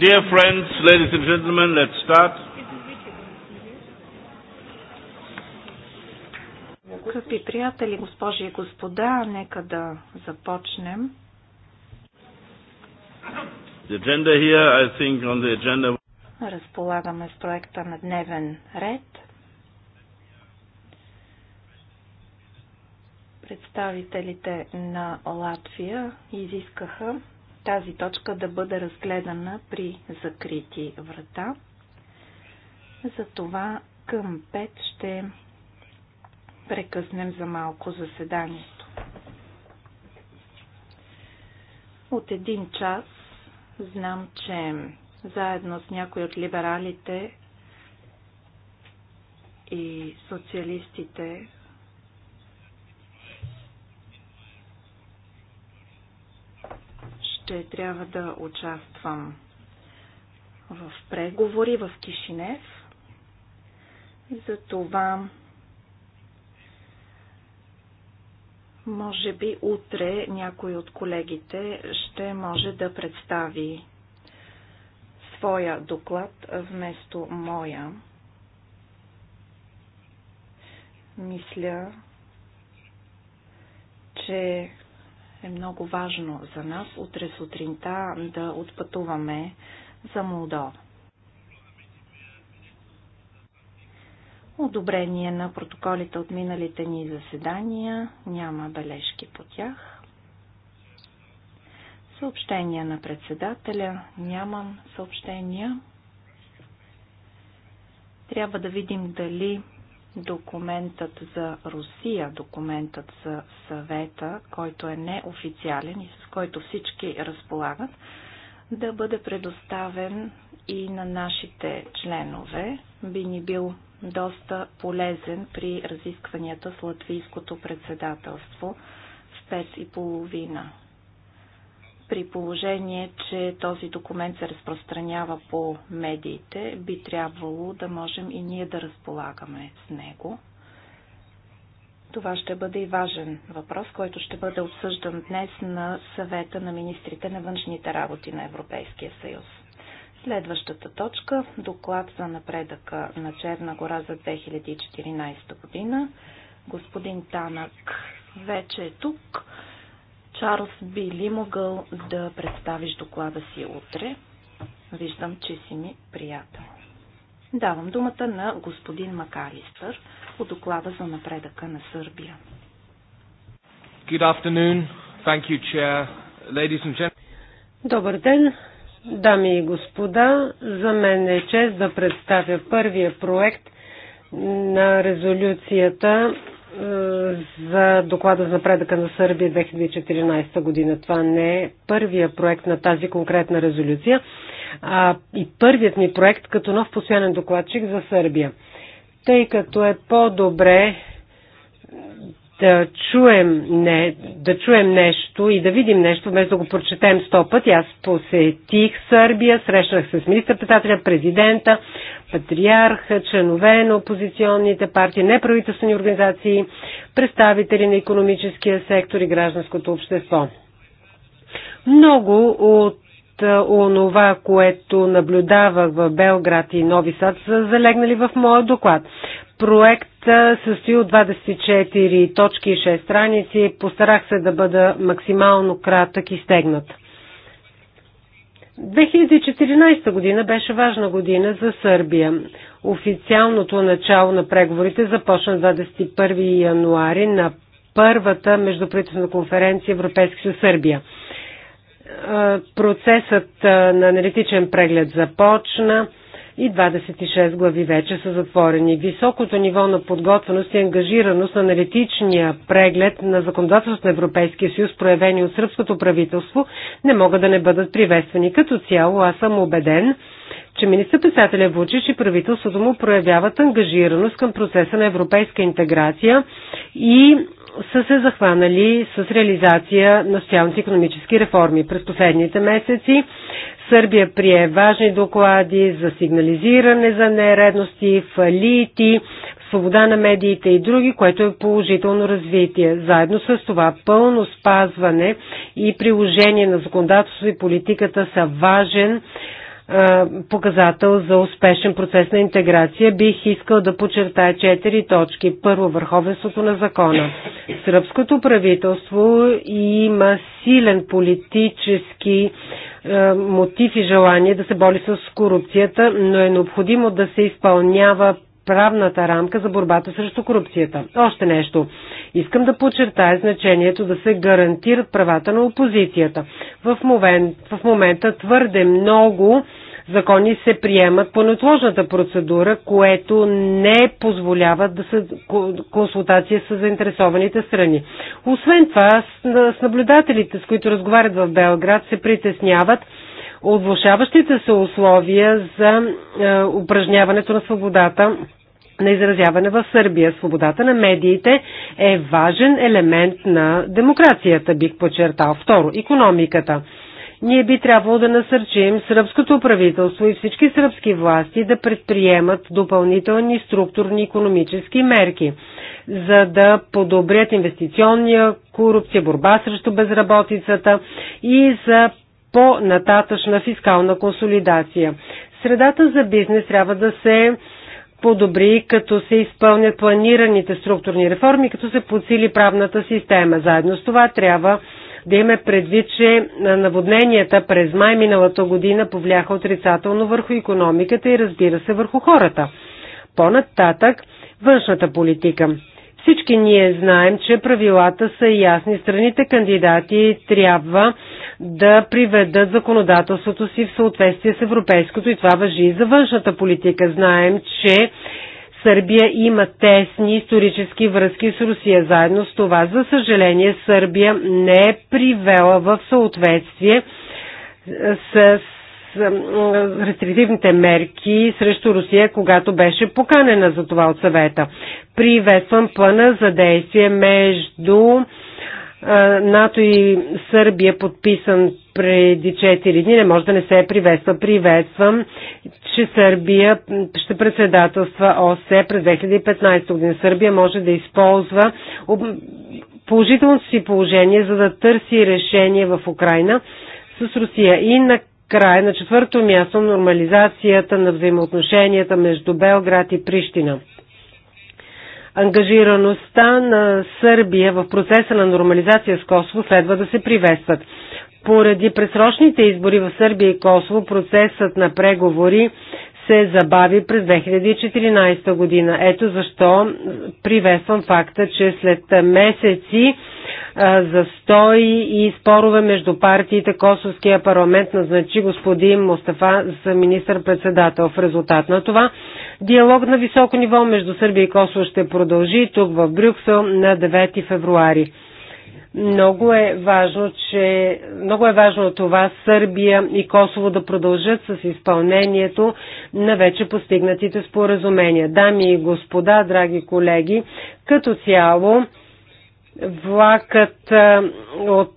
Dear friends, ladies and gentlemen, let's start. Скъпи приятели, госпожи и господа, нека да започнем. The agenda here, I think on the agenda... Разполагаме с проекта на дневен ред. Представителите на Латвия изискаха тази точка да бъде разгледана при закрити врата. Затова към 5 ще прекъснем за малко заседанието. От един час знам, че заедно с някои от либералите и социалистите че трябва да участвам в преговори в Кишинев. Затова може би утре някой от колегите ще може да представи своя доклад вместо моя. Мисля, че е много важно за нас утре сутринта да отпътуваме за Молдова. Одобрение на протоколите от миналите ни заседания. Няма бележки по тях. Съобщения на председателя. Нямам съобщения. Трябва да видим дали документът за Русия, документът за съвета, който е неофициален и с който всички разполагат, да бъде предоставен и на нашите членове. Би ни бил доста полезен при разискванията с латвийското председателство в 5 и половина при положение, че този документ се разпространява по медиите, би трябвало да можем и ние да разполагаме с него. Това ще бъде и важен въпрос, който ще бъде обсъждан днес на съвета на министрите на външните работи на Европейския съюз. Следващата точка – доклад за напредъка на Черна гора за 2014 година. Господин Танък вече е тук. Чарлз, би ли могъл да представиш доклада си утре? Виждам, че си ми приятел. Давам думата на господин Макалистър по доклада за напредъка на Сърбия. Good afternoon. Thank you, Chair. Ladies and gentlemen. Добър ден, дами и господа. За мен е чест да представя първия проект на резолюцията за доклада за напредъка на Сърбия 2014 година. Това не е първия проект на тази конкретна резолюция, а и първият ми проект като нов постоянен докладчик за Сърбия. Тъй като е по-добре да чуем, не, да чуем нещо и да видим нещо, вместо да го прочетем сто пъти. Аз посетих Сърбия, срещнах се с министър-председателя, президента, патриарха, членове на опозиционните партии, неправителствени организации, представители на економическия сектор и гражданското общество. Много от онова, което наблюдавах в Белград и Нови Сад, са залегнали в моя доклад. Проект състои от 24 точки и 6 страници. Постарах се да бъда максимално кратък и стегнат. 2014 година беше важна година за Сърбия. Официалното начало на преговорите започна 21 януари на първата междуправителствена конференция Европейски съюз Сърбия. Процесът на аналитичен преглед започна и 26 глави вече са затворени. Високото ниво на подготвеност и ангажираност на аналитичния преглед на законодателството на Европейския съюз, проявени от сръбското правителство, не могат да не бъдат приветствани. Като цяло аз съм убеден, че министър-председателя Вучич и правителството му проявяват ангажираност към процеса на европейска интеграция и са се захванали с реализация на социалните економически реформи. През последните месеци Сърбия прие важни доклади за сигнализиране за нередности, фалити, свобода на медиите и други, което е положително развитие. Заедно с това пълно спазване и приложение на законодателство и политиката са важен е, показател за успешен процес на интеграция, бих искал да подчертая четири точки. Първо, върховенството на закона. Сръбското правителство има силен политически е, мотив и желание да се боли с корупцията, но е необходимо да се изпълнява правната рамка за борбата срещу корупцията. Още нещо. Искам да подчертая значението да се гарантират правата на опозицията. В, момент, в момента твърде много закони се приемат по неотложната процедура, което не позволява да се консултация с заинтересованите страни. Освен това, с наблюдателите, с които разговарят в Белград, се притесняват от влушаващите се условия за е, упражняването на свободата на изразяване в Сърбия. Свободата на медиите е важен елемент на демокрацията, бих подчертал. Второ, економиката. Ние би трябвало да насърчим сръбското правителство и всички сръбски власти да предприемат допълнителни структурни економически мерки, за да подобрят инвестиционния корупция, борба срещу безработицата и за по-нататъчна фискална консолидация. Средата за бизнес трябва да се подобри, като се изпълнят планираните структурни реформи, като се подсили правната система. Заедно с това трябва да имаме предвид, че наводненията през май миналата година повляха отрицателно върху економиката и разбира се върху хората. По-нататък външната политика. Всички ние знаем, че правилата са ясни. Страните кандидати трябва да приведат законодателството си в съответствие с европейското и това въжи и за външната политика. Знаем, че Сърбия има тесни исторически връзки с Русия. Заедно с това, за съжаление, Сърбия не е привела в съответствие с рестриктивните мерки срещу Русия, когато беше поканена за това от съвета. Приветствам плана за действие между НАТО и Сърбия, подписан преди 4 дни, не може да не се приветства. Приветствам, че Сърбия ще председателства ОСЕ през 2015 година. Сърбия може да използва положителното си положение, за да търси решение в Украина с Русия. И на край. На четвърто място нормализацията на взаимоотношенията между Белград и Прищина. Ангажираността на Сърбия в процеса на нормализация с Косово следва да се приветстват. Поради пресрочните избори в Сърбия и Косово, процесът на преговори се забави през 2014 година. Ето защо приветствам факта, че след месеци застой и спорове между партиите Косовския парламент назначи господин Мустафа за министър-председател. В резултат на това диалог на високо ниво между Сърбия и Косово ще продължи тук в Брюксел на 9 февруари. Много е важно, че много е важно това Сърбия и Косово да продължат с изпълнението на вече постигнатите споразумения. Дами и господа, драги колеги, като цяло влакът от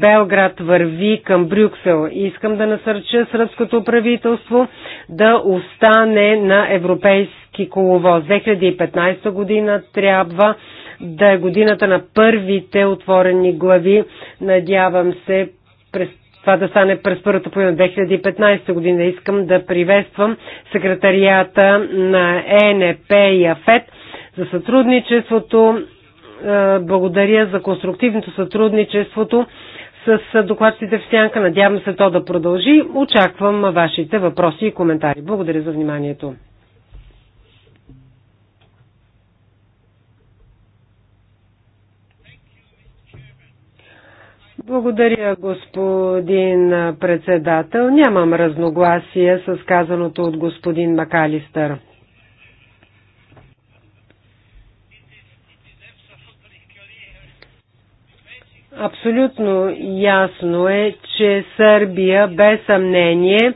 Белград върви към Брюксел. Искам да насърча сръбското правителство да остане на европейски коловоз. 2015 година трябва да е годината на първите отворени глави. Надявам се през това да стане през първата половина 2015 година. Искам да приветствам секретарията на ЕНП и АФЕТ за сътрудничеството. Е, благодаря за конструктивното сътрудничеството с докладците в сянка. Надявам се то да продължи. Очаквам вашите въпроси и коментари. Благодаря за вниманието. Благодаря, господин председател. Нямам разногласие с казаното от господин Макалистър. Абсолютно ясно е, че Сърбия без съмнение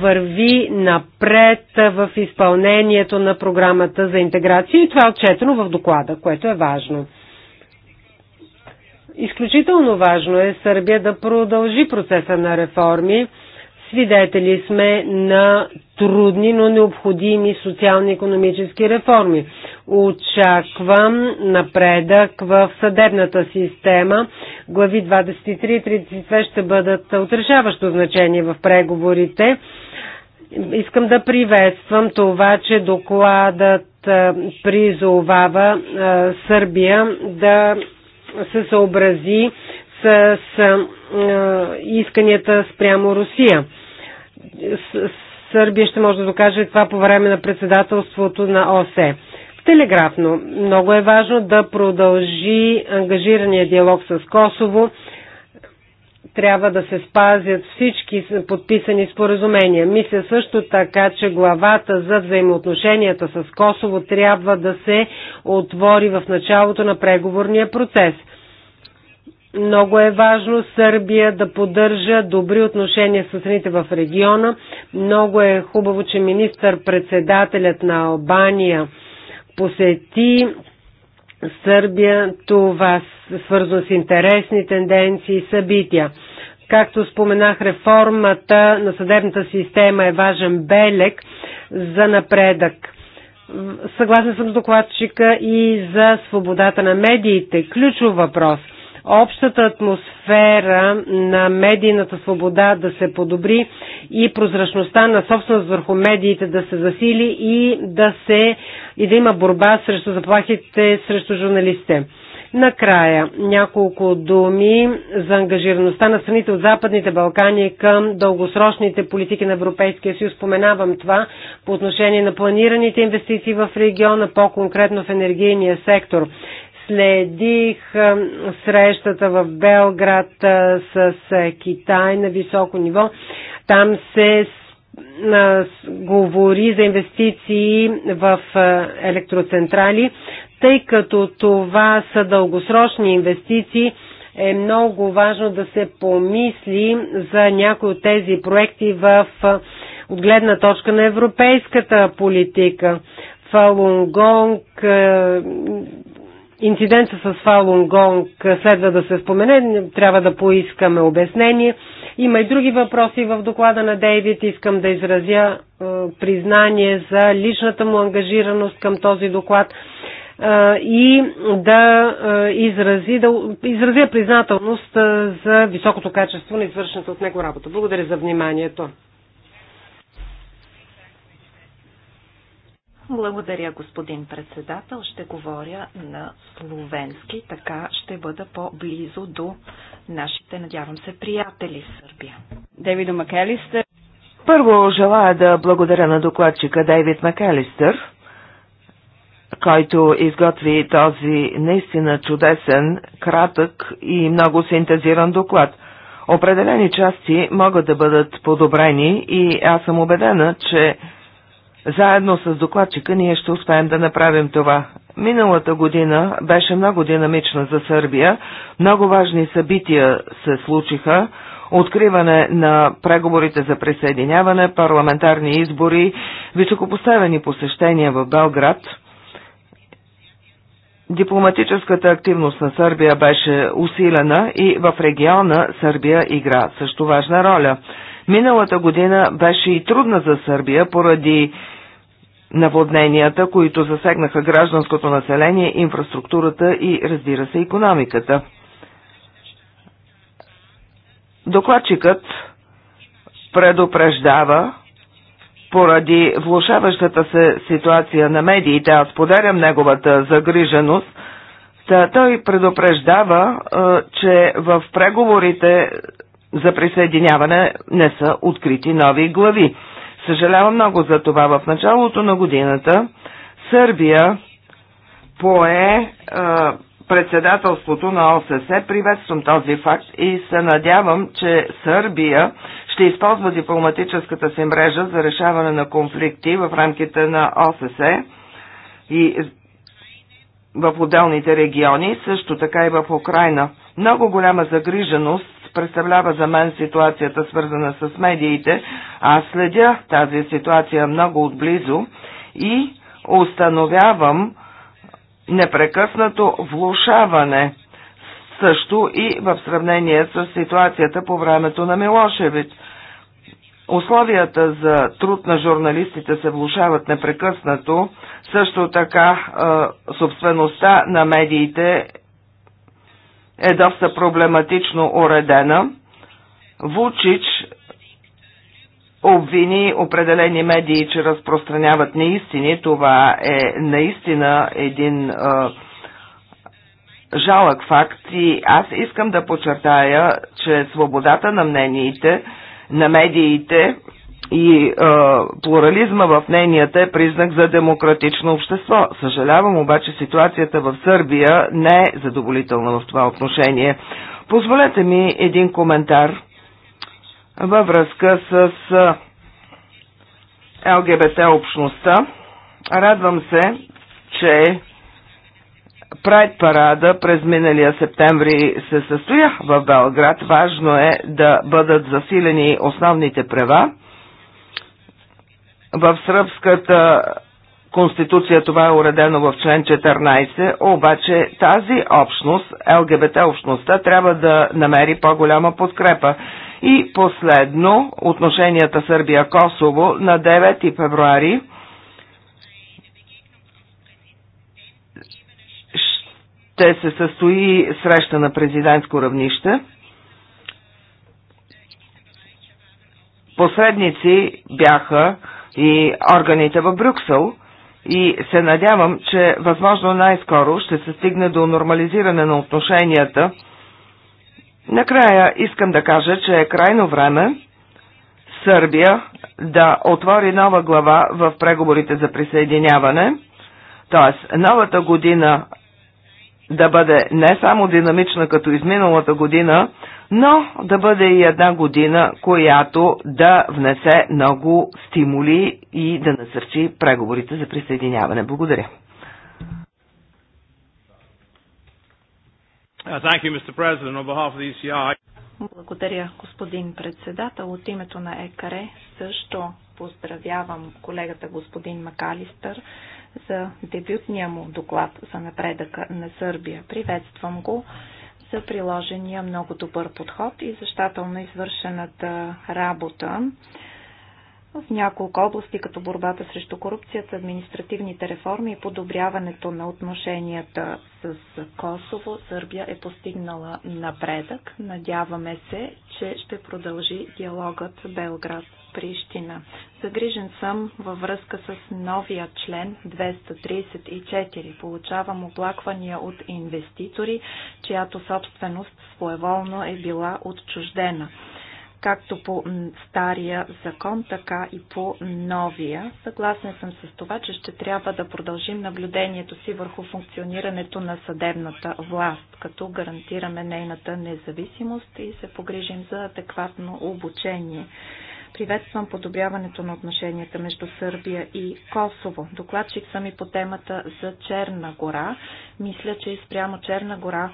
върви напред в изпълнението на програмата за интеграция и това е отчетено в доклада, което е важно. Изключително важно е Сърбия да продължи процеса на реформи. Свидетели сме на трудни, но необходими социално-економически реформи. Очаквам напредък в съдебната система. Глави 23 и 32 ще бъдат отрешаващо значение в преговорите. Искам да приветствам това, че докладът призовава Сърбия да се съобрази с, с исканията спрямо Русия. С, Сърбия ще може да докаже това по време на председателството на ОСЕ. Телеграфно. Много е важно да продължи ангажирания диалог с Косово трябва да се спазят всички подписани споразумения. Мисля също така, че главата за взаимоотношенията с Косово трябва да се отвори в началото на преговорния процес. Много е важно Сърбия да поддържа добри отношения с страните в региона. Много е хубаво, че министър-председателят на Албания посети Сърбия. Това свързано с интересни тенденции и събития. Както споменах, реформата на съдебната система е важен белег за напредък. Съгласен съм с докладчика и за свободата на медиите. Ключов въпрос. Общата атмосфера на медийната свобода да се подобри и прозрачността на собственост върху медиите да се засили и да, се, и да има борба срещу заплахите срещу журналистите. Накрая няколко думи за ангажираността на страните от Западните Балкани към дългосрочните политики на Европейския съюз. Споменавам това по отношение на планираните инвестиции в региона, по-конкретно в енергийния сектор. Следих срещата в Белград с Китай на високо ниво. Там се говори за инвестиции в електроцентрали. Тъй като това са дългосрочни инвестиции, е много важно да се помисли за някои от тези проекти в от гледна точка на европейската политика. Фалунгонг, е, инцидента с Фалунгонг следва да се спомене, трябва да поискаме обяснение. Има и други въпроси в доклада на Дейвид. Искам да изразя е, признание за личната му ангажираност към този доклад и да изрази, да изрази признателност за високото качество на извършената от него работа. Благодаря за вниманието. Благодаря, господин председател. Ще говоря на словенски, така ще бъда по-близо до нашите, надявам се, приятели в Сърбия. Дейвид Макелистър. Първо желая да благодаря на докладчика Дейвид Макелистър който изготви този наистина чудесен, кратък и много синтезиран доклад. Определени части могат да бъдат подобрени и аз съм убедена, че заедно с докладчика ние ще успеем да направим това. Миналата година беше много динамична за Сърбия, много важни събития се случиха, откриване на преговорите за присъединяване, парламентарни избори, високопоставени посещения в Белград – Дипломатическата активност на Сърбия беше усилена и в региона Сърбия игра също важна роля. Миналата година беше и трудна за Сърбия поради наводненията, които засегнаха гражданското население, инфраструктурата и, разбира се, економиката. Докладчикът предупреждава, поради влушаващата се ситуация на медиите. Аз поделям неговата загриженост. да той предупреждава, че в преговорите за присъединяване не са открити нови глави. Съжалявам много за това. В началото на годината Сърбия пое председателството на ОССЕ. Приветствам този факт и се надявам, че Сърбия ще използва дипломатическата си мрежа за решаване на конфликти в рамките на ОССЕ и в отделните региони, също така и в Украина. Много голяма загриженост представлява за мен ситуацията свързана с медиите. а следя тази ситуация много отблизо и установявам непрекъснато влушаване също и в сравнение с ситуацията по времето на Милошевич. Условията за труд на журналистите се влушават непрекъснато, също така е, собствеността на медиите е доста проблематично уредена. Вучич обвини определени медии, че разпространяват неистини. Това е наистина един е, жалък факт и аз искам да подчертая, че свободата на мнениите – на медиите и е, плурализма в нейнията е признак за демократично общество. Съжалявам обаче ситуацията в Сърбия не е задоволителна в това отношение. Позволете ми един коментар във връзка с ЛГБТ общността. Радвам се, че Прайд парада през миналия септември се състоя в Белград. Важно е да бъдат засилени основните права. В сръбската Конституция това е уредено в член 14, обаче тази общност, ЛГБТ общността, трябва да намери по-голяма подкрепа. И последно, отношенията Сърбия-Косово на 9 февруари ще се състои среща на президентско равнище. Посредници бяха и органите в Брюксел и се надявам, че възможно най-скоро ще се стигне до нормализиране на отношенията. Накрая искам да кажа, че е крайно време Сърбия да отвори нова глава в преговорите за присъединяване, т.е. новата година да бъде не само динамична като изминалата година, но да бъде и една година, която да внесе много стимули и да насърчи преговорите за присъединяване. Благодаря. Благодаря, господин председател. От името на ЕКАРЕ също поздравявам колегата господин Макалистър за дебютния му доклад за напредъка на Сърбия. Приветствам го за приложения много добър подход и защателно извършената работа в няколко области, като борбата срещу корупцията, административните реформи и подобряването на отношенията с Косово, Сърбия е постигнала напредък. Надяваме се, че ще продължи диалогът Белград Прищина. Загрижен съм във връзка с новия член 234. Получавам оплаквания от инвеститори, чиято собственост своеволно е била отчуждена както по стария закон, така и по новия. Съгласен съм с това, че ще трябва да продължим наблюдението си върху функционирането на съдебната власт, като гарантираме нейната независимост и се погрижим за адекватно обучение. Приветствам подобряването на отношенията между Сърбия и Косово. Докладчик съм и по темата за Черна гора. Мисля, че и спрямо Черна гора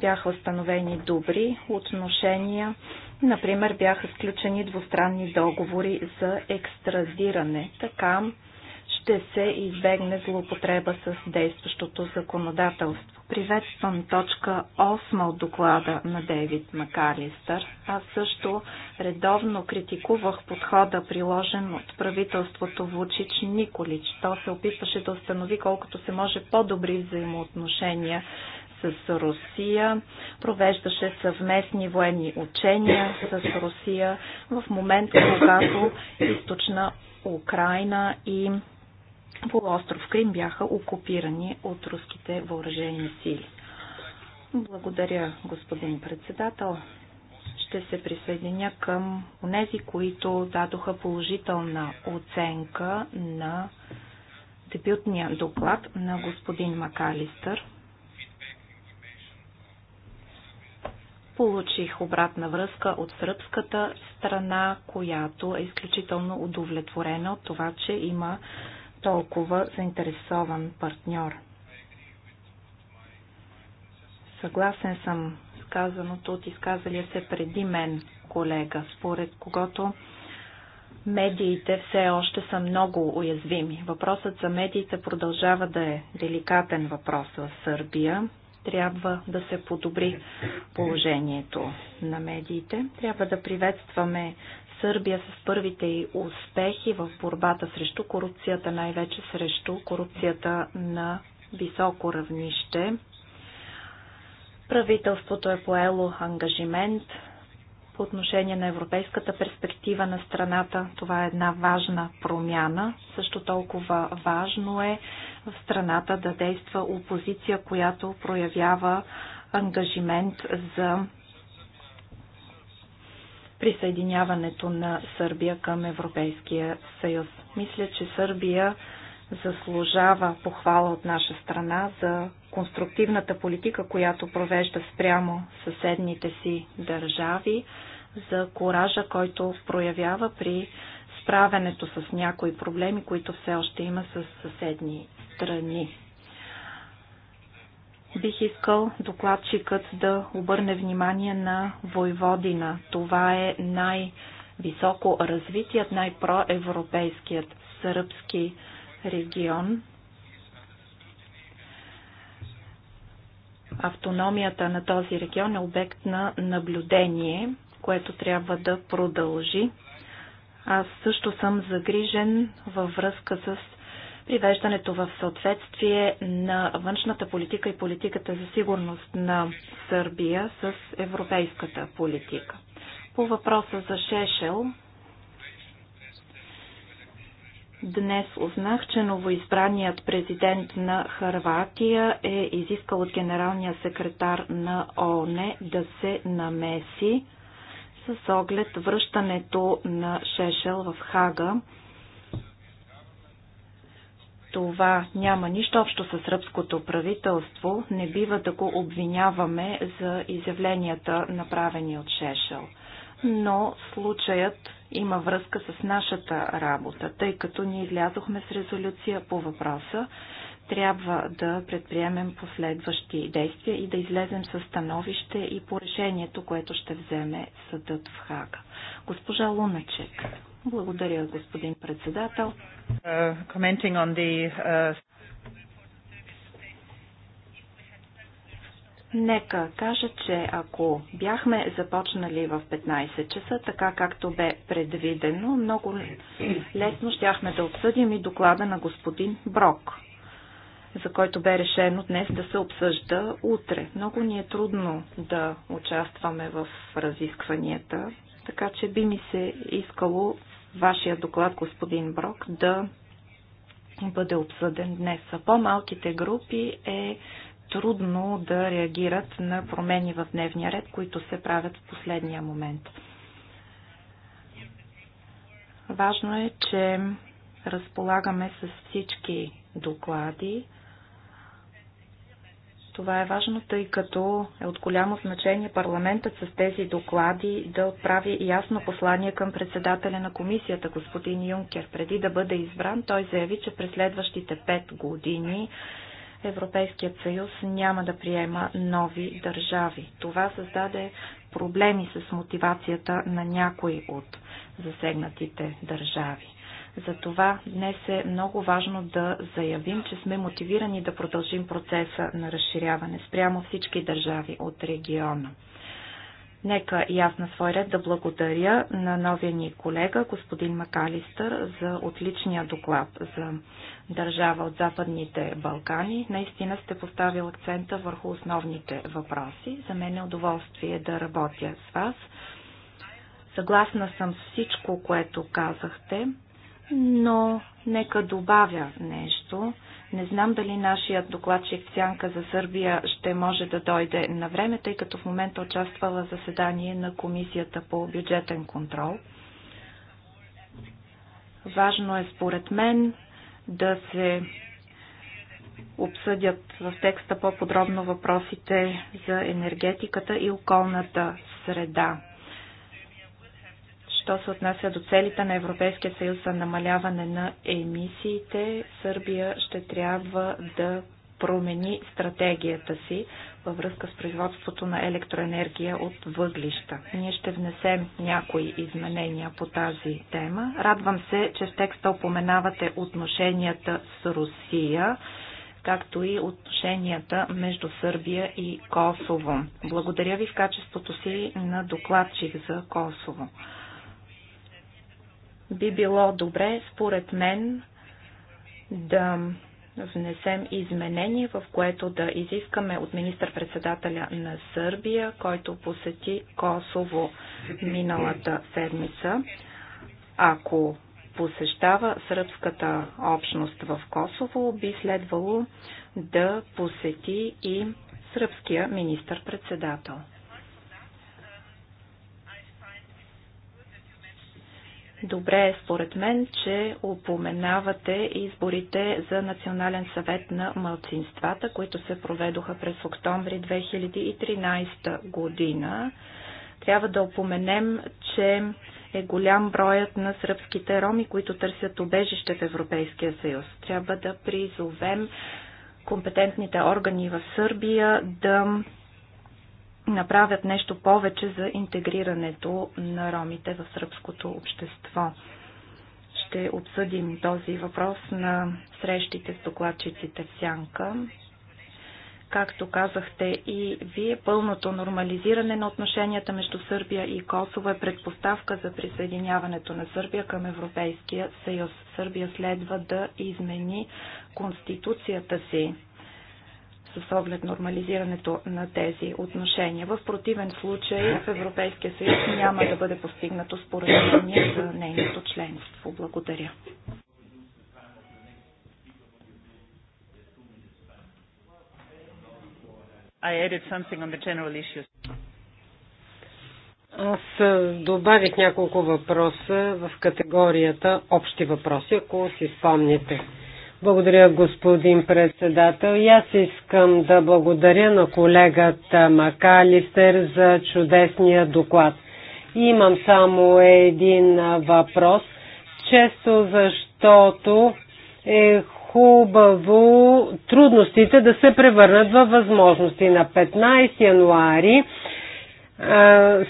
бяха установени добри отношения. Например, бяха сключени двустранни договори за екстразиране. Така ще се избегне злоупотреба с действащото законодателство. Приветствам точка 8 от доклада на Дейвид Макалистър. Аз също редовно критикувах подхода, приложен от правителството Вучич Николич. То се опитваше да установи колкото се може по-добри взаимоотношения с Русия, провеждаше съвместни военни учения с Русия в момента, когато е източна Украина и полуостров Крим бяха окупирани от руските въоръжени сили. Благодаря, господин председател. Ще се присъединя към онези, които дадоха положителна оценка на дебютния доклад на господин Макалистър. Получих обратна връзка от сръбската страна, която е изключително удовлетворена от това, че има толкова заинтересован партньор. Съгласен съм с казаното от изказалия се преди мен колега, според когото медиите все още са много уязвими. Въпросът за медиите продължава да е деликатен въпрос в Сърбия. Трябва да се подобри положението на медиите. Трябва да приветстваме Сърбия с първите й успехи в борбата срещу корупцията, най-вече срещу корупцията на високо равнище. Правителството е поело ангажимент по отношение на европейската перспектива на страната. Това е една важна промяна. Също толкова важно е в страната да действа опозиция, която проявява ангажимент за присъединяването на Сърбия към Европейския съюз. Мисля, че Сърбия заслужава похвала от наша страна за конструктивната политика, която провежда спрямо съседните си държави, за коража, който проявява при справянето с някои проблеми, които все още има с съседни страни. Бих искал докладчикът да обърне внимание на Войводина. Това е най-високо развитият, най-проевропейският сръбски регион. Автономията на този регион е обект на наблюдение, което трябва да продължи. Аз също съм загрижен във връзка с привеждането в съответствие на външната политика и политиката за сигурност на Сърбия с европейската политика. По въпроса за Шешел, Днес узнах, че новоизбраният президент на Харватия е изискал от генералния секретар на ООН да се намеси с оглед връщането на Шешел в Хага това няма нищо общо с сръбското правителство. Не бива да го обвиняваме за изявленията, направени от Шешел. Но случаят има връзка с нашата работа, тъй като ние излязохме с резолюция по въпроса. Трябва да предприемем последващи действия и да излезем със становище и по решението, което ще вземе съдът в Хага. Госпожа Луначек. Благодаря, господин председател. Uh, uh, Нека кажа, че ако бяхме започнали в 15 часа, така както бе предвидено, много лесно щяхме да обсъдим и доклада на господин Брок, за който бе решено днес да се обсъжда утре. Много ни е трудно да участваме в разискванията, така че би ми се искало вашия доклад, господин Брок, да бъде обсъден днес. По-малките групи е трудно да реагират на промени в дневния ред, които се правят в последния момент. Важно е, че разполагаме с всички доклади. Това е важно, тъй като е от голямо значение парламентът с тези доклади да отправи ясно послание към председателя на комисията, господин Юнкер. Преди да бъде избран, той заяви, че през следващите пет години Европейският съюз няма да приема нови държави. Това създаде проблеми с мотивацията на някои от засегнатите държави. Затова днес е много важно да заявим, че сме мотивирани да продължим процеса на разширяване спрямо всички държави от региона. Нека и аз на свой ред да благодаря на новия ни колега, господин Макалистър, за отличния доклад за държава от Западните Балкани. Наистина сте поставил акцента върху основните въпроси. За мен е удоволствие да работя с вас. Съгласна съм с всичко, което казахте но нека добавя нещо. Не знам дали нашият докладчик Сянка за Сърбия ще може да дойде на време, тъй като в момента участвала в заседание на Комисията по бюджетен контрол. Важно е според мен да се обсъдят в текста по-подробно въпросите за енергетиката и околната среда. Що се отнася до целите на Европейския съюз за намаляване на емисиите, Сърбия ще трябва да промени стратегията си във връзка с производството на електроенергия от въглища. Ние ще внесем някои изменения по тази тема. Радвам се, че в текста опоменавате отношенията с Русия, както и отношенията между Сърбия и Косово. Благодаря ви в качеството си на докладчик за Косово би било добре, според мен, да внесем изменение, в което да изискаме от министър-председателя на Сърбия, който посети Косово миналата седмица, ако посещава сръбската общност в Косово, би следвало да посети и сръбския министър-председател. Добре е според мен, че упоменавате изборите за Национален съвет на мълцинствата, които се проведоха през октомври 2013 година. Трябва да упоменем, че е голям броят на сръбските роми, които търсят убежище в Европейския съюз. Трябва да призовем компетентните органи в Сърбия да направят нещо повече за интегрирането на ромите в сръбското общество. Ще обсъдим този въпрос на срещите с докладчиците в Сянка. Както казахте и вие, пълното нормализиране на отношенията между Сърбия и Косово е предпоставка за присъединяването на Сърбия към Европейския съюз. Сърбия следва да измени конституцията си с оглед нормализирането на тези отношения. В противен случай в Европейския съюз няма да бъде постигнато споразумение за нейното членство. Благодаря. I added something on the general issues. Аз добавих няколко въпроса в категорията общи въпроси, ако си спомните. Благодаря, господин председател. И аз искам да благодаря на колегата Макалистер за чудесния доклад. Имам само един въпрос. Често защото е хубаво трудностите да се превърнат във възможности. На 15 януари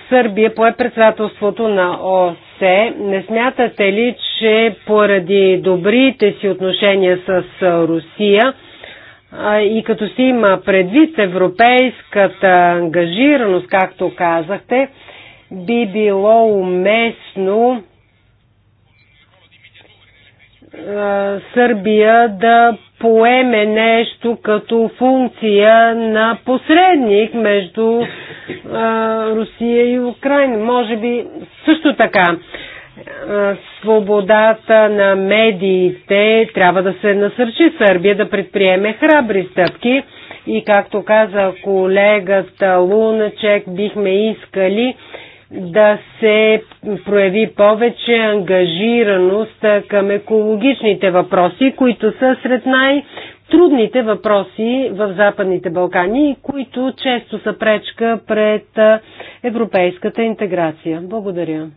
Сърбия пое председателството на ОС се, не смятате ли, че поради добрите си отношения с Русия и като си има предвид европейската ангажираност, както казахте, би било уместно Сърбия да поеме нещо като функция на посредник между а, Русия и Украина. Може би също така свободата на медиите трябва да се насърчи Сърбия да предприеме храбри стъпки и както каза колегата Луначек, бихме искали да се прояви повече ангажираност към екологичните въпроси, които са сред най-трудните въпроси в Западните Балкани и които често са пречка пред европейската интеграция. Благодаря.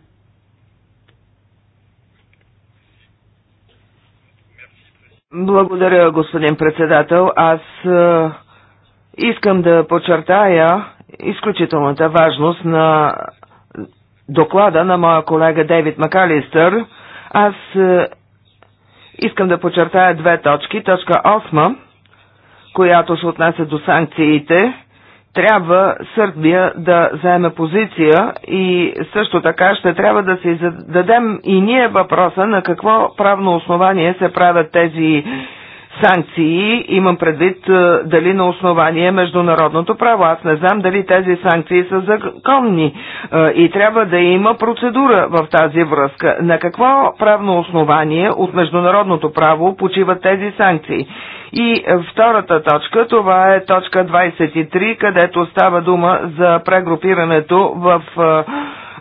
Благодаря, господин председател. Аз искам да подчертая изключителната важност на доклада на моя колега Дейвид Макалистър, аз е, искам да подчертая две точки. Точка 8, която се отнася до санкциите, трябва Сърбия да заеме позиция и също така ще трябва да си зададем и ние въпроса на какво правно основание се правят тези санкции, имам предвид е, дали на основание международното право. Аз не знам дали тези санкции са законни е, и трябва да има процедура в тази връзка. На какво правно основание от международното право почиват тези санкции? И втората точка, това е точка 23, където става дума за прегрупирането в е,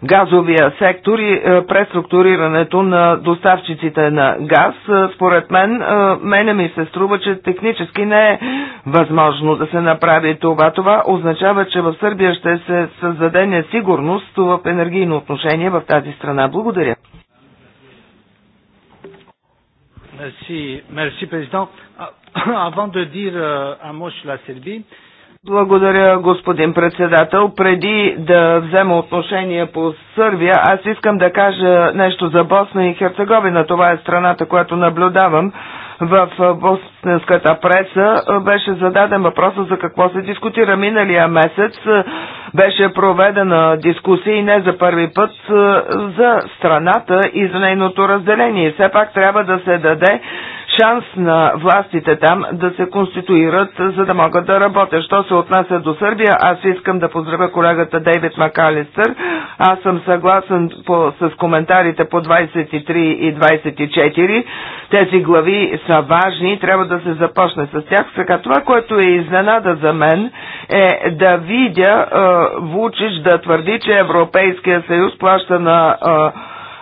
газовия сектор и е, преструктурирането на доставчиците на газ. Е, според мен, е, мене ми се струва, че технически не е възможно да се направи това. Това означава, че в Сърбия ще се създаде несигурност в енергийно отношение в тази страна. Благодаря. Merci, merci président. Avant de dire euh, un mot sur la Serbie, euh, благодаря, господин председател. Преди да взема отношение по Сърбия, аз искам да кажа нещо за Босна и Херцеговина. Това е страната, която наблюдавам в босненската преса беше зададен въпроса за какво се дискутира. Миналия месец беше проведена дискусия и не за първи път за страната и за нейното разделение. Все пак трябва да се даде шанс на властите там да се конституират, за да могат да работят. Що се отнася до Сърбия, аз искам да поздравя колегата Дейвид Макалистър. Аз съм съгласен по, с коментарите по 23 и 24. Тези глави са важни и трябва да се започне с тях. Сега това, което е изненада за мен, е да видя е, Вучич да твърди, че Европейския съюз плаща на е,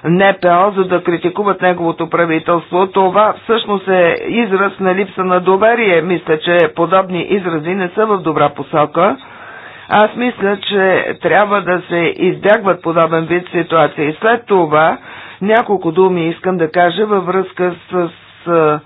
НПО, за да критикуват неговото правителство. Това всъщност е израз на липса на доверие. Мисля, че подобни изрази не са в добра посока. Аз мисля, че трябва да се избягват подобен вид ситуации. След това няколко думи искам да кажа във връзка с, с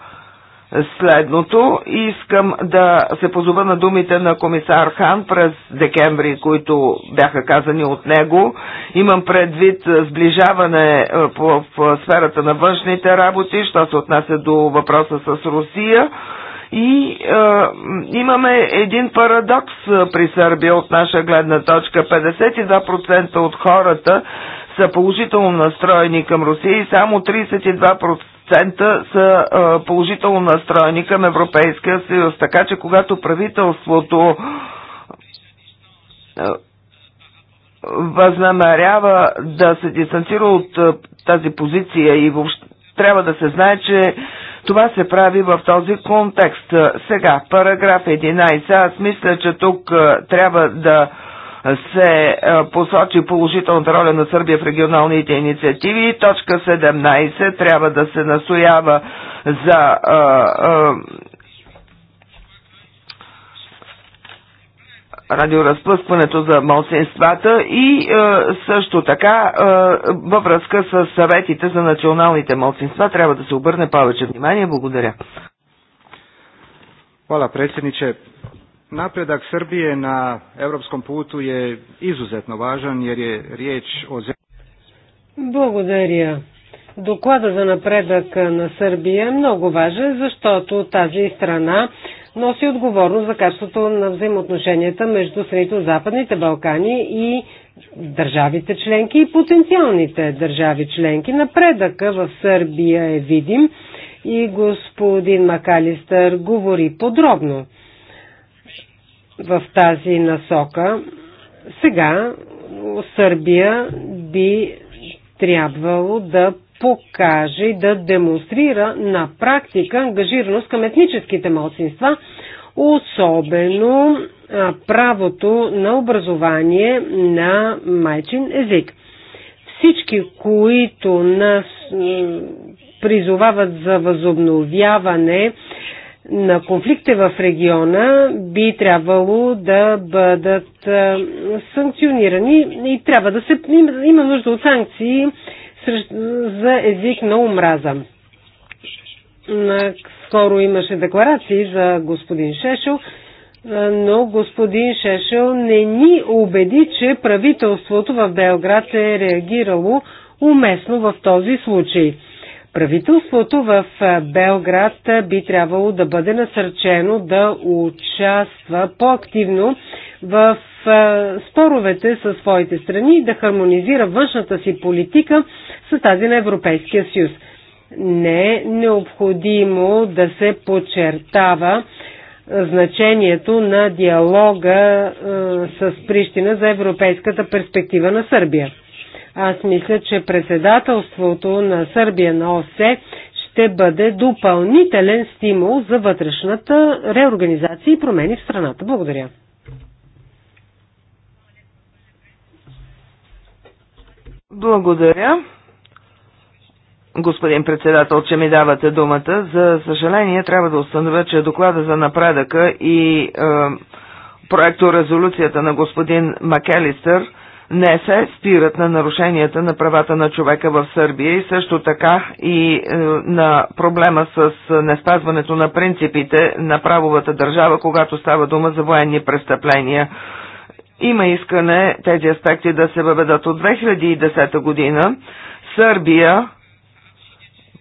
следното. Искам да се позова на думите на комисар Хан през декември, които бяха казани от него. Имам предвид сближаване е, в сферата на външните работи, що се отнася до въпроса с Русия. И е, имаме един парадокс при Сърбия от наша гледна точка. 52% от хората са положително настроени към Русия и само 32% са положително настроени към Европейския съюз. Така че когато правителството възнамерява да се дистанцира от тази позиция и въобще трябва да се знае, че това се прави в този контекст. Сега, параграф 11, аз мисля, че тук трябва да се е, посочи положителната роля на Сърбия в регионалните инициативи. Точка 17 трябва да се настоява за е, е, Радиоразпъскването за малцинствата и е, също така е, във връзка с съветите за националните малцинства трябва да се обърне повече внимание. Благодаря. Хвала, председниче. Napredak Srbije na evropskom putu je izuzetno važan jer je riječ o Благодаря. Доклада за напредък на Сърбия е много важен, защото тази страна носи отговорност за качеството на взаимоотношенията между Средно-Западните Балкани и държавите членки и потенциалните държави членки. Напредъка в Сърбия е видим и господин Макалистър говори подробно в тази насока. Сега Сърбия би трябвало да покаже и да демонстрира на практика ангажираност към етническите малцинства, особено правото на образование на майчин език. Всички, които нас призовават за възобновяване на конфликти в региона би трябвало да бъдат е, санкционирани и трябва да се има нужда от санкции за език на омраза. Скоро имаше декларации за господин Шешел, е, но господин Шешел не ни убеди, че правителството в Белград е реагирало уместно в този случай – Правителството в Белград би трябвало да бъде насърчено да участва по-активно в споровете със своите страни и да хармонизира външната си политика с тази на Европейския съюз. Не е необходимо да се подчертава значението на диалога с Прищина за европейската перспектива на Сърбия. Аз мисля, че председателството на Сърбия на ОСЕ ще бъде допълнителен стимул за вътрешната реорганизация и промени в страната. Благодаря. Благодаря. Господин председател, че ми давате думата. За съжаление, трябва да установя, че доклада за напредъка и е, проекто резолюцията на господин Макелистър не се спират на нарушенията на правата на човека в Сърбия и също така и е, на проблема с е, неспазването на принципите на правовата държава, когато става дума за военни престъпления. Има искане тези аспекти да се въведат от 2010 година. Сърбия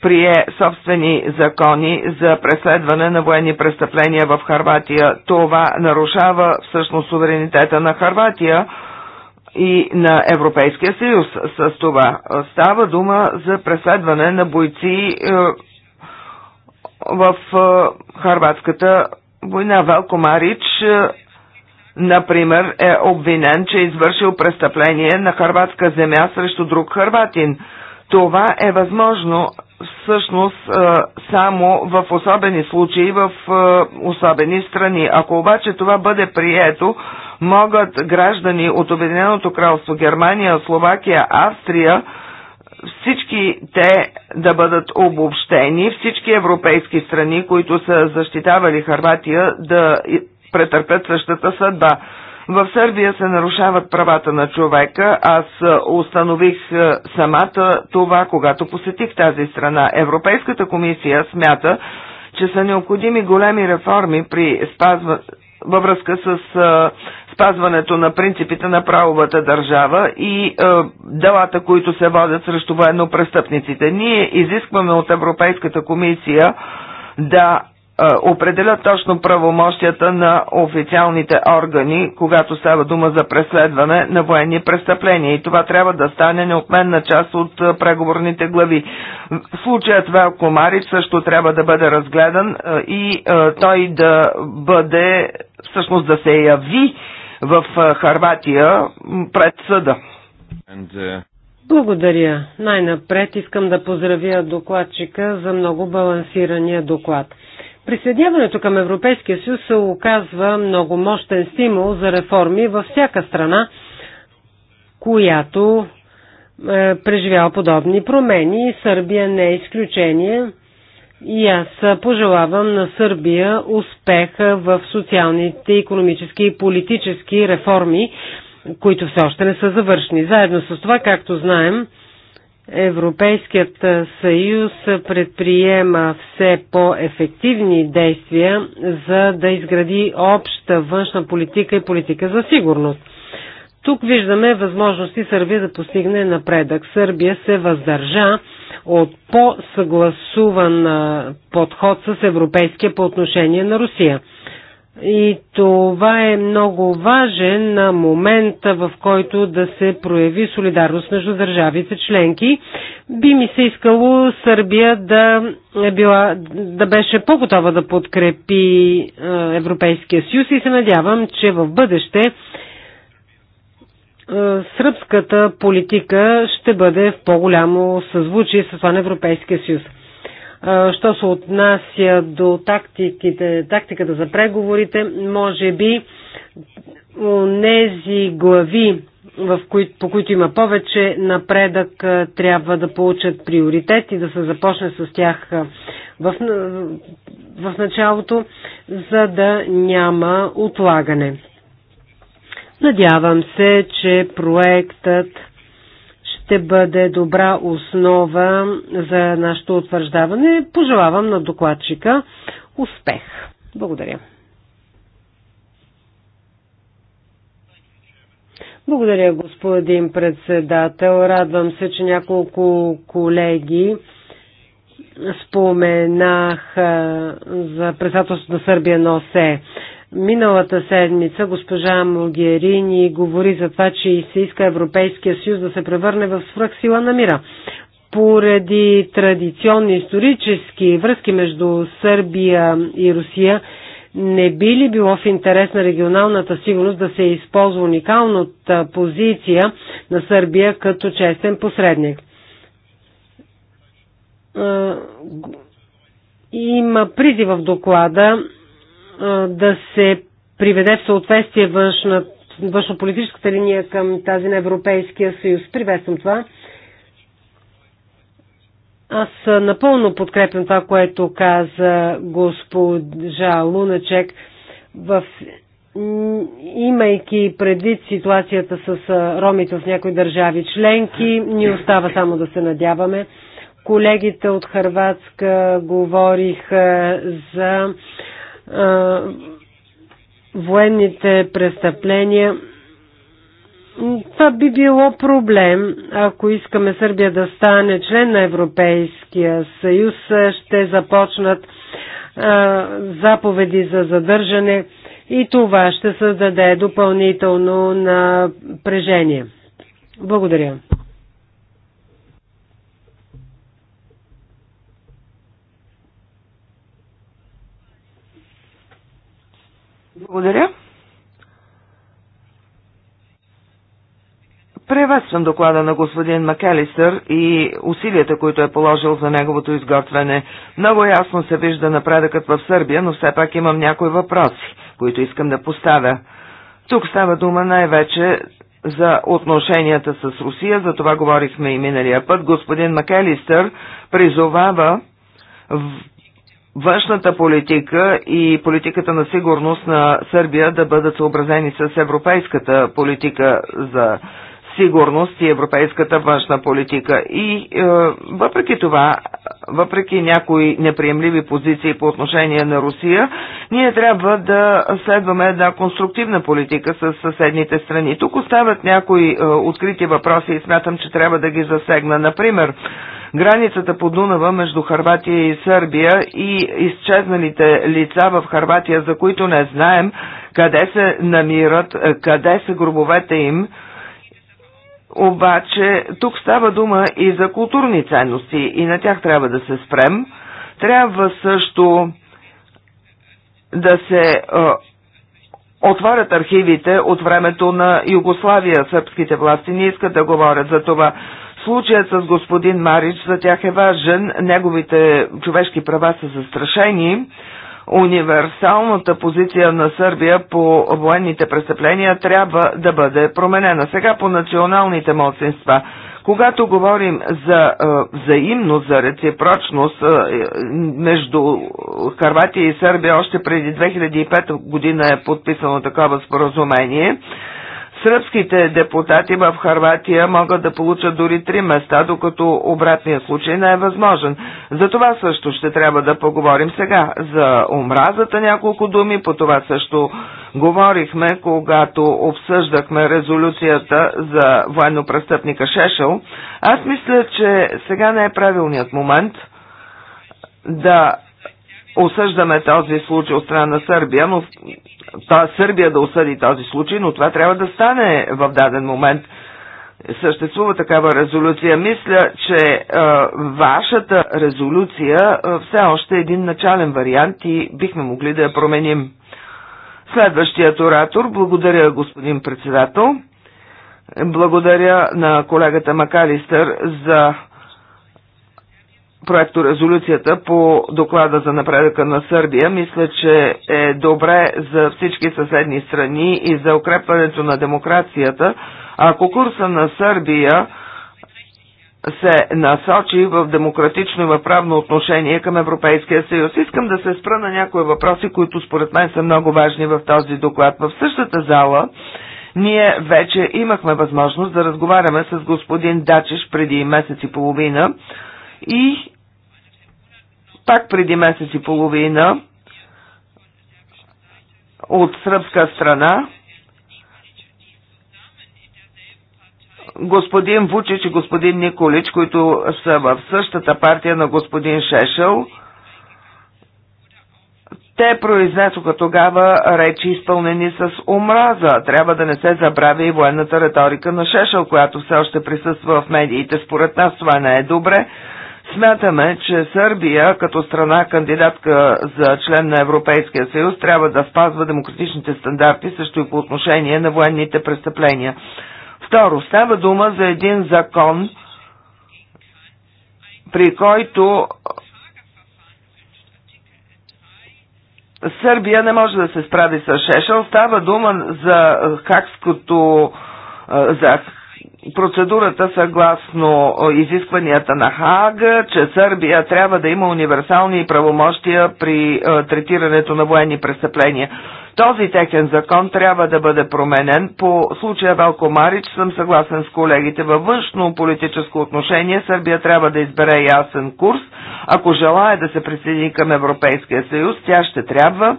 прие собствени закони за преследване на военни престъпления в Харватия. Това нарушава всъщност суверенитета на Харватия и на Европейския съюз с това. Става дума за преследване на бойци е, в е, Харватската война. Велко Марич, е, например, е обвинен, че е извършил престъпление на харватска земя срещу друг харватин. Това е възможно всъщност само в особени случаи, в особени страни. Ако обаче това бъде прието, могат граждани от Обединеното кралство Германия, Словакия, Австрия, всички те да бъдат обобщени, всички европейски страни, които са защитавали Харватия, да претърпят същата съдба. В Сърбия се нарушават правата на човека. Аз установих самата това, когато посетих тази страна. Европейската комисия смята, че са необходими големи реформи при спазва... във връзка с спазването на принципите на правовата държава и е, делата, които се водят срещу военно престъпниците. Ние изискваме от Европейската комисия да е, определят точно правомощията на официалните органи, когато става дума за преследване на военни престъпления. И това трябва да стане неотменна част от е, преговорните глави. Случаят Велко Марич също трябва да бъде разгледан е, и той да бъде, всъщност да се яви в Харватия пред съда. Благодаря. Най-напред искам да поздравя докладчика за много балансирания доклад. Присъединяването към Европейския съюз се оказва много мощен стимул за реформи във всяка страна, която е, преживява подобни промени. Сърбия не е изключение. И аз пожелавам на Сърбия успеха в социалните, економически и политически реформи, които все още не са завършени. Заедно с това, както знаем, Европейският съюз предприема все по-ефективни действия, за да изгради обща външна политика и политика за сигурност. Тук виждаме възможности Сърбия да постигне напредък. Сърбия се въздържа от по-съгласуван подход с европейския по отношение на Русия. И това е много важен на момента, в който да се прояви солидарност между държавите членки. Би ми се искало Сърбия да, е била, да беше по-готова да подкрепи е, Европейския съюз и се надявам, че в бъдеще е, сръбската политика ще бъде в по-голямо съзвучие с това на Европейския съюз. Що се отнася до тактиките, тактиката за преговорите, може би нези глави, в кои, по които има повече напредък, трябва да получат приоритет и да се започне с тях в, в началото, за да няма отлагане. Надявам се, че проектът ще бъде добра основа за нашето утвърждаване. Пожелавам на докладчика успех. Благодаря. Благодаря, господин председател. Радвам се, че няколко колеги споменах за председателството на Сърбия на ОСЕ. Миналата седмица госпожа Могерини говори за това, че и се иска Европейския съюз да се превърне в свръхсила на мира. Поради традиционни исторически връзки между Сърбия и Русия, не би ли било в интерес на регионалната сигурност да се използва уникалната позиция на Сърбия като честен посредник? Има призи в доклада да се приведе в съответствие външна, политическата линия към тази на Европейския съюз. Приветствам това. Аз напълно подкрепям това, което каза госпожа Луначек. В, имайки предвид ситуацията с ромите в някои държави членки, ни остава само да се надяваме. Колегите от Харватска говориха за военните престъпления. Това би било проблем, ако искаме Сърбия да стане член на Европейския съюз, ще започнат а, заповеди за задържане и това ще създаде допълнително напрежение. Благодаря. Благодаря. Приветствам доклада на господин Макелистър и усилията, които е положил за неговото изготвяне. Много ясно се вижда напредъкът в Сърбия, но все пак имам някои въпроси, които искам да поставя. Тук става дума най-вече за отношенията с Русия, за това говорихме и миналия път. Господин Макелистър призовава в външната политика и политиката на сигурност на Сърбия да бъдат съобразени с европейската политика за сигурност и европейската външна политика. И е, въпреки това, въпреки някои неприемливи позиции по отношение на Русия, ние трябва да следваме една конструктивна политика с съседните страни. Тук остават някои е, открити въпроси и смятам, че трябва да ги засегна. Например, границата по Дунава между Харватия и Сърбия и изчезналите лица в Харватия, за които не знаем къде се намират, е, къде са гробовете им, обаче тук става дума и за културни ценности и на тях трябва да се спрем. Трябва също да се е, отварят архивите от времето на Югославия. Сърбските власти не искат да говорят за това. Случаят с господин Марич за тях е важен, неговите човешки права са застрашени. Универсалната позиция на Сърбия по военните престъпления трябва да бъде променена. Сега по националните младсинства. Когато говорим за е, взаимност, за реципрочност е, между Харватия и Сърбия, още преди 2005 година е подписано такова споразумение. Сръбските депутати в Харватия могат да получат дори три места, докато обратният случай не е възможен. За това също ще трябва да поговорим сега. За омразата няколко думи, по това също говорихме, когато обсъждахме резолюцията за военно престъпника Шешел. Аз мисля, че сега не е правилният момент да осъждаме този случай от страна на Сърбия, но това Сърбия да осъди този случай, но това трябва да стане в даден момент. Съществува такава резолюция. Мисля, че е, вашата резолюция е, все още е един начален вариант и бихме могли да я променим. Следващият оратор, благодаря господин председател, благодаря на колегата Макалистър за проекто резолюцията по доклада за напредъка на Сърбия, мисля, че е добре за всички съседни страни и за укрепването на демокрацията, ако курса на Сърбия се насочи в демократично и в правно отношение към Европейския съюз. Искам да се спра на някои въпроси, които според мен са много важни в този доклад. В същата зала ние вече имахме възможност да разговаряме с господин Дачиш преди месец и половина и пак преди месец и половина от сръбска страна господин Вучич и господин Николич, които са в същата партия на господин Шешел, те произнесоха тогава речи изпълнени с омраза. Трябва да не се забравя и военната риторика на Шешел, която все още присъства в медиите. Според нас това не е добре. Смятаме, че Сърбия, като страна кандидатка за член на Европейския съюз, трябва да спазва демократичните стандарти, също и по отношение на военните престъпления. Второ, става дума за един закон, при който Сърбия не може да се справи с Шешел. Става дума за хакското за процедурата съгласно изискванията на ХАГ, че Сърбия трябва да има универсални правомощия при третирането на военни престъпления. Този техен закон трябва да бъде променен. По случая Велко Марич съм съгласен с колегите. Във външно политическо отношение Сърбия трябва да избере ясен курс. Ако желая да се присъедини към Европейския съюз, тя ще трябва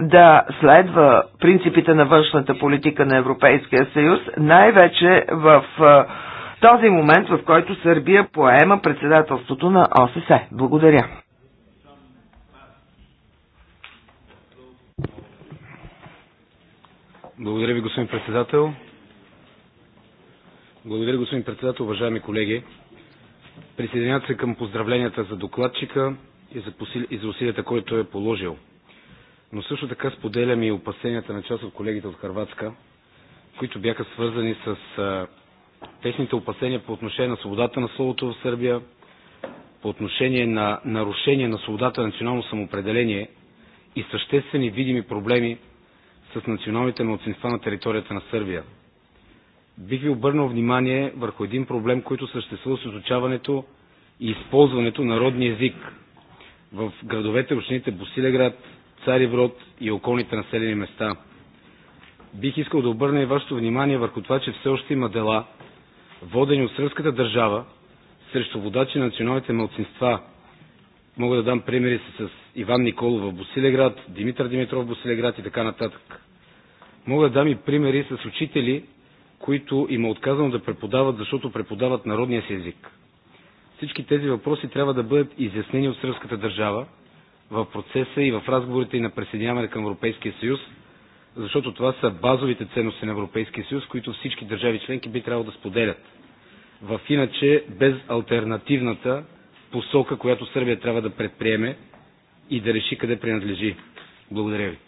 да следва принципите на външната политика на Европейския съюз, най-вече в този момент, в който Сърбия поема председателството на ОССЕ. Благодаря. Благодаря ви, господин председател. Благодаря, господин председател, уважаеми колеги. Присъединят се към поздравленията за докладчика и за, посили... и за усилията, които е положил но също така споделям и опасенията на част от колегите от Харватска, които бяха свързани с а, техните опасения по отношение на свободата на словото в Сърбия, по отношение на нарушение на свободата на национално самоопределение и съществени видими проблеми с националните младсинства на територията на Сърбия. Бих ви обърнал внимание върху един проблем, който съществува с изучаването и използването на родния език в градовете и общините Босилеград, Цари Цареврод и околните населени места. Бих искал да обърна и вашето внимание върху това, че все още има дела, водени от сръбската държава, срещу водачи на националните младсинства. Мога да дам примери с Иван Николов в Босилеград, Димитър Димитров в Босилеград и така нататък. Мога да дам и примери с учители, които им е отказано да преподават, защото преподават народния си език. Всички тези въпроси трябва да бъдат изяснени от сръбската държава в процеса и в разговорите и на присъединяване към Европейския съюз, защото това са базовите ценности на Европейския съюз, които всички държави членки би трябвало да споделят. В иначе без альтернативната посока, която Сърбия трябва да предприеме и да реши къде принадлежи. Благодаря ви.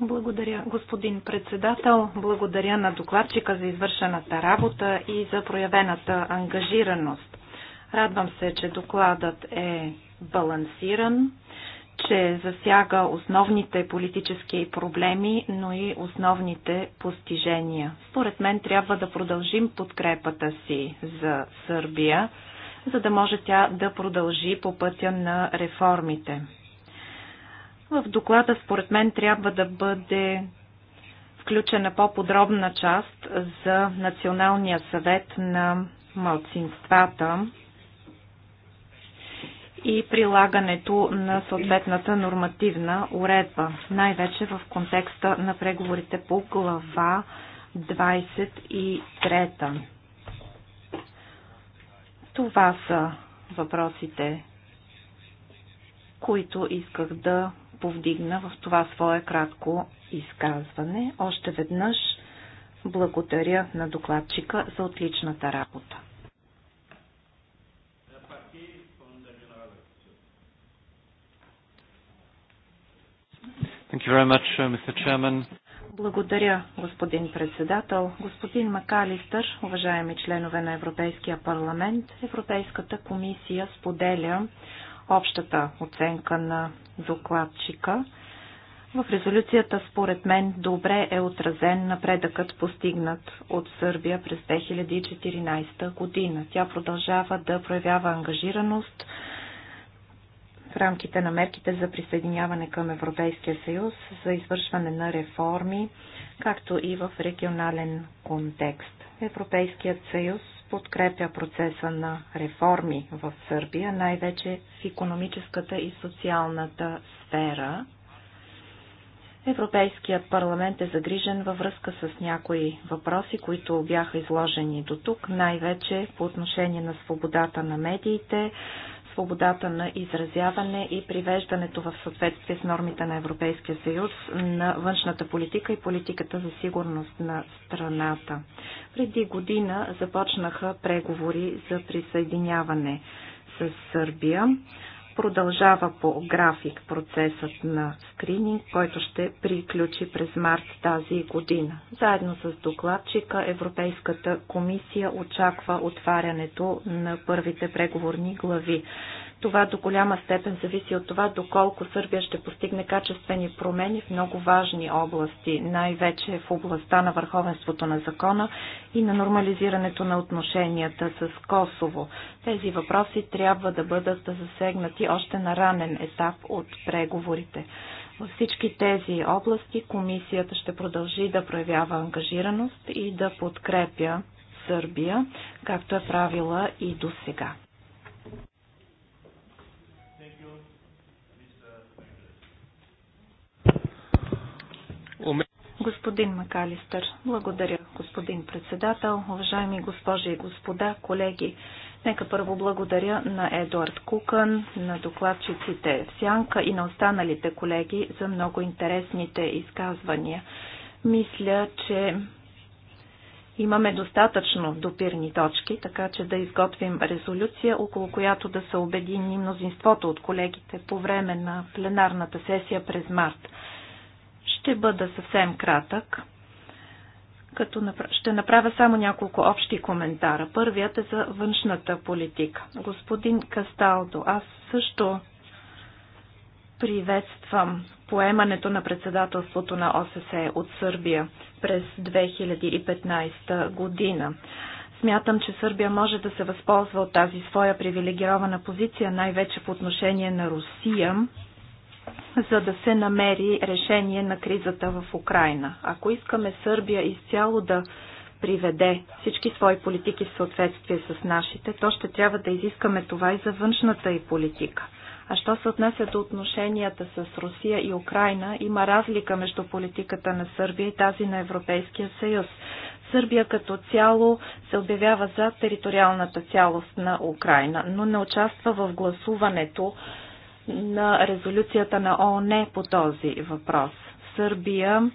Благодаря, господин председател. Благодаря на докладчика за извършената работа и за проявената ангажираност. Радвам се, че докладът е балансиран, че засяга основните политически проблеми, но и основните постижения. Според мен трябва да продължим подкрепата си за Сърбия, за да може тя да продължи по пътя на реформите. В доклада според мен трябва да бъде включена по-подробна част за Националния съвет на малцинствата и прилагането на съответната нормативна уредба, най-вече в контекста на преговорите по глава 23. Това са въпросите, които исках да повдигна в това свое кратко изказване. Още веднъж благодаря на докладчика за отличната работа. Much, uh, Благодаря, господин председател. Господин Макалистър, уважаеми членове на Европейския парламент, Европейската комисия споделя общата оценка на докладчика. В резолюцията, според мен, добре е отразен напредъкът, постигнат от Сърбия през 2014 година. Тя продължава да проявява ангажираност в рамките на мерките за присъединяване към Европейския съюз, за извършване на реформи, както и в регионален контекст. Европейският съюз подкрепя процеса на реформи в Сърбия, най-вече в економическата и социалната сфера. Европейският парламент е загрижен във връзка с някои въпроси, които бяха изложени до тук, най-вече по отношение на свободата на медиите, свободата на изразяване и привеждането в съответствие с нормите на Европейския съюз на външната политика и политиката за сигурност на страната. Преди година започнаха преговори за присъединяване с Сърбия. Продължава по график процесът на скрининг, който ще приключи през март тази година. Заедно с докладчика Европейската комисия очаква отварянето на първите преговорни глави. Това до голяма степен зависи от това доколко Сърбия ще постигне качествени промени в много важни области, най-вече в областта на върховенството на закона и на нормализирането на отношенията с Косово. Тези въпроси трябва да бъдат засегнати още на ранен етап от преговорите. Във всички тези области комисията ще продължи да проявява ангажираност и да подкрепя Сърбия, както е правила и до сега. Господин Макалистър, благодаря, господин председател, уважаеми госпожи и господа, колеги. Нека първо благодаря на Едуард Кукън, на докладчиците в Сянка и на останалите колеги за много интересните изказвания. Мисля, че имаме достатъчно допирни точки, така че да изготвим резолюция, около която да се обедини мнозинството от колегите по време на пленарната сесия през март. Ще бъда съвсем кратък, като ще направя само няколко общи коментара. Първият е за външната политика. Господин Касталдо, аз също приветствам поемането на председателството на ОССЕ от Сърбия през 2015 година. Смятам, че Сърбия може да се възползва от тази своя привилегирована позиция, най-вече по отношение на Русия, за да се намери решение на кризата в Украина. Ако искаме Сърбия изцяло да приведе всички свои политики в съответствие с нашите, то ще трябва да изискаме това и за външната и политика. А що се отнася до отношенията с Русия и Украина, има разлика между политиката на Сърбия и тази на Европейския съюз. Сърбия като цяло се обявява за териториалната цялост на Украина, но не участва в гласуването на резолюцията на ООН по този въпрос. Сърбия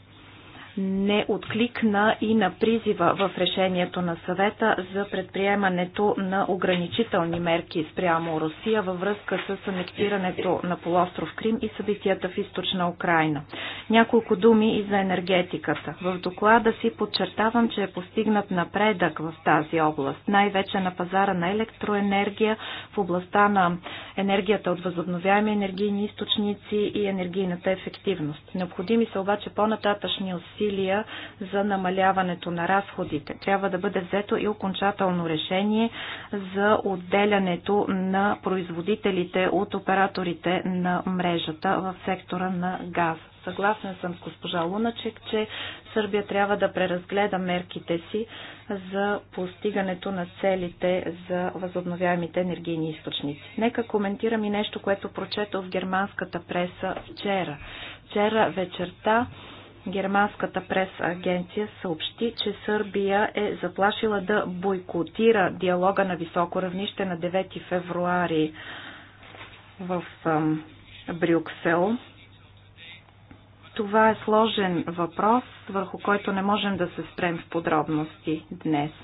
не откликна и на призива в решението на съвета за предприемането на ограничителни мерки спрямо Русия във връзка с анектирането на полуостров Крим и събитията в източна Украина. Няколко думи и за енергетиката. В доклада си подчертавам, че е постигнат напредък в тази област, най-вече на пазара на електроенергия, в областта на енергията от възобновяеми енергийни източници и енергийната ефективност. Необходими са обаче по-нататъчни усилия усилия за намаляването на разходите. Трябва да бъде взето и окончателно решение за отделянето на производителите от операторите на мрежата в сектора на газ. Съгласен съм с госпожа Луначек, че Сърбия трябва да преразгледа мерките си за постигането на целите за възобновяемите енергийни източници. Нека коментирам и нещо, което прочета в германската преса вчера. Вчера вечерта Германската прес-агенция съобщи, че Сърбия е заплашила да бойкотира диалога на високо равнище на 9 февруари в Брюксел. Това е сложен въпрос, върху който не можем да се спрем в подробности днес –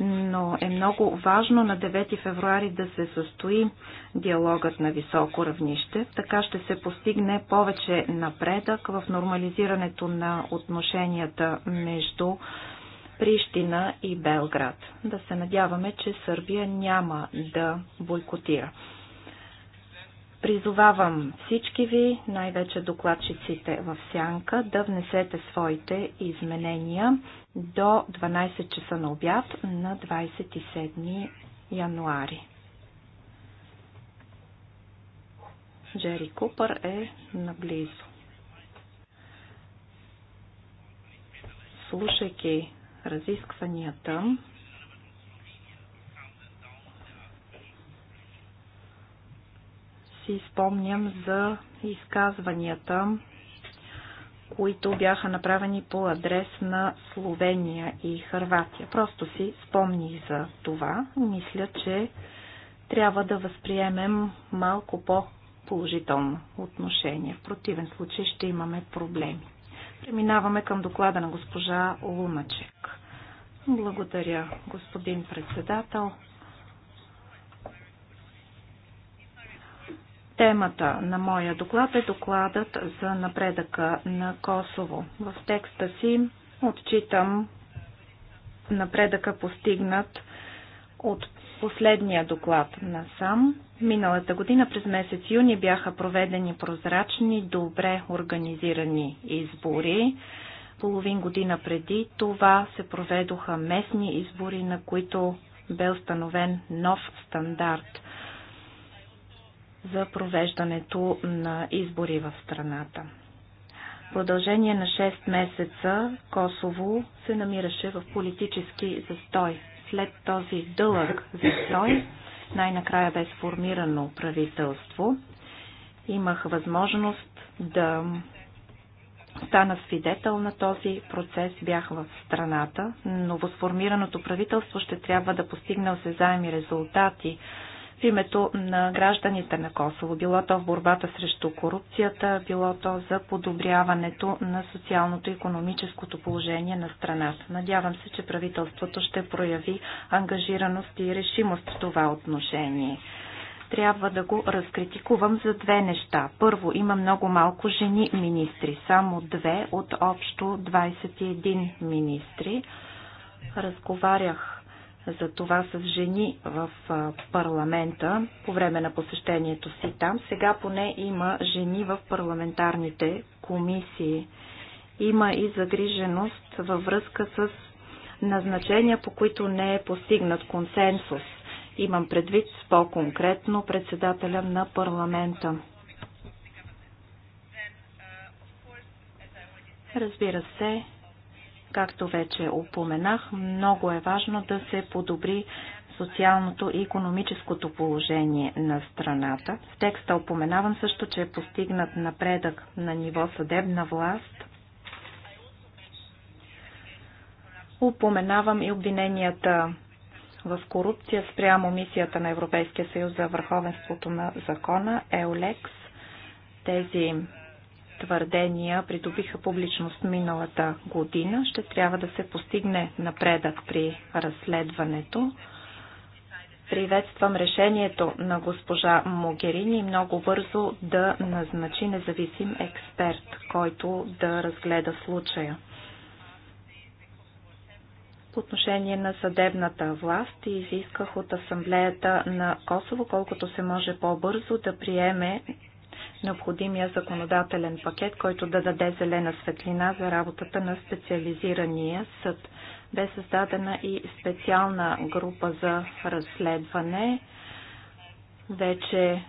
но е много важно на 9 февруари да се състои диалогът на високо равнище. Така ще се постигне повече напредък в нормализирането на отношенията между Прищина и Белград. Да се надяваме, че Сърбия няма да бойкотира. Призовавам всички ви, най-вече докладчиците в Сянка, да внесете своите изменения до 12 часа на обяд на 27 януари. Джери Купър е наблизо. Слушайки разискванията, си спомням за изказванията които бяха направени по адрес на Словения и Харватия. Просто си спомни за това. Мисля, че трябва да възприемем малко по-положително отношение. В противен случай ще имаме проблеми. Преминаваме към доклада на госпожа Луначек. Благодаря, господин председател. Темата на моя доклад е докладът за напредъка на Косово. В текста си отчитам напредъка постигнат от последния доклад на сам. Миналата година през месец юни бяха проведени прозрачни, добре организирани избори. Половин година преди това се проведоха местни избори, на които бе установен нов стандарт – за провеждането на избори в страната. В продължение на 6 месеца Косово се намираше в политически застой. След този дълъг застой най-накрая бе сформирано правителство. Имах възможност да стана свидетел на този процес, бях в страната. Новосформираното правителство ще трябва да постигне осезаеми резултати в името на гражданите на Косово, било то в борбата срещу корупцията, било то за подобряването на социалното и економическото положение на страната. Надявам се, че правителството ще прояви ангажираност и решимост в това отношение трябва да го разкритикувам за две неща. Първо, има много малко жени министри, само две от общо 21 министри. Разговарях за това с жени в парламента по време на посещението си там. Сега поне има жени в парламентарните комисии. Има и загриженост във връзка с назначения, по които не е постигнат консенсус. Имам предвид по-конкретно председателя на парламента. Разбира се, Както вече упоменах, много е важно да се подобри социалното и економическото положение на страната. В текста упоменавам също, че е постигнат напредък на ниво съдебна власт. Упоменавам и обвиненията в корупция спрямо мисията на Европейския съюз за върховенството на закона, ЕОЛЕКС. Тези твърдения придобиха публичност миналата година. Ще трябва да се постигне напредък при разследването. Приветствам решението на госпожа Могерини много бързо да назначи независим експерт, който да разгледа случая. По отношение на съдебната власт изисках от асамблеята на Косово, колкото се може по-бързо да приеме необходимия законодателен пакет, който да даде зелена светлина за работата на специализирания съд. Бе създадена и специална група за разследване. Вече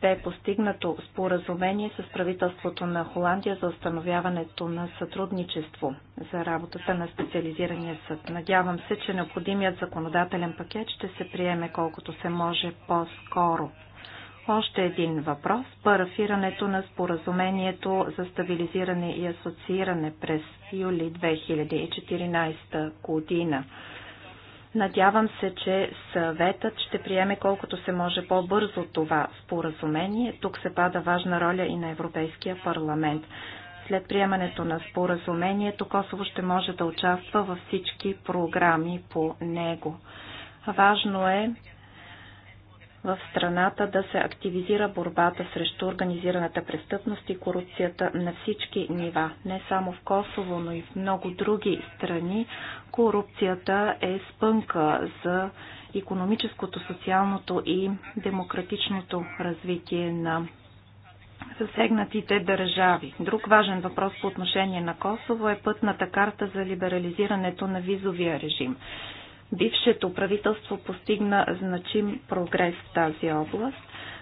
бе постигнато споразумение с правителството на Холандия за установяването на сътрудничество за работата на специализирания съд. Надявам се, че необходимият законодателен пакет ще се приеме колкото се може по-скоро. Още един въпрос. Парафирането на споразумението за стабилизиране и асоцииране през юли 2014 година. Надявам се, че съветът ще приеме колкото се може по-бързо това споразумение. Тук се пада важна роля и на Европейския парламент. След приемането на споразумението Косово ще може да участва във всички програми по него. Важно е в страната да се активизира борбата срещу организираната престъпност и корупцията на всички нива. Не само в Косово, но и в много други страни корупцията е спънка за економическото, социалното и демократичното развитие на засегнатите държави. Друг важен въпрос по отношение на Косово е пътната карта за либерализирането на визовия режим. Бившето правителство постигна значим прогрес в тази област.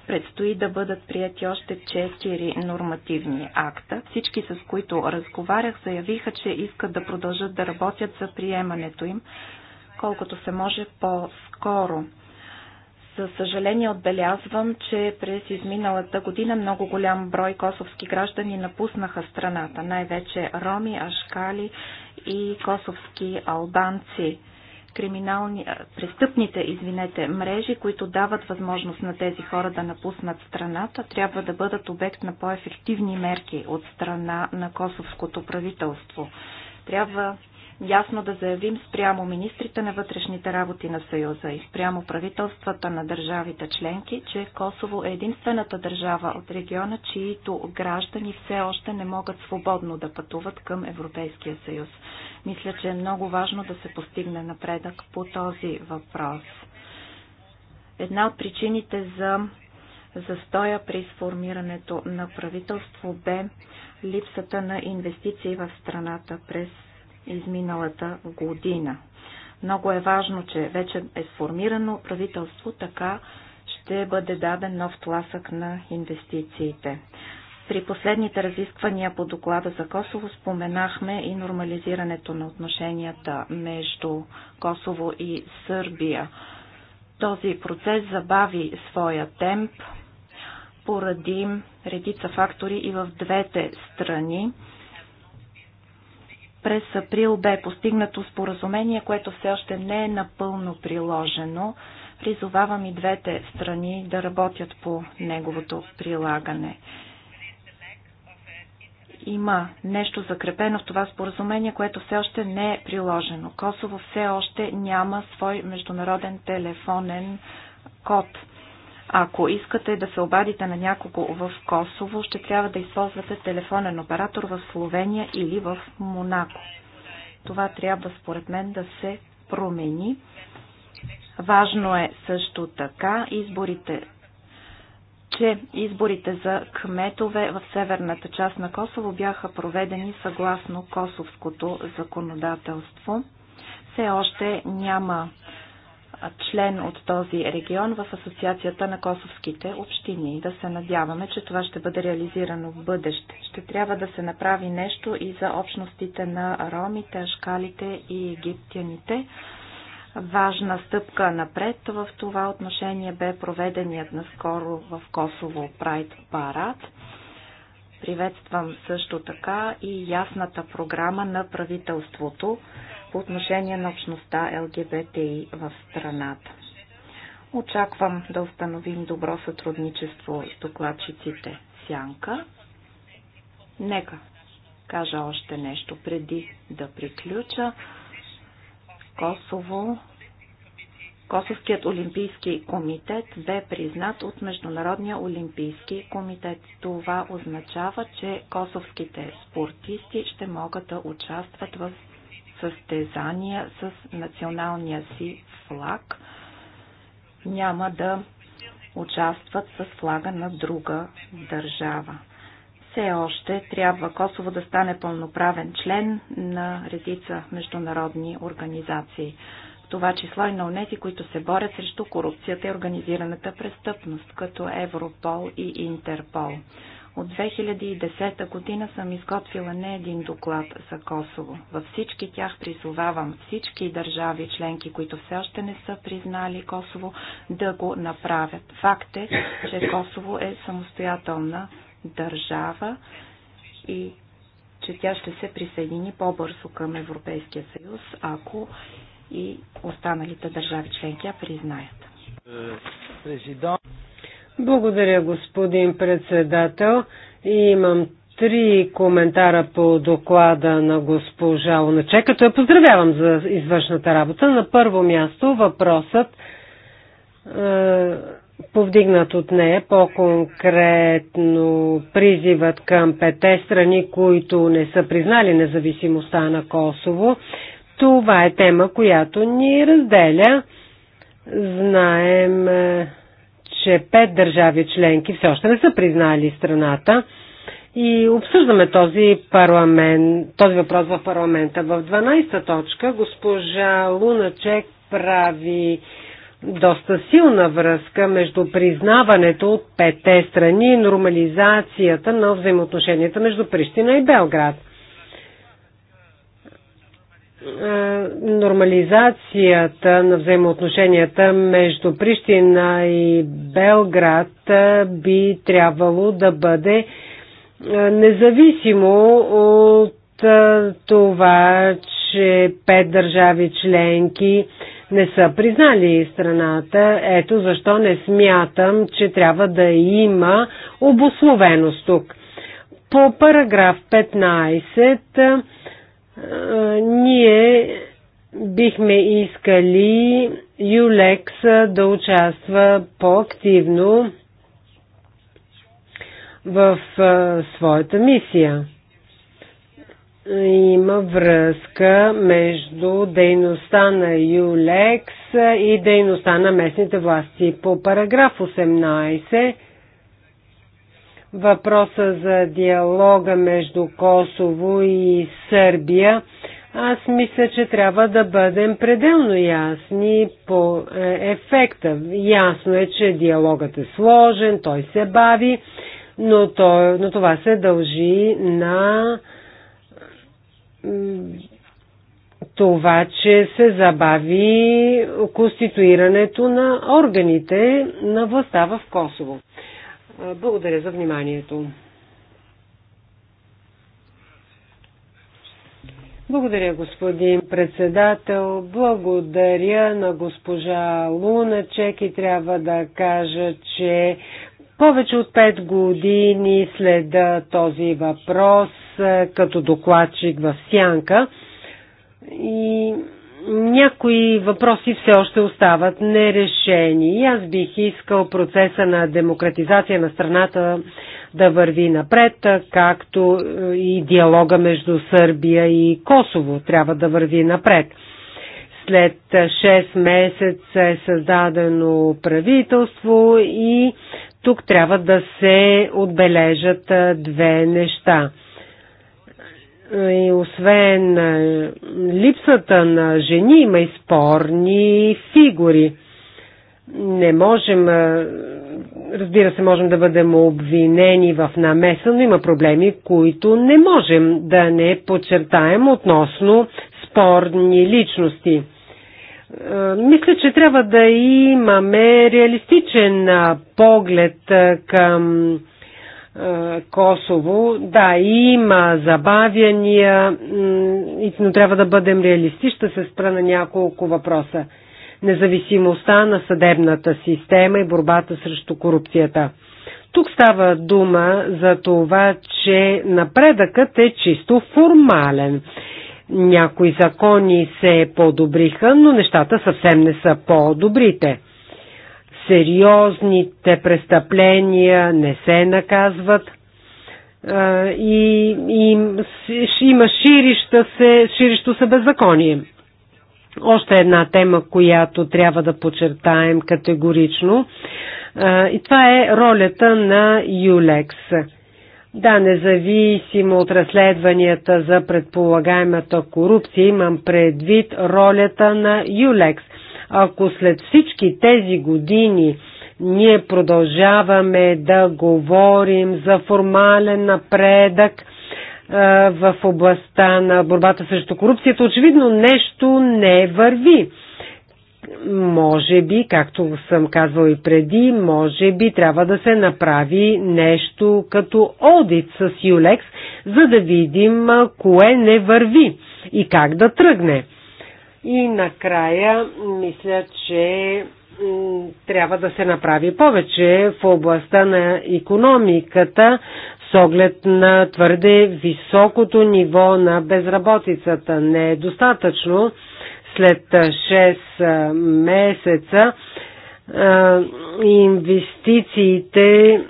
Предстои да бъдат прияти още 4 нормативни акта. Всички, с които разговарях, заявиха, че искат да продължат да работят за приемането им колкото се може по-скоро. За съжаление отбелязвам, че през изминалата година много голям брой косовски граждани напуснаха страната, най-вече роми, ашкали и косовски албанци криминални, престъпните, извинете, мрежи, които дават възможност на тези хора да напуснат страната, трябва да бъдат обект на по-ефективни мерки от страна на косовското правителство. Трябва ясно да заявим спрямо министрите на вътрешните работи на Съюза и спрямо правителствата на държавите членки, че Косово е единствената държава от региона, чието граждани все още не могат свободно да пътуват към Европейския съюз. Мисля, че е много важно да се постигне напредък по този въпрос. Една от причините за застоя при сформирането на правителство бе липсата на инвестиции в страната през изминалата година. Много е важно, че вече е сформирано правителство, така ще бъде даден нов тласък на инвестициите. При последните разисквания по доклада за Косово споменахме и нормализирането на отношенията между Косово и Сърбия. Този процес забави своя темп поради редица фактори и в двете страни. През април бе постигнато споразумение, което все още не е напълно приложено. Призовавам и двете страни да работят по неговото прилагане. Има нещо закрепено в това споразумение, което все още не е приложено. Косово все още няма свой международен телефонен код. Ако искате да се обадите на някого в Косово, ще трябва да използвате телефонен оператор в Словения или в Монако. Това трябва, според мен, да се промени. Важно е също така изборите че изборите за кметове в северната част на Косово бяха проведени съгласно косовското законодателство. Все още няма член от този регион в Асоциацията на косовските общини. Да се надяваме, че това ще бъде реализирано в бъдеще. Ще трябва да се направи нещо и за общностите на ромите, ашкалите и египтяните. Важна стъпка напред в това отношение бе проведеният наскоро в Косово Прайд парад. Приветствам също така и ясната програма на правителството по отношение на общността ЛГБТИ в страната. Очаквам да установим добро сътрудничество с докладчиците Сянка. Нека кажа още нещо преди да приключа. Косово Косовският олимпийски комитет бе признат от Международния олимпийски комитет. Това означава, че косовските спортисти ще могат да участват в състезания с националния си флаг, няма да участват с флага на друга държава. Все още трябва Косово да стане пълноправен член на редица международни организации. В това число и на унези, които се борят срещу корупцията и организираната престъпност, като Европол и Интерпол. От 2010 година съм изготвила не един доклад за Косово. Във всички тях призовавам всички държави членки, които все още не са признали Косово, да го направят. Факт е, че Косово е самостоятелна държава и че тя ще се присъедини по-бързо към Европейския съюз, ако и останалите държави членки я признаят. Е, благодаря, господин председател. И имам три коментара по доклада на госпожа Луначе, като я поздравявам за извършната работа. На първо място въпросът, е, повдигнат от нея, по-конкретно призивът към пете страни, които не са признали независимостта на Косово, това е тема, която ни разделя. Знаем. Е, че пет държави членки все още не са признали страната и обсъждаме този, парламент, този въпрос в парламента. В 12-та точка госпожа Луначек прави доста силна връзка между признаването от петте страни и нормализацията на взаимоотношенията между Прищина и Белград – нормализацията на взаимоотношенията между Прищина и Белград би трябвало да бъде независимо от това, че пет държави членки не са признали страната. Ето защо не смятам, че трябва да има обословеност тук. По параграф 15 ние бихме искали ЮЛЕКС да участва по-активно в своята мисия. Има връзка между дейността на ЮЛЕКС и дейността на местните власти. По параграф 18 въпроса за диалога между Косово и Сърбия, аз мисля, че трябва да бъдем пределно ясни по е, ефекта. Ясно е, че диалогът е сложен, той се бави, но, той, но това се дължи на това, че се забави конституирането на органите на властта в Косово. Благодаря за вниманието. Благодаря, господин председател. Благодаря на госпожа Луначек и трябва да кажа, че повече от 5 години след този въпрос като докладчик в Сянка и някои въпроси все още остават нерешени. аз бих искал процеса на демократизация на страната да върви напред, както е, и диалога между Сърбия и Косово трябва да върви напред. След 6 месеца е създадено правителство и тук трябва да се отбележат е, две неща – и освен е, липсата на жени, има и спорни фигури. Не можем, е, разбира се, можем да бъдем обвинени в намеса, но има проблеми, които не можем да не подчертаем относно спорни личности. Е, мисля, че трябва да имаме реалистичен поглед към е, Косово. Да, има забавяния, но трябва да бъдем реалисти. Ще се спра на няколко въпроса. Независимостта на съдебната система и борбата срещу корупцията. Тук става дума за това, че напредъкът е чисто формален. Някои закони се подобриха, но нещата съвсем не са по-добрите сериозните престъпления не се наказват и, и има ширища се, ширищо се беззаконие. Още една тема, която трябва да подчертаем категорично. И това е ролята на ЮЛЕКС. Да, независимо от разследванията за предполагаемата корупция, имам предвид ролята на ЮЛЕКС – ако след всички тези години ние продължаваме да говорим за формален напредък в областта на борбата срещу корупцията, очевидно нещо не върви може би, както съм казвал и преди, може би трябва да се направи нещо като одит с Юлекс, за да видим кое не върви и как да тръгне. И накрая, мисля, че трябва да се направи повече в областта на економиката с оглед на твърде високото ниво на безработицата. Не е достатъчно след 6 месеца инвестициите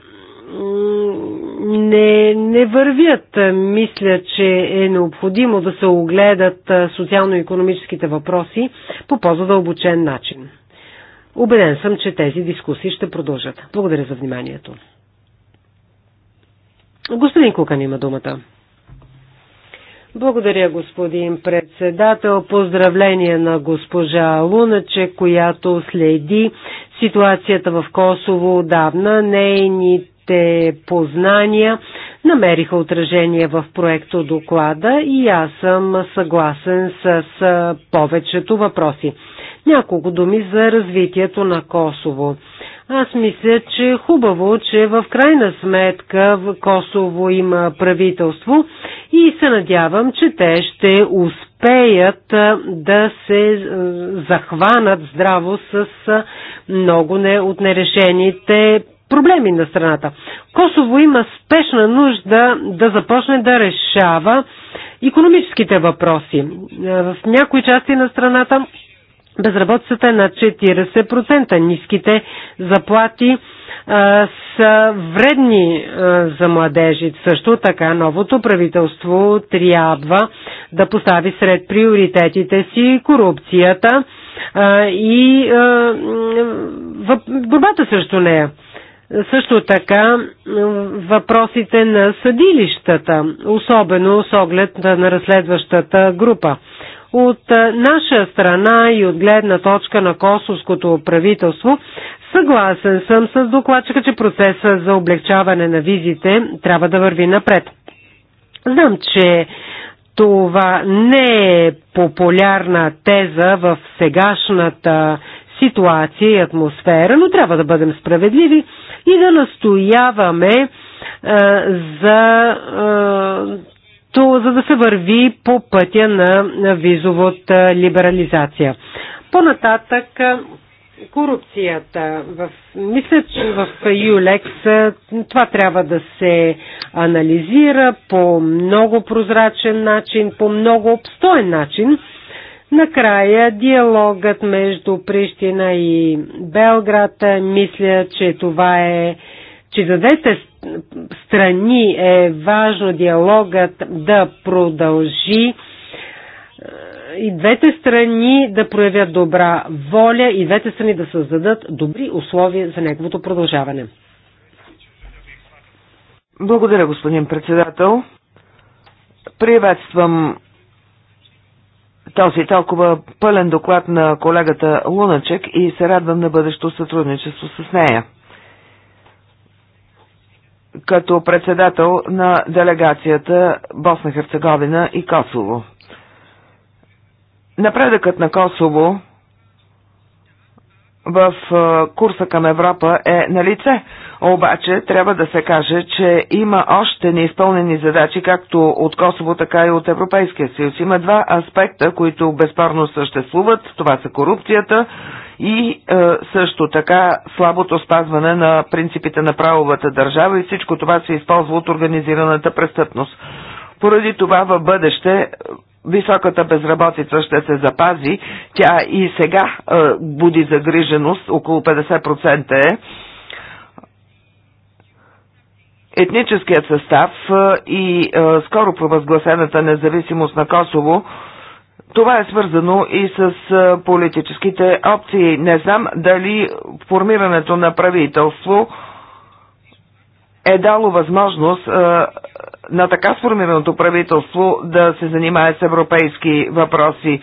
не, не вървят. Мисля, че е необходимо да се огледат социално-економическите въпроси по по-задълбочен начин. Убеден съм, че тези дискусии ще продължат. Благодаря за вниманието. Господин Кукан има думата. Благодаря, господин председател. Поздравление на госпожа Луначе, която следи ситуацията в Косово отдавна. Нейните своите познания намериха отражение в проекто доклада и аз съм съгласен с повечето въпроси. Няколко думи за развитието на Косово. Аз мисля, че е хубаво, че в крайна сметка в Косово има правителство и се надявам, че те ще успеят да се захванат здраво с много не, от нерешените проблеми на страната. Косово има спешна нужда да започне да решава економическите въпроси. Е, в някои части на страната безработицата е на 40%. Ниските заплати а, е, са вредни а, е, за младежи. Също така новото правителство трябва да постави сред приоритетите си корупцията а, и а, борбата срещу нея. Също така въпросите на съдилищата, особено с оглед на разследващата група. От наша страна и от гледна точка на косовското правителство, съгласен съм с докладчика, че процеса за облегчаване на визите трябва да върви напред. Знам, че това не е популярна теза в сегашната ситуация и атмосфера, но трябва да бъдем справедливи и да настояваме а, е, за, а, е, то, за да се върви по пътя на визовата либерализация. По-нататък е, корупцията. В, мисля, че в ЮЛЕКС това трябва да се анализира по много прозрачен начин, по много обстоен начин. Накрая диалогът между Прищина и Белград, мисля, че това е, че за двете страни е важно диалогът да продължи е, и двете страни да проявят добра воля и двете страни да създадат добри условия за неговото продължаване. Благодаря, господин председател. Приветствам този толкова пълен доклад на колегата Луначек и се радвам на бъдещо сътрудничество с нея. Като председател на делегацията Босна-Херцеговина и Косово. Напредъкът на Косово в курса към Европа е на лице. Обаче трябва да се каже, че има още неизпълнени задачи, както от Косово, така и от Европейския съюз. Има два аспекта, които безспорно съществуват. Това са корупцията и е, също така слабото спазване на принципите на правовата държава и всичко това се използва от организираната престъпност. Поради това в бъдеще високата безработица ще се запази. Тя и сега е, буди загриженост, около 50% е. Етническият състав е, и е, скоро провъзгласената независимост на Косово това е свързано и с е, политическите опции. Не знам дали формирането на правителство е дало възможност на така сформираното правителство да се занимае с европейски въпроси.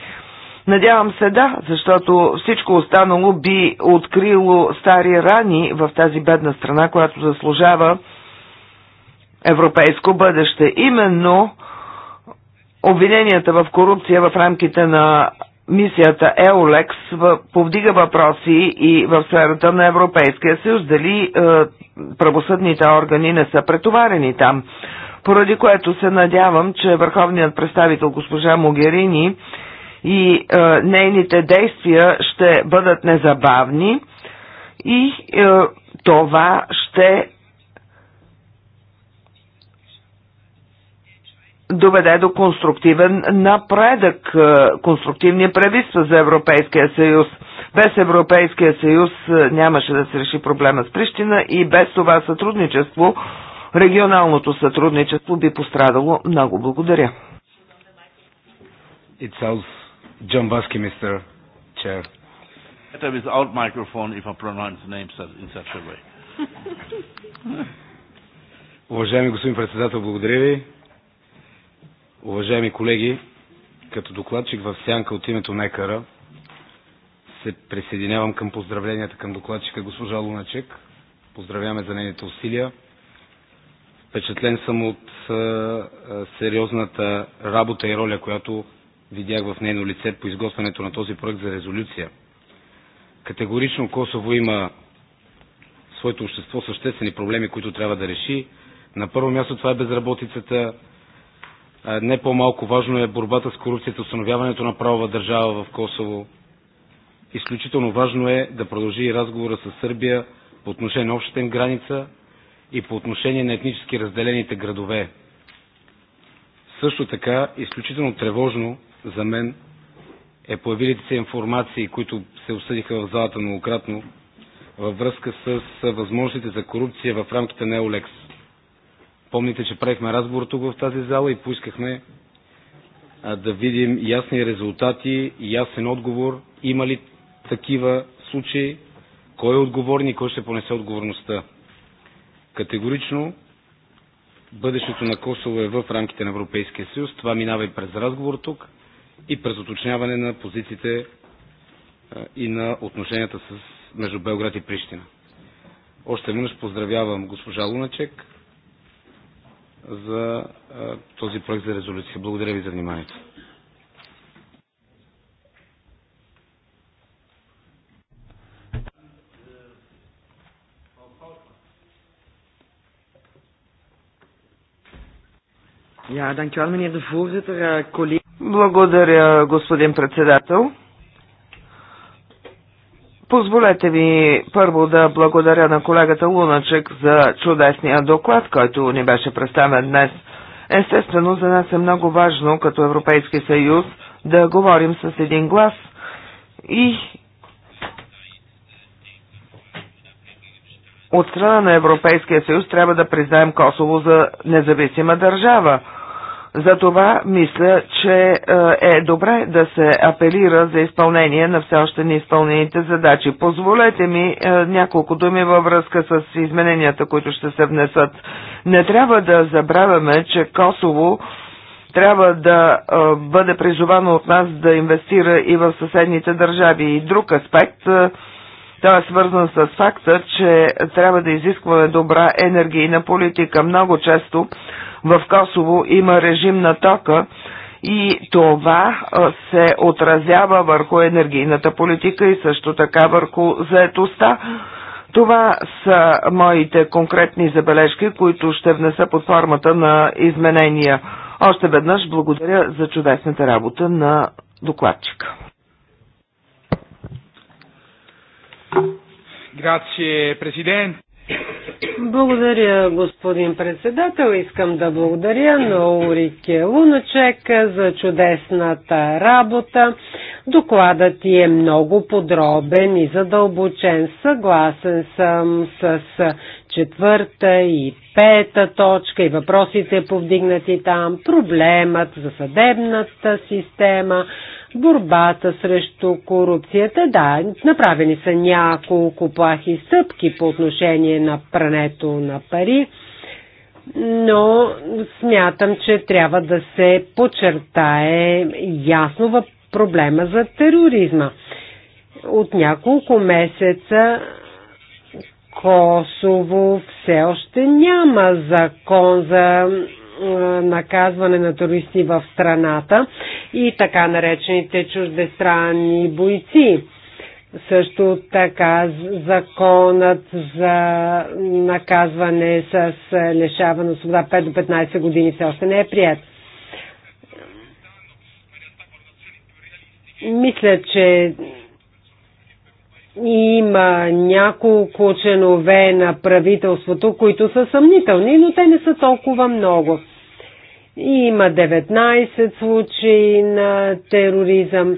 Надявам се да, защото всичко останало би открило стари рани в тази бедна страна, която заслужава европейско бъдеще. Именно обвиненията в корупция в рамките на мисията Еолекс повдига въпроси и в сферата на Европейския съюз, дали е, правосъдните органи не са претоварени там. Поради което се надявам, че върховният представител госпожа Могерини и е, нейните действия ще бъдат незабавни и е, това ще доведе до конструктивен напредък, е, конструктивни правителства за Европейския съюз. Без Европейския съюз е, нямаше да се реши проблема с Прищина и без това сътрудничество, регионалното сътрудничество би пострадало много. Благодаря. It sounds Chair. Better without microphone if I pronounce names in such a way. Уважаеми господин председател, благодаря ви. Уважаеми колеги, като докладчик в сянка от името на ЕКАРА се присъединявам към поздравленията към докладчика госпожа Луначек. Поздравяваме за нейните усилия. Впечатлен съм от сериозната работа и роля, която видях в нейно лице по изготвянето на този проект за резолюция. Категорично Косово има в своето общество съществени проблеми, които трябва да реши. На първо място това е безработицата, е, не по-малко важно е борбата с корупцията, установяването на правова държава в Косово. Изключително важно е да продължи и разговора с Сърбия по отношение на общата им граница и по отношение на етнически разделените градове. Също така, изключително тревожно за мен е появилите се информации, които се осъдиха в залата многократно, във връзка с възможностите за корупция в рамките на Еолекс. Помните, че правихме разговор тук в тази зала и поискахме да видим ясни резултати, ясен отговор, има ли такива случаи, кой е отговорен и кой ще понесе отговорността. Категорично бъдещето на Косово е в рамките на Европейския съюз. Това минава и през разговор тук и през уточняване на позициите и на отношенията с, между Белград и Прищина. Още веднъж поздравявам госпожа Луначек, за този проект за резолюция. Благодаря ви за вниманието. Eh, Благодаря, господин председател. Позволете ми първо да благодаря на колегата Луначек за чудесния доклад, който ни беше представен днес. Естествено, за нас е много важно, като Европейски съюз, да говорим с един глас и от страна на Европейския съюз трябва да признаем Косово за независима държава – затова мисля, че е, е добре да се апелира за изпълнение на все още неизпълнените задачи. Позволете ми е, няколко думи във връзка с измененията, които ще се внесат. Не трябва да забравяме, че Косово трябва да е, бъде призовано от нас да инвестира и в съседните държави. И друг аспект той е свързан с факта, че трябва да изискваме добра енергийна политика. Много често в Косово има режим на тока и това се отразява върху енергийната политика и също така върху заетостта. Това са моите конкретни забележки, които ще внеса под формата на изменения. Още веднъж благодаря за чудесната работа на докладчика. Grazie Presidente. Благодаря, господин председател. Искам да благодаря на Урике Луначек за чудесната работа. Докладът ти е много подробен и задълбочен. Съгласен съм с четвърта и пета точка и въпросите повдигнати там, проблемът за съдебната система, борбата срещу корупцията. Да, направени са няколко плахи стъпки по отношение на прането на пари, но смятам, че трябва да се подчертае ясно в проблема за тероризма. От няколко месеца Косово все още няма закон за е, наказване на туристи в страната и така наречените чуждестранни бойци. Също така законът за наказване с лишаване от свобода 5 до 15 години все още не е прият. Мисля, че има няколко членове на правителството, които са съмнителни, но те не са толкова много. Има 19 случаи на тероризъм.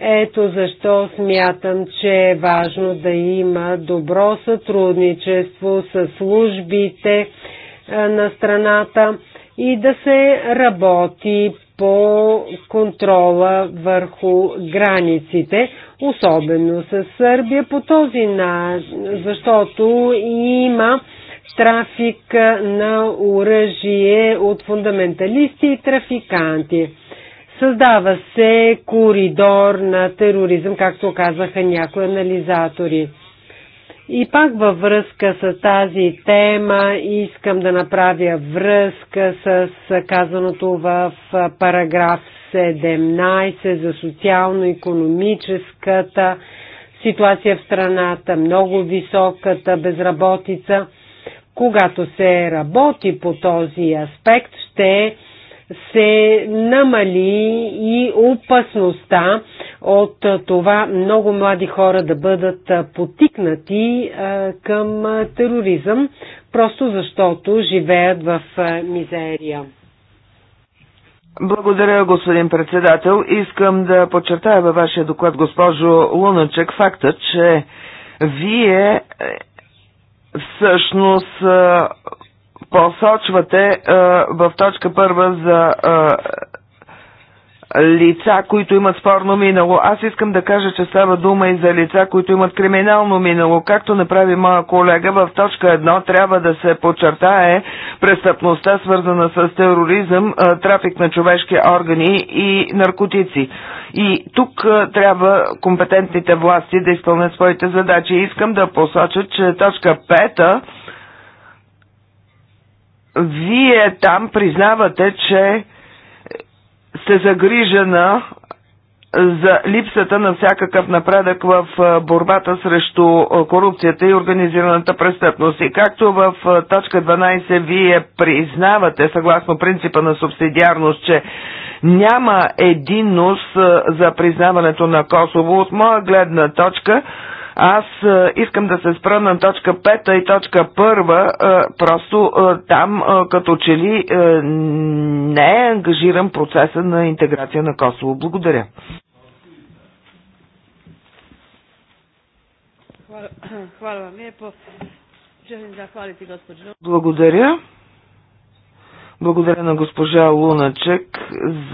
Ето защо смятам, че е важно да има добро сътрудничество с службите на страната и да се работи по контрола върху границите, особено с Сърбия по този начин, защото има трафик на оръжие от фундаменталисти и трафиканти. Създава се коридор на тероризъм, както казаха някои анализатори. И пак във връзка с тази тема искам да направя връзка с казаното в параграф 17 за социално-економическата ситуация в страната, много високата безработица – когато се работи по този аспект, ще се намали и опасността от това много млади хора да бъдат потикнати към тероризъм, просто защото живеят в мизерия. Благодаря, господин председател. Искам да подчертая във вашия доклад, госпожо Луначек, факта, че вие е, всъщност посочвате в точка първа за лица, които имат спорно минало. Аз искам да кажа, че става дума и за лица, които имат криминално минало. Както направи моя колега, в точка 1 трябва да се подчертае престъпността, свързана с тероризъм, трафик на човешки органи и наркотици. И тук трябва компетентните власти да изпълнят своите задачи. Искам да посоча, че точка 5 вие там признавате, че се загрижена за липсата на всякакъв напредък в борбата срещу корупцията и организираната престъпност. И както в точка 12 вие признавате, съгласно принципа на субсидиарност, че няма единност за признаването на Косово, от моя гледна точка – аз е, искам да се спра на точка 5 и точка 1, е, просто е, там като че ли не е ангажиран процеса на интеграция на Косово. Благодаря. Hvala, vam lijepo. Želim zahvaliti gospođu. Благодаря. Благодаря на госпожа Луначек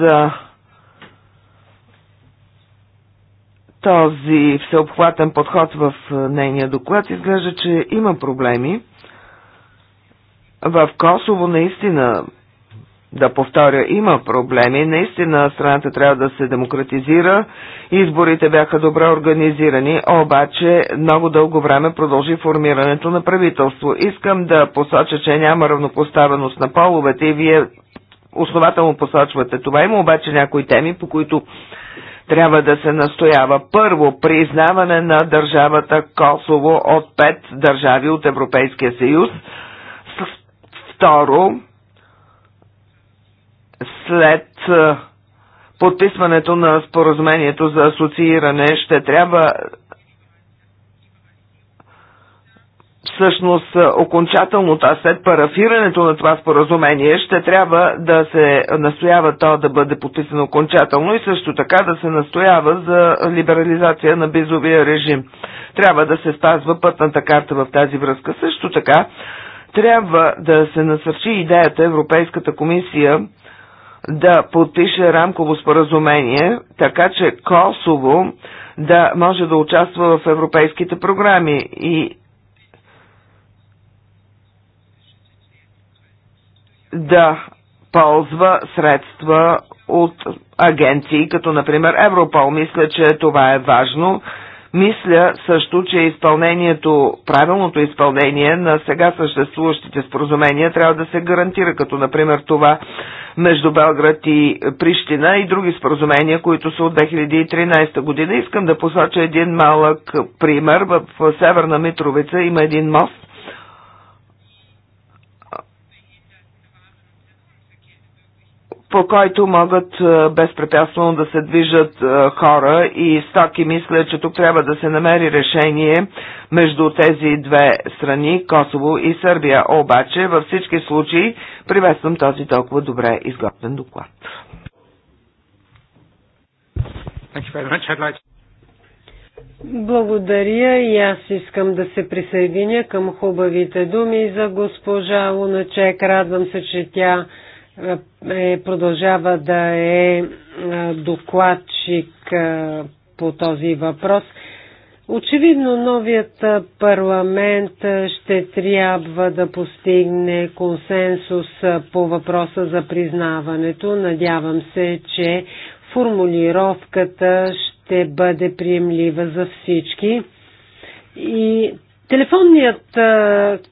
за този всеобхватен подход в е, нейния доклад изглежда, че има проблеми. В Косово наистина, да повторя, има проблеми. Наистина страната трябва да се демократизира. Изборите бяха добре организирани, обаче много дълго време продължи формирането на правителство. Искам да посоча, че няма равнопоставеност на половете и вие основателно посочвате това. Има обаче някои теми, по които трябва да се настоява първо признаване на държавата Косово от пет държави от Европейския съюз, второ след подписването на споразумението за асоцииране ще трябва всъщност окончателно, това след парафирането на това споразумение, ще трябва да се настоява то да бъде подписано окончателно и също така да се настоява за либерализация на безовия режим. Трябва да се спазва пътната карта в тази връзка. Също така, трябва да се насърчи идеята Европейската комисия да подпише рамково споразумение, така че Косово да може да участва в европейските програми и да ползва средства от агенции, като например Европол. Мисля, че това е важно. Мисля също, че изпълнението, правилното изпълнение на сега съществуващите споразумения трябва да се гарантира, като например това между Белград и Прищина и други споразумения, които са от 2013 година. Искам да посоча един малък пример. В Северна Митровица има един мост, по който могат е, безпрепятствено да се движат е, хора и стоки. Мисля, че тук трябва да се намери решение между тези две страни, Косово и Сърбия. Обаче, във всички случаи, приветствам този толкова добре изготвен доклад. Благодаря и аз искам да се присъединя към хубавите думи за госпожа Луначек. Радвам се, че тя е, продължава да е, е докладчик е, по този въпрос. Очевидно новият парламент ще трябва да постигне консенсус по въпроса за признаването. Надявам се, че формулировката ще бъде приемлива за всички. И телефонният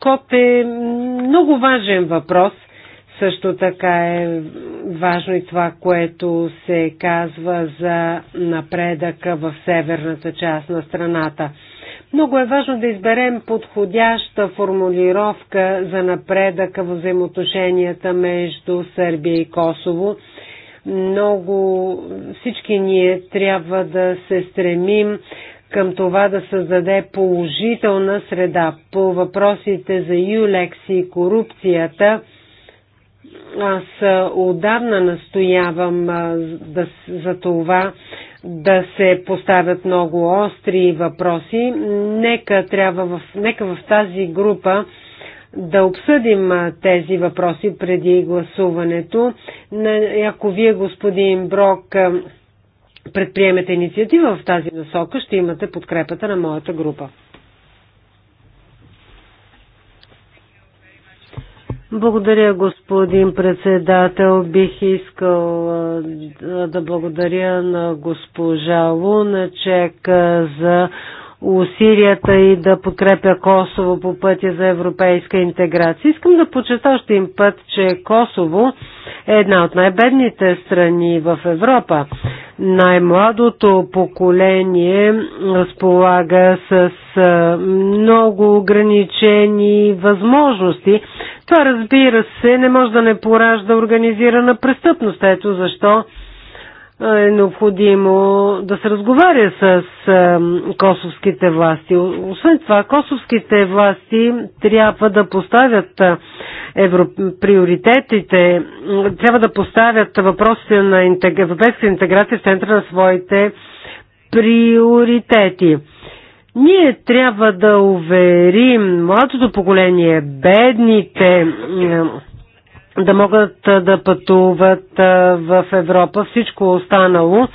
код е много важен въпрос също така е важно и това, което се казва за напредъка в северната част на страната. Много е важно да изберем подходяща формулировка за напредъка в взаимоотношенията между Сърбия и Косово. Много всички ние трябва да се стремим към това да създаде положителна среда по въпросите за юлекс и корупцията – аз отдавна настоявам да, за това да се поставят много остри въпроси. Нека, трябва в, нека в тази група да обсъдим тези въпроси преди гласуването. Ако вие, господин Брок, предприемете инициатива в тази насока, ще имате подкрепата на моята група. Благодаря, господин председател. Бих искал да благодаря на госпожа Луначек за усилията и да подкрепя Косово по пътя за европейска интеграция. Искам да почета още им път, че Косово е една от най-бедните страни в Европа. Най-младото поколение разполага с много ограничени възможности, това разбира се не може да не поражда организирана престъпност. Ето защо е необходимо да се разговаря с косовските власти. Освен това, косовските власти трябва да поставят евро... приоритетите, трябва да поставят въпросите на интег... европейска интеграция в центъра на своите приоритети. Ние трябва да уверим младото поколение, бедните, е, да могат е, да пътуват е, в Европа. Всичко останало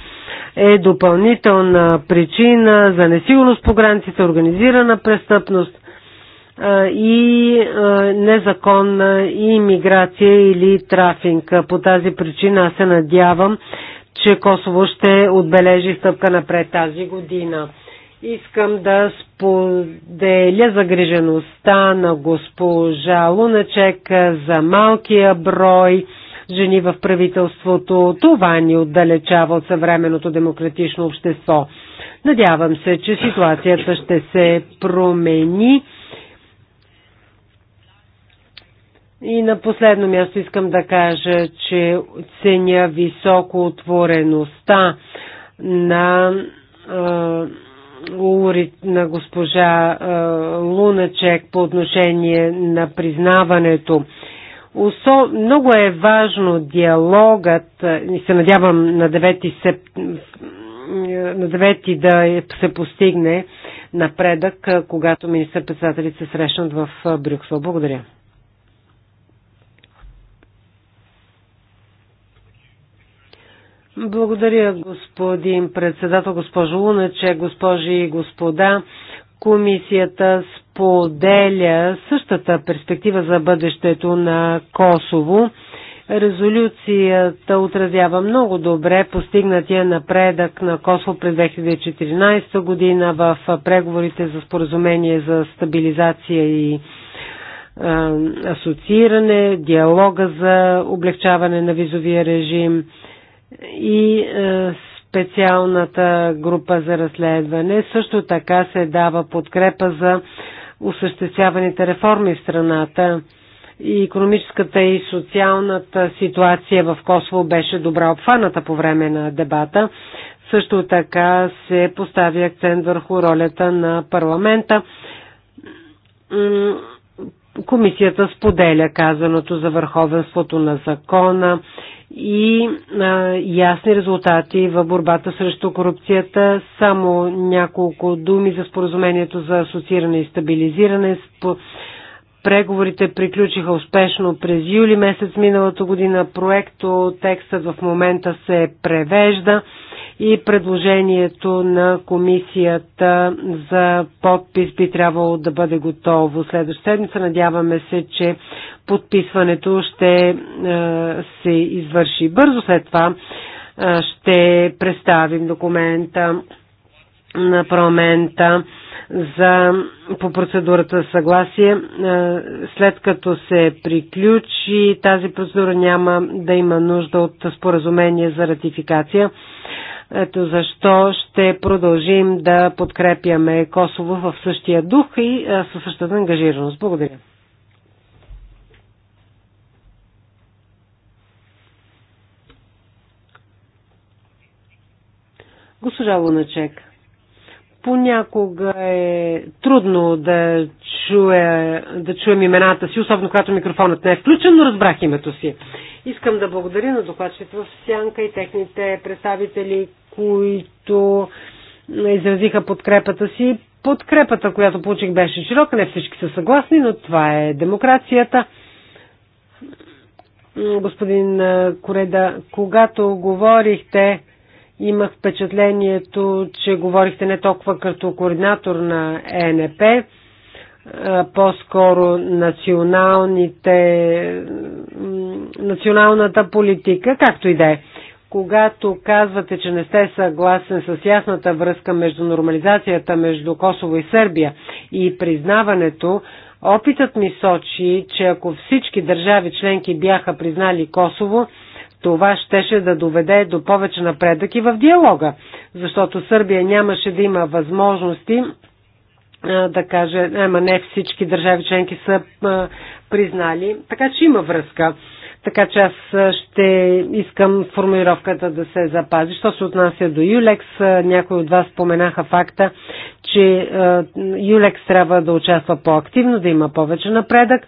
е допълнителна причина за несигурност по границите, организирана престъпност и незаконна иммиграция или трафинг. По тази причина аз се надявам, че Косово ще отбележи стъпка напред тази година. Искам да споделя загрижеността на госпожа Луначек за малкия брой жени в правителството. Това ни отдалечава от съвременното демократично общество. Надявам се, че ситуацията ще се промени. И на последно място искам да кажа, че ценя високо отвореността на е, ури на госпожа Луначек по отношение на признаването. Осо... Много е важно диалогът, и се надявам на 9, сеп... на 9 да се постигне напредък, когато министър-председателите се срещнат в Брюксел. Благодаря. Благодаря, господин председател, госпожо Луначе, госпожи и господа. Комисията споделя същата перспектива за бъдещето на Косово. Резолюцията отразява много добре постигнатия напредък на Косово през 2014 година в преговорите за споразумение за стабилизация и асоцииране, диалога за облегчаване на визовия режим – и е, специалната група за разследване. Също така се дава подкрепа за осъществяваните реформи в страната. И економическата и социалната ситуация в Косово беше добра обхваната по време на дебата. Също така се постави акцент върху ролята на парламента. Комисията споделя казаното за върховенството на закона и а, ясни резултати в борбата срещу корупцията. Само няколко думи за споразумението за асоцииране и стабилизиране. Преговорите приключиха успешно през юли месец миналата година. Проекто текстът в момента се превежда и предложението на комисията за подпис би трябвало да бъде готово следващата седмица. Надяваме се, че подписването ще е, се извърши бързо. След това е, ще представим документа на парламента за, по процедурата съгласие. Е, след като се приключи тази процедура, няма да има нужда от споразумение за ратификация. Ето защо ще продължим да подкрепяме Косово в същия дух и със същата ангажираност. Благодаря. Госпожа Луначек. Понякога е трудно да, чуя, да чуем имената си, особено когато микрофонът не е включен, но разбрах името си. Искам да благодаря на докладчите в Сянка и техните представители, които изразиха подкрепата си. Подкрепата, която получих, беше широка, не всички са съгласни, но това е демокрацията. Господин Кореда, когато говорихте Имах впечатлението, че говорихте не толкова като координатор на ЕНП, по-скоро националните, националната политика, както и да е. Когато казвате, че не сте съгласен с ясната връзка между нормализацията между Косово и Сърбия и признаването, опитът ми сочи, че ако всички държави членки бяха признали Косово, това щеше да доведе до повече напредък и в диалога, защото Сърбия нямаше да има възможности да каже, ема не всички държави членки са признали, така че има връзка. Така че аз ще искам формулировката да се запази. Що се отнася до Юлекс, някои от вас споменаха факта, че Юлекс трябва да участва по-активно, да има повече напредък.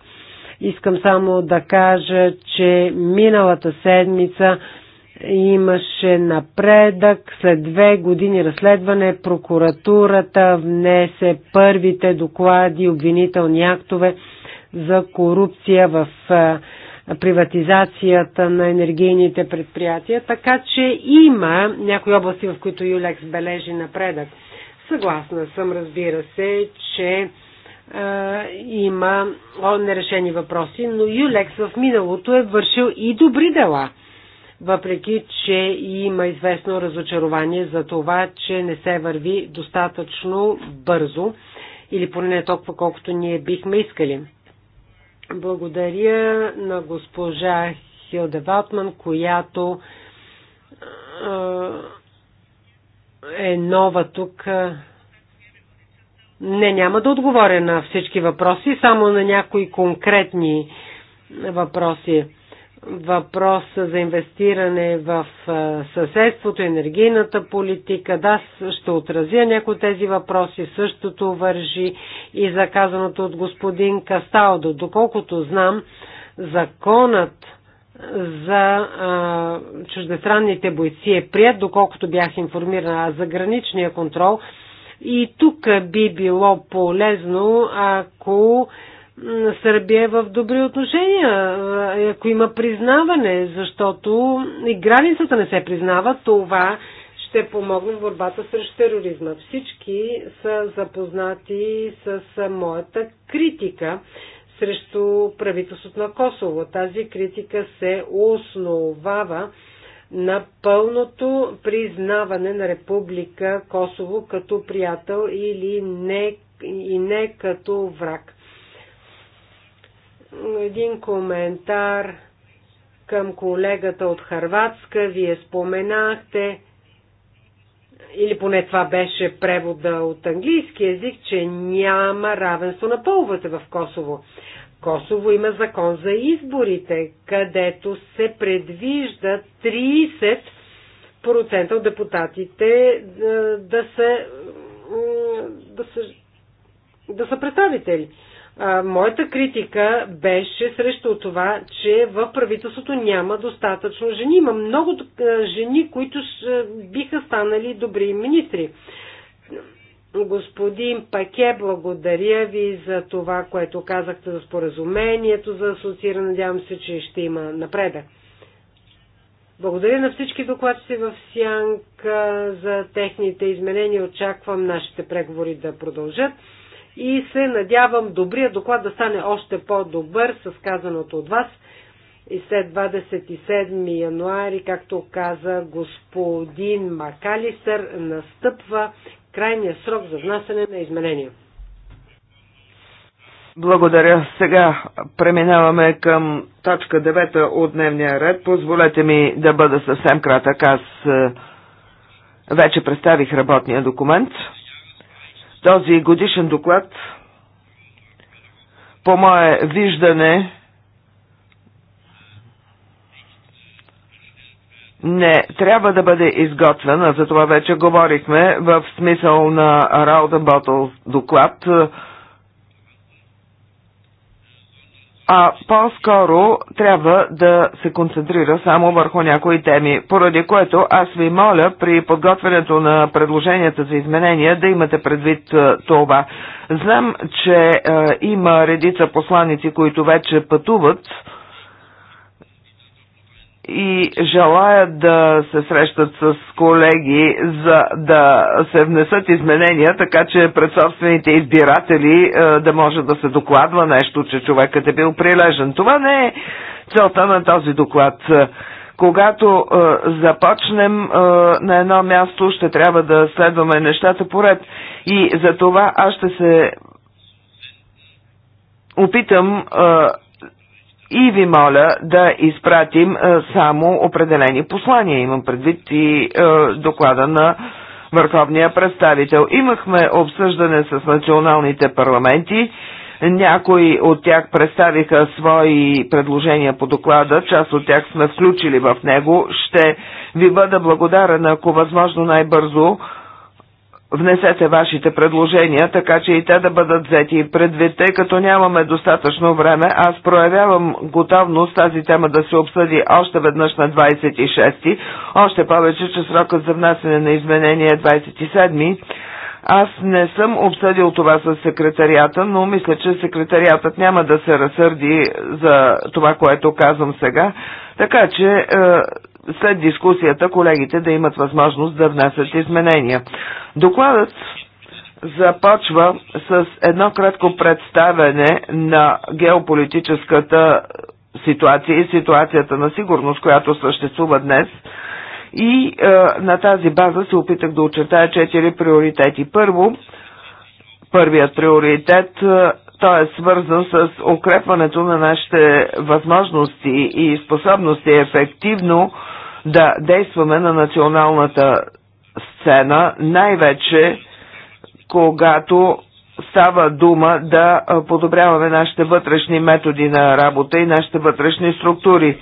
Искам само да кажа, че миналата седмица имаше напредък. След две години разследване прокуратурата внесе първите доклади, обвинителни актове за корупция в приватизацията на енергийните предприятия, така че има някои области, в които Юлекс бележи напредък. Съгласна съм, разбира се, че е, има нерешени въпроси, но Юлекс в миналото е вършил и добри дела. Въпреки, че има известно разочарование за това, че не се върви достатъчно бързо или поне не толкова колкото ние бихме искали. Благодаря на госпожа Хилде Ватман, която е, е нова тук не, няма да отговоря на всички въпроси, само на някои конкретни въпроси. Въпрос за инвестиране в съседството, енергийната политика. Да, ще отразя някои от тези въпроси. Същото вържи и заказаното от господин Касталдо. Доколкото знам, законът за а, чуждестранните бойци е прият, доколкото бях информирана, а за граничния контрол – и тук би било полезно, ако Сърбия е в добри отношения, ако има признаване, защото и границата не се признава, това ще помогне в борбата срещу тероризма. Всички са запознати с моята критика срещу правителството на Косово. Тази критика се основава на пълното признаване на Република Косово като приятел или не, и не като враг. Един коментар към колегата от Харватска. Вие споменахте, или поне това беше превода от английски язик, че няма равенство на половете в Косово. Косово има закон за изборите, където се предвижда 30% от депутатите е, да са, да са, да са представители. Моята критика беше срещу това, че в правителството няма достатъчно жени. Има много е, жени, които биха станали добри министри Господин Паке, благодаря ви за това, което казахте за споразумението за асоцииране. Надявам се, че ще има напредък. Благодаря на всички докладчици в Сянка за техните изменения. Очаквам нашите преговори да продължат и се надявам добрия доклад да стане още по-добър с казаното от вас. И след 27 януари, както каза господин Макалистър, настъпва крайния срок за внасяне на изменения. Благодаря. Сега преминаваме към точка 9 от дневния ред. Позволете ми да бъда съвсем кратък. Аз е, вече представих работния документ. Този годишен доклад, по мое виждане, не трябва да бъде изготвена, за това вече говорихме в смисъл на Рауда Ботъл доклад, а по-скоро трябва да се концентрира само върху някои теми, поради което аз ви моля при подготвянето на предложенията за изменения да имате предвид е, това. Знам, че е, има редица посланици, които вече пътуват и желаят да се срещат с колеги, за да се внесат изменения, така че пред собствените избиратели е, да може да се докладва нещо, че човекът е бил прилежен. Това не е целта на този доклад. Когато е, започнем е, на едно място, ще трябва да следваме нещата поред. И за това аз ще се опитам е, и ви моля да изпратим е, само определени послания. Имам предвид и е, доклада на върховния представител. Имахме обсъждане с националните парламенти. Някои от тях представиха свои предложения по доклада, част от тях сме включили в него. Ще ви бъда благодарен, ако възможно най-бързо внесете вашите предложения, така че и те да бъдат взети и предвид, тъй като нямаме достатъчно време. Аз проявявам готовност тази тема да се обсъди още веднъж на 26-ти, още повече, че срокът за внасене на изменение е 27-ми. Аз не съм обсъдил това с секретарията, но мисля, че секретариатът няма да се разсърди за това, което казвам сега. Така че е, след дискусията колегите да имат възможност да внесат изменения. Докладът започва с едно кратко представене на геополитическата ситуация и ситуацията на сигурност, която съществува днес. И е, на тази база се опитах да очертая четири приоритети. Първо, първият приоритет е, той е свързан с укрепването на нашите възможности и способности ефективно да действаме на националната сцена, най-вече когато става дума да подобряваме нашите вътрешни методи на работа и нашите вътрешни структури.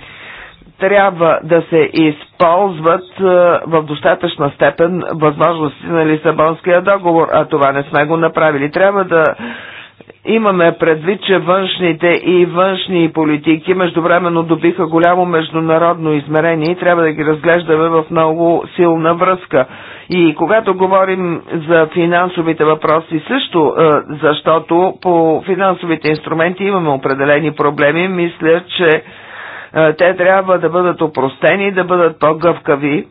Трябва да се използват е, в достатъчна степен възможности на Лисабонския договор, а това не сме го направили. Трябва да Имаме предвид, че външните и външни политики междувременно добиха голямо международно измерение и трябва да ги разглеждаме в много силна връзка. И когато говорим за финансовите въпроси също, е, защото по финансовите инструменти имаме определени проблеми, мисля, че е, те трябва да бъдат опростени, да бъдат по-гъвкави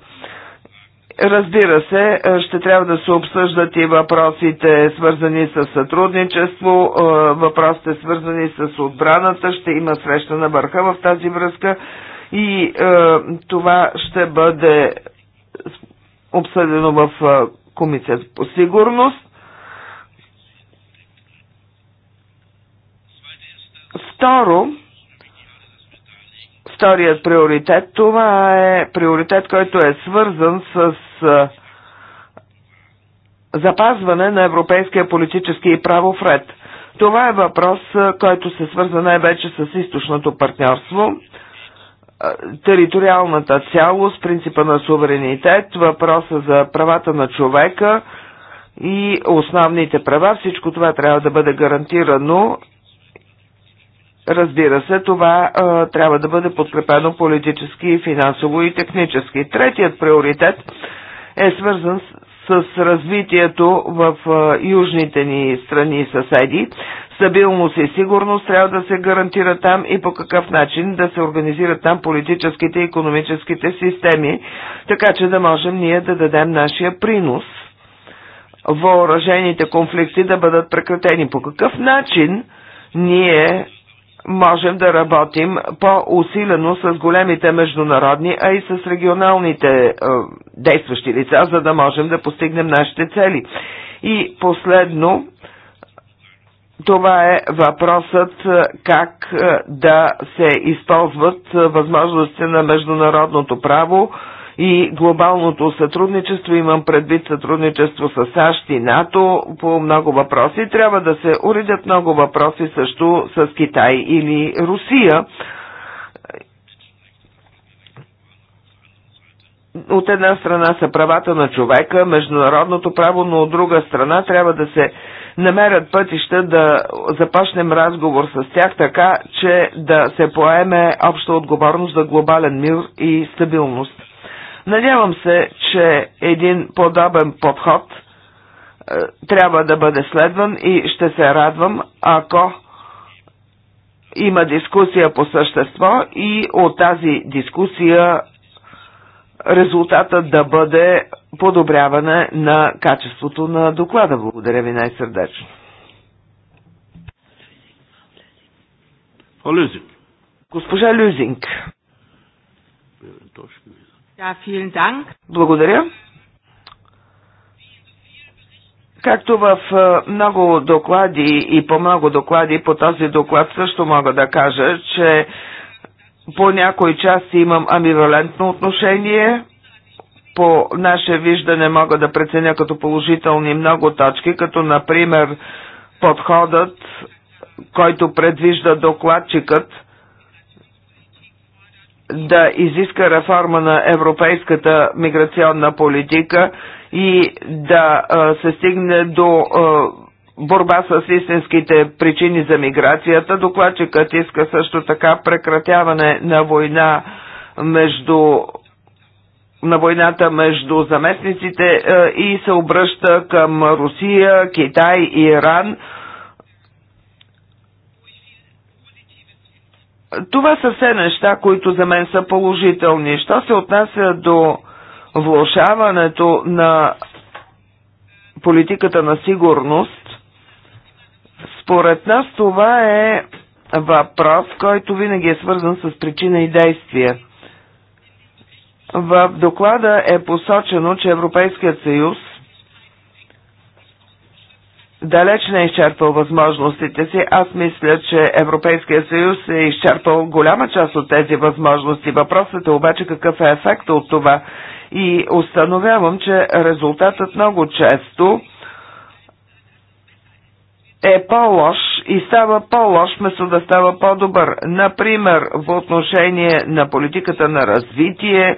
Разбира се, е, ще трябва да се обсъждат и въпросите свързани с сътрудничество, е, въпросите свързани с отбраната, ще има среща на върха в тази връзка и е, това ще бъде обсъдено в Комисията по сигурност. Второ, Вторият приоритет, това е приоритет, който е свързан с запазване на европейския политически и правов ред. Това е въпрос, който се свърза най-вече с източното партньорство, териториалната цялост, принципа на суверенитет, въпроса за правата на човека и основните права. Всичко това трябва да бъде гарантирано Разбира се, това а, трябва да бъде подкрепено политически, финансово и технически. Третият приоритет е свързан с, с развитието в а, южните ни страни и съседи. Стабилност и сигурност трябва да се гарантира там и по какъв начин да се организират там политическите и економическите системи, така че да можем ние да дадем нашия принос въоръжените конфликти да бъдат прекратени. По какъв начин ние можем да работим по-усилено с големите международни, а и с регионалните е, действащи лица, за да можем да постигнем нашите цели. И последно, това е въпросът е, как е, да се използват е, възможностите на международното право, и глобалното сътрудничество, имам предвид сътрудничество с САЩ и НАТО по много въпроси. Трябва да се уредят много въпроси също с Китай или Русия. от една страна са правата на човека, международното право, но от друга страна трябва да се намерят пътища да започнем разговор с тях така, че да се поеме обща отговорност за глобален мир и стабилност. Надявам се, че един подобен подход е, трябва да бъде следван и ще се радвам, ако има дискусия по същество и от тази дискусия резултата да бъде подобряване на качеството на доклада. Благодаря ви най-сърдечно. Госпожа Люзинг. Точно. Äh, да, Благодаря. Както в е, много доклади и по много доклади, по този доклад също мога да кажа, че по някои части имам амивалентно отношение, по наше виждане мога да преценя като положителни много точки, като например подходът, който предвижда докладчикът – да изиска реформа на европейската миграционна политика и да се стигне до борба с истинските причини за миграцията. Докладчикът иска също така прекратяване на война между на войната между заместниците и се обръща към Русия, Китай и Иран – Това са все неща, които за мен са положителни. Що се отнася до влушаването на политиката на сигурност, според нас това е въпрос, който винаги е свързан с причина и действие. В доклада е посочено, че Европейският съюз далеч не е изчерпал възможностите си. Аз мисля, че Европейския съюз е изчерпал голяма част от тези възможности. Въпросът е обаче какъв е ефектът от това. И установявам, че резултатът много често е по-лош и става по-лош, вместо да става по-добър. Например, в отношение на политиката на развитие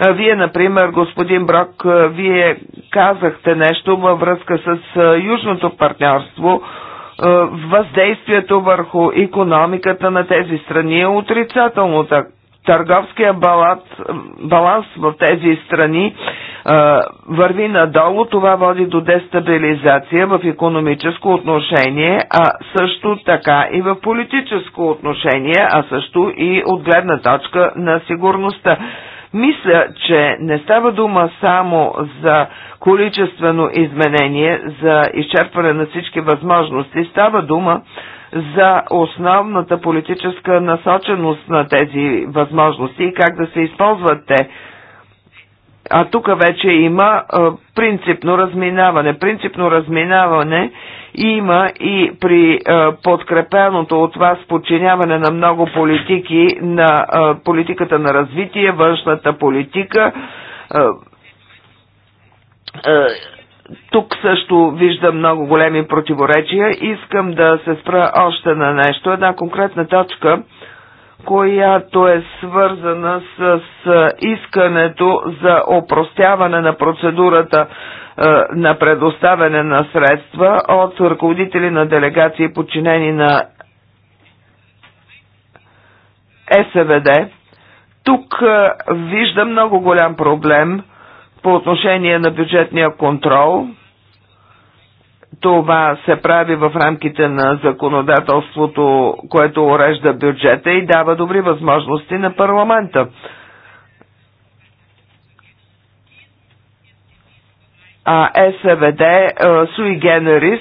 вие, например, господин Брок, вие казахте нещо във връзка с Южното партньорство. Въздействието върху економиката на тези страни е отрицателно. Търговския баланс, баланс в тези страни върви надолу, това води до дестабилизация в економическо отношение, а също така и в политическо отношение, а също и от гледна точка на сигурността. Мисля, че не става дума само за количествено изменение, за изчерпване на всички възможности. Става дума за основната политическа насоченост на тези възможности и как да се използват те. А тук вече има принципно разминаване. Принципно разминаване има и при подкрепеното от вас подчиняване на много политики на политиката на развитие, външната политика. Тук също виждам много големи противоречия. Искам да се спра още на нещо. Една конкретна точка – която е свързана с искането за опростяване на процедурата е, на предоставяне на средства от ръководители на делегации подчинени на СВД. Тук е, вижда много голям проблем по отношение на бюджетния контрол – това се прави в рамките на законодателството, което урежда бюджета и дава добри възможности на парламента. А СВД Суи е, Генерис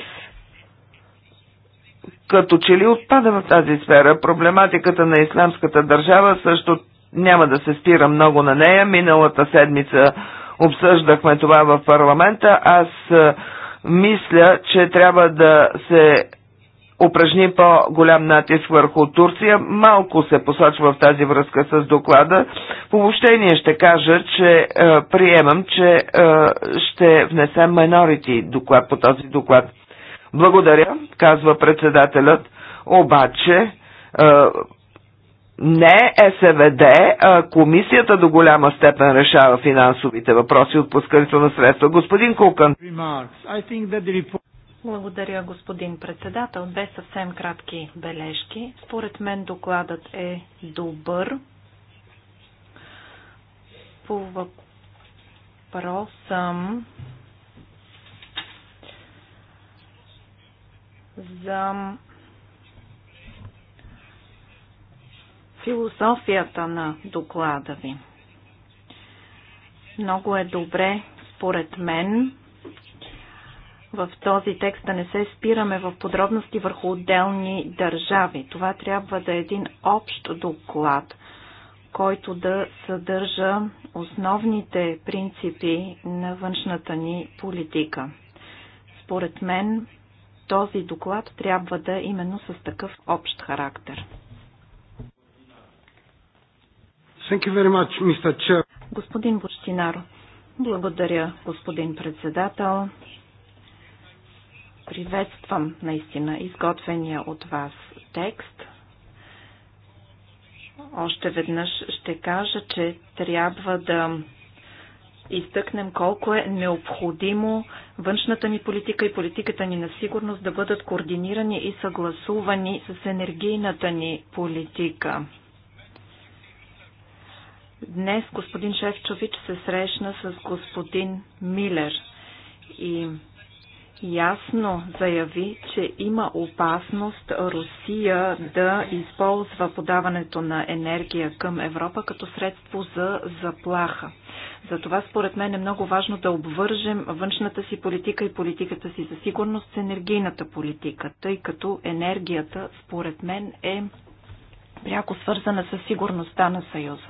като че ли отпада в тази сфера. Проблематиката на исламската държава също няма да се спира много на нея. Миналата седмица обсъждахме това в парламента. Аз е, мисля, че трябва да се упражни по-голям натиск върху Турция. Малко се посочва в тази връзка с доклада. По обобщение ще кажа, че е, приемам, че е, ще внесем minority доклад по този доклад. Благодаря, казва председателят, обаче е, не СВД, а комисията до голяма степен решава финансовите въпроси от пускането на средства. Господин Кукан. Благодаря, господин председател. Две съвсем кратки бележки. Според мен докладът е добър. По въпросам за философията на доклада ви. Много е добре, според мен, в този текст да не се спираме в подробности върху отделни държави. Това трябва да е един общ доклад, който да съдържа основните принципи на външната ни политика. Според мен този доклад трябва да е именно с такъв общ характер. Thank you very much, Mr. Chair. Господин Бочтинар, благодаря, господин председател. Приветствам наистина изготвения от вас текст. Още веднъж ще кажа, че трябва да изтъкнем колко е необходимо външната ни политика и политиката ни на сигурност да бъдат координирани и съгласувани с енергийната ни политика. Днес господин Шефчович се срещна с господин Милер и ясно заяви, че има опасност Русия да използва подаването на енергия към Европа като средство за заплаха. Затова според мен е много важно да обвържем външната си политика и политиката си за сигурност с енергийната политика, тъй като енергията според мен е пряко свързана с сигурността на Съюза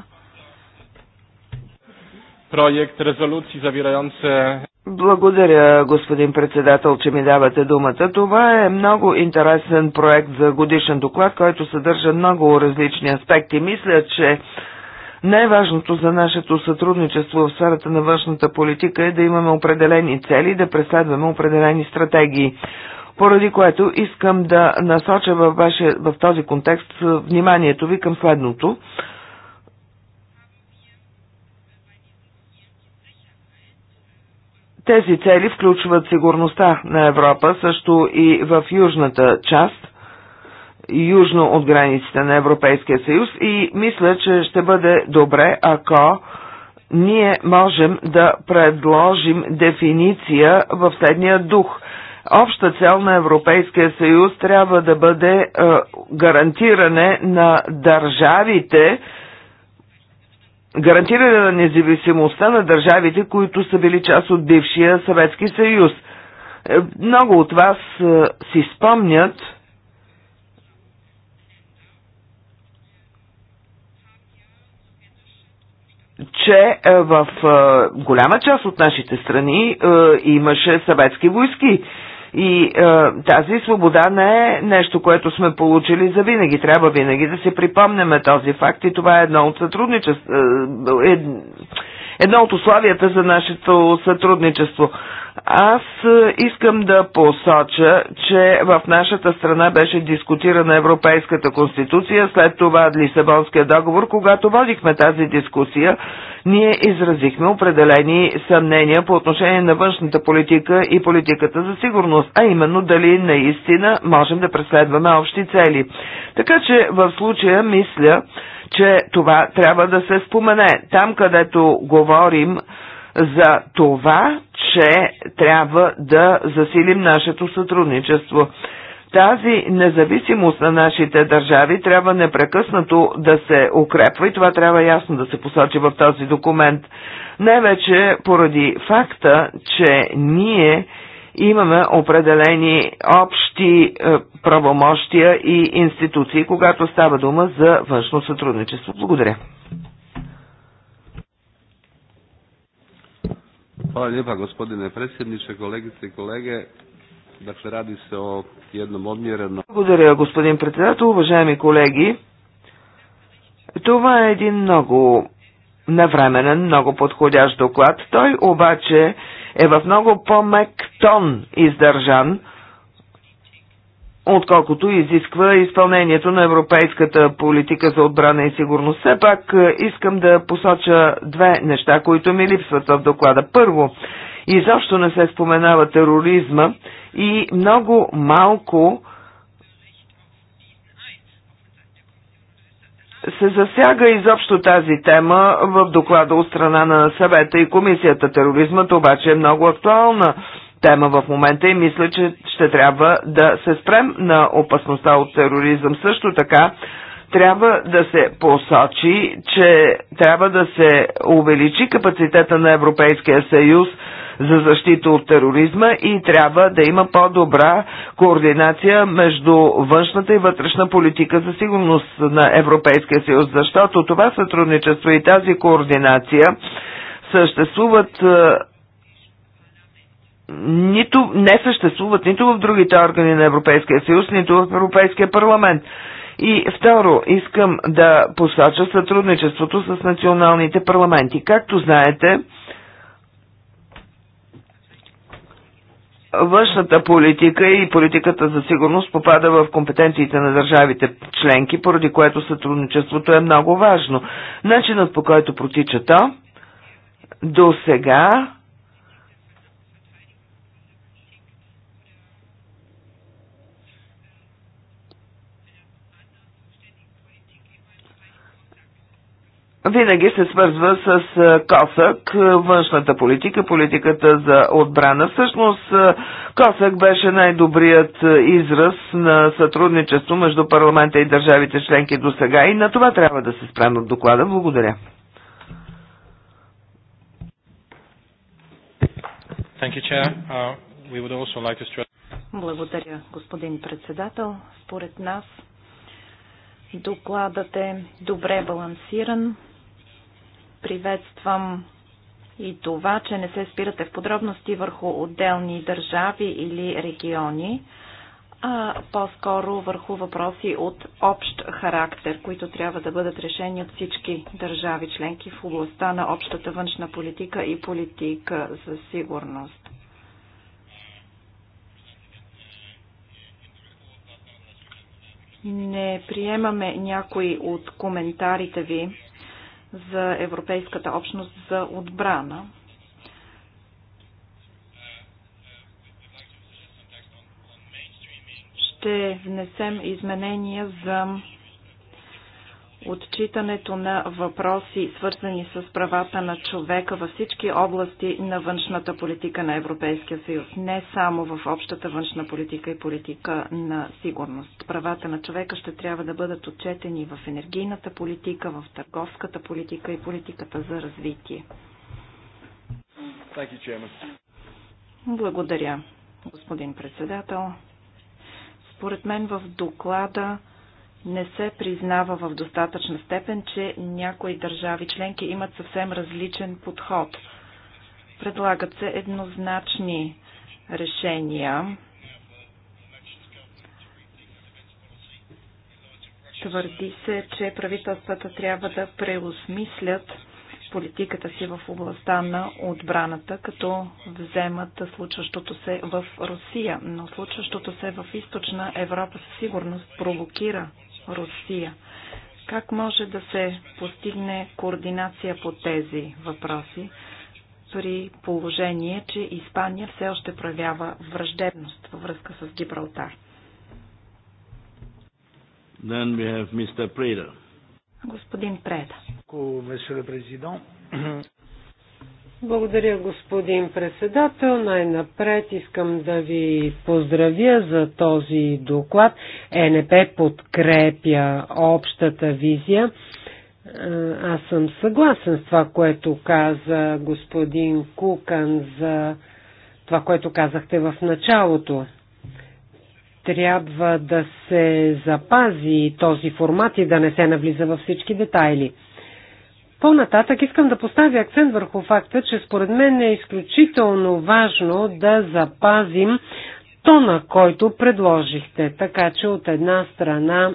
проект резолюции, zawierający. Благодаря, господин председател, че ми давате думата. Това е много интересен проект за годишен доклад, който съдържа много различни аспекти. Мисля, че най-важното за нашето сътрудничество в сферата на външната политика е да имаме определени цели, да преследваме определени стратегии поради което искам да насоча във, ваше, в този контекст вниманието ви към следното. Тези цели включват сигурността на Европа, също и в южната част, южно от границите на Европейския съюз и мисля, че ще бъде добре, ако ние можем да предложим дефиниция в следния дух. Обща цел на Европейския съюз трябва да бъде е, гарантиране на държавите, гарантиране на независимостта на държавите, които са били част от бившия Съветски съюз. Е, много от вас е, си спомнят, че е, в голяма част от нашите страни имаше съветски войски и е, тази свобода не е нещо, което сме получили за винаги. Трябва винаги да си припомняме този факт и това е едно от сътрудничеството. Е, е, едно от условията за нашето сътрудничество. Аз е, искам да посоча, че в нашата страна беше дискутирана Европейската конституция, след това Лисабонския договор. Когато водихме тази дискусия, ние изразихме определени съмнения по отношение на външната политика и политиката за сигурност, а именно дали наистина можем да преследваме общи цели. Така че в случая мисля, че това трябва да се спомене. Там, където го говорим за това, че трябва да засилим нашето сътрудничество. Тази независимост на нашите държави трябва непрекъснато да се укрепва и това трябва ясно да се посочи в този документ. най вече поради факта, че ние имаме определени общи е, правомощия и институции, когато става дума за външно сътрудничество. Благодаря. Hvala lijepa gospodine predsjedniče, kolegice i kolege. Dakle, radi se o jednom odmjerenom... Благодаря, господин председател, уважаеми колеги. Това е един много навременен, много подходящ доклад. Той обаче е в много по-мек тон издържан, отколкото изисква изпълнението на европейската политика за отбрана и сигурност. Все пак е, искам да посоча две неща, които ми липсват в доклада. Първо, изобщо не се споменава тероризма и много малко се засяга изобщо тази тема в доклада от страна на съвета и комисията. тероризмата, обаче е много актуална тема в момента и мисля, че ще трябва да се спрем на опасността от тероризъм. Също така, трябва да се посочи, че трябва да се увеличи капацитета на Европейския съюз за защита от тероризма и трябва да има по-добра координация между външната и вътрешна политика за сигурност на Европейския съюз, защото това сътрудничество и тази координация съществуват е, нито не съществуват нито в другите органи на Европейския съюз, нито в Европейския парламент. И второ, искам да посоча сътрудничеството с националните парламенти. Както знаете, външната политика и политиката за сигурност попада в компетенциите на държавите членки, поради което сътрудничеството е много важно. Начинът по който протича то до сега винаги се свързва с Косък, външната политика, политиката за отбрана. Всъщност Косък беше най-добрият израз на сътрудничество между парламента и държавите членки до сега и на това трябва да се спрем от доклада. Благодаря. Uh, Благодаря, господин председател. Според нас докладът е добре балансиран, Приветствам и това, че не се спирате в подробности върху отделни държави или региони, а по-скоро върху въпроси от общ характер, които трябва да бъдат решени от всички държави членки в областта на общата външна политика и политика за сигурност. Не приемаме някои от коментарите ви за Европейската общност за отбрана. Ще внесем изменения за Отчитането на въпроси, свързани с правата на човека във всички области на външната политика на Европейския съюз, не само в общата външна политика и политика на сигурност. Правата на човека ще трябва да бъдат отчетени в енергийната политика, в търговската политика и политиката за развитие. Благодаря, господин председател. Според мен в доклада не се признава в достатъчна степен, че някои държави членки имат съвсем различен подход. Предлагат се еднозначни решения. Твърди се, че правителствата трябва да преосмислят политиката си в областта на отбраната, като вземат случващото се в Русия. Но случващото се в източна Европа със сигурност провокира Русия. Как може да се постигне координация по тези въпроси при положение, че Испания все още проявява враждебност във връзка с Гибралтар? Then we have Mr. Господин Преда. Благодаря, господин председател. Най-напред искам да ви поздравя за този доклад. ЕНП подкрепя общата визия. Аз съм съгласен с това, което каза господин Кукан за това, което казахте в началото. Трябва да се запази този формат и да не се навлиза във всички детайли. По-нататък искам да поставя акцент върху факта, че според мен е изключително важно да запазим тона, който предложихте, така че от една страна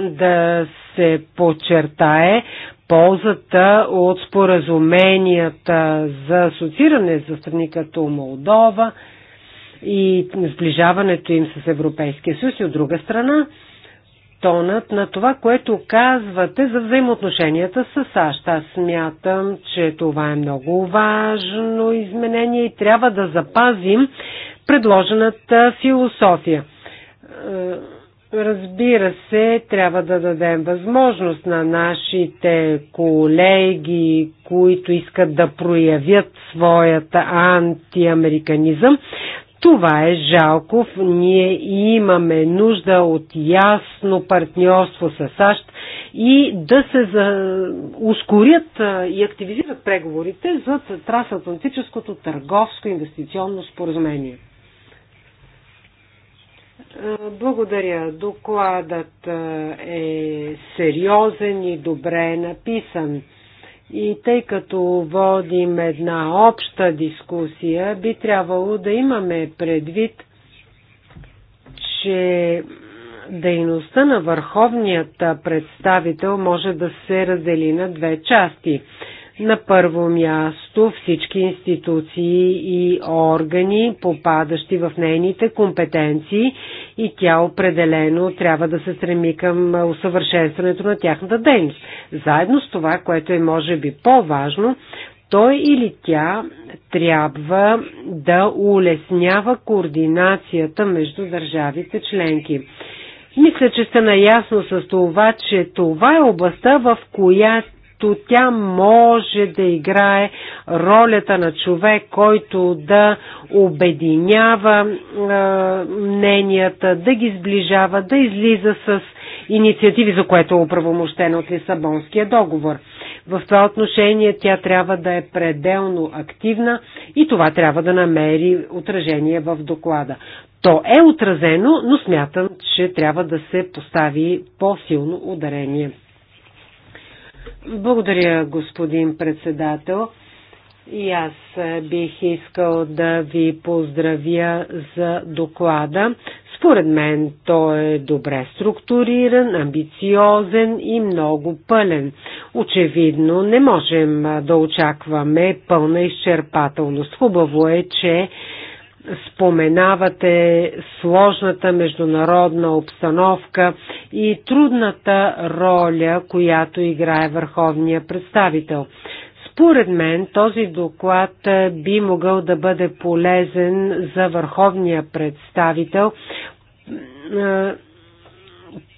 да се подчертае ползата от споразуменията за асоцииране за страни като Молдова и сближаването им с Европейския съюз и от друга страна тонът на това, което казвате за взаимоотношенията с САЩ. Аз смятам, че това е много важно изменение и трябва да запазим предложената философия. Е, разбира се, трябва да дадем възможност на нашите колеги, които искат да проявят своята антиамериканизъм, това е жалко. Ние имаме нужда от ясно партньорство с САЩ и да се за... ускорят и активизират преговорите за трансатлантическото търговско инвестиционно споразумение. Благодаря. Докладът е сериозен и добре е написан. И тъй като водим една обща дискусия, би трябвало да имаме предвид, че дейността на върховният представител може да се раздели на две части. На първо място всички институции и органи, попадащи в нейните компетенции и тя определено трябва да се стреми към усъвършенстването на тяхната дейност. Заедно с това, което е може би по-важно, той или тя трябва да улеснява координацията между държавите членки. Мисля, че сте наясно с това, че това е областта, в която като тя може да играе ролята на човек, който да обединява е, мненията, да ги сближава, да излиза с инициативи, за което е оправомощена от Лисабонския договор. В това отношение тя трябва да е пределно активна и това трябва да намери отражение в доклада. То е отразено, но смятам, че трябва да се постави по-силно ударение. Благодаря, господин председател. И аз е, бих искал да ви поздравя за доклада. Според мен той е добре структуриран, амбициозен и много пълен. Очевидно не можем е, да очакваме пълна изчерпателност. Хубаво е, че споменавате сложната международна обстановка и трудната роля, която играе върховния представител. Според мен този доклад е, би могъл да бъде полезен за върховния представител е,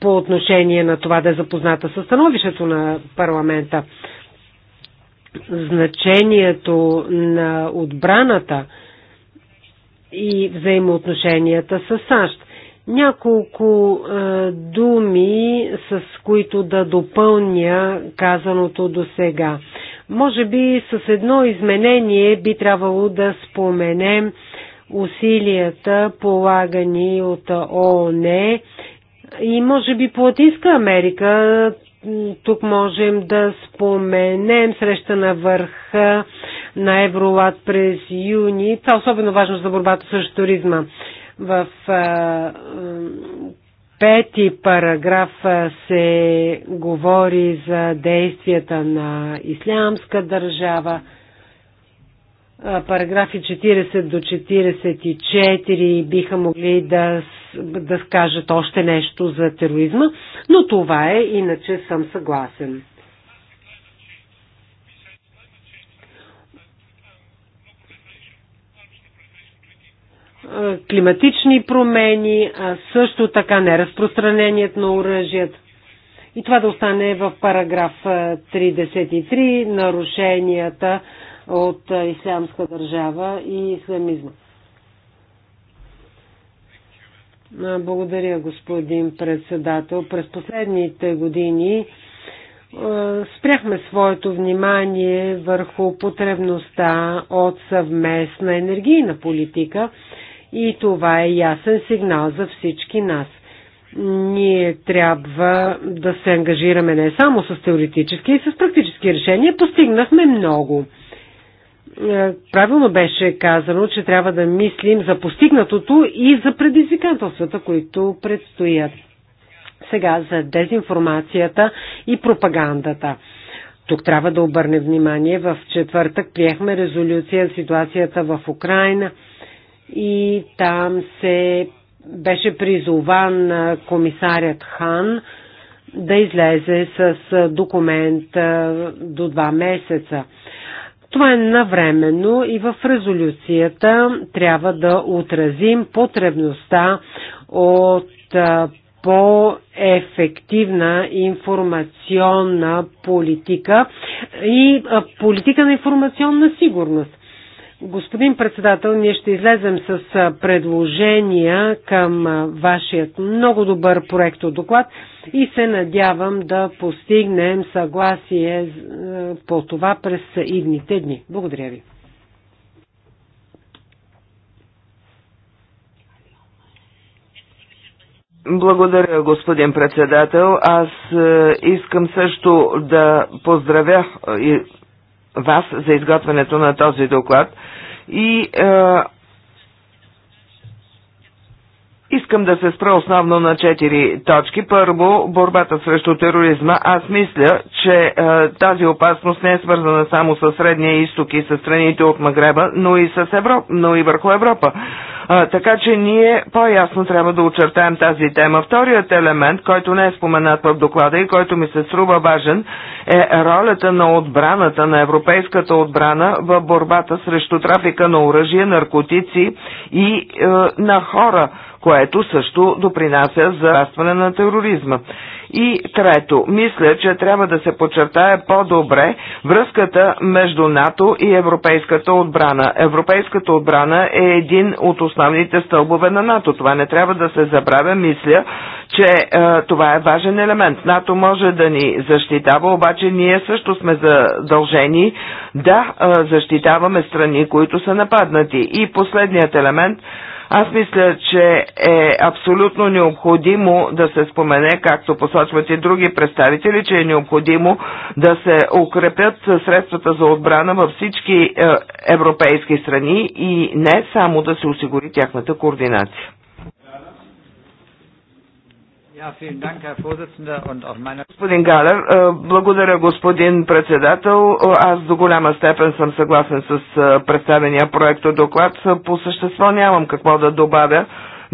по отношение на това да е запозната със становището на парламента. Значението на отбраната – и взаимоотношенията с САЩ. Няколко е, думи, с които да допълня казаното до сега. Може би с едно изменение би трябвало да споменем усилията, полагани от ООН и може би по Латинска Америка тук можем да споменем среща на върха на Евролат през юни. Това е особено важно за борбата срещу туризма. В пети параграф се говори за действията на ислямска държава. Параграфи 40 до 44 биха могли да, да скажат още нещо за тероризма, но това е, иначе съм съгласен. климатични промени, а също така неразпространението на оръжията. И това да остане в параграф 33 нарушенията от ислямска държава и ислямизма. Благодаря, господин председател. През последните години спряхме своето внимание върху потребността от съвместна енергийна политика и това е ясен сигнал за всички нас. Ние трябва да се ангажираме не само с теоретически и с практически решения. Постигнахме много. Е, правилно беше казано, че трябва да мислим за постигнатото и за предизвикателствата, които предстоят. Сега за дезинформацията и пропагандата. Тук трябва да обърне внимание. В четвъртък приехме резолюция за ситуацията в Украина – и там се беше призован комисарят Хан да излезе с документ до два месеца. Това е навременно и в резолюцията трябва да отразим потребността от по-ефективна информационна политика и политика на информационна сигурност. Господин председател, ние ще излезем с предложения към вашият много добър проект от доклад и се надявам да постигнем съгласие по това през идните дни. Благодаря ви. Благодаря, господин председател. Аз е, искам също да поздравя е, вас за изготвянето на този доклад и е, Искам да се спра основно на четири точки. Първо, борбата срещу тероризма. Аз мисля, че е, тази опасност не е свързана само с Средния изток и с страните от Магреба, но и, с Европа, но и върху Европа. Е, така че ние по-ясно трябва да очертаем тази тема. Вторият елемент, който не е споменат в доклада и който ми се струва важен, е ролята на отбраната, на европейската отбрана в борбата срещу трафика на оръжие, наркотици и е, на хора което също допринася за растване на тероризма. И трето, мисля, че трябва да се подчертае по-добре връзката между НАТО и европейската отбрана. Европейската отбрана е един от основните стълбове на НАТО. Това не трябва да се забравя. Мисля, че е, това е важен елемент. НАТО може да ни защитава, обаче ние също сме задължени да е, защитаваме страни, които са нападнати. И последният елемент – аз мисля, че е абсолютно необходимо да се спомене, както посочват и други представители, че е необходимо да се укрепят средствата за отбрана във всички е, европейски страни и не само да се осигури тяхната координация. Господин Галер, благодаря господин председател. Аз до голяма степен съм съгласен с представения проект доклад. По същество нямам какво да добавя.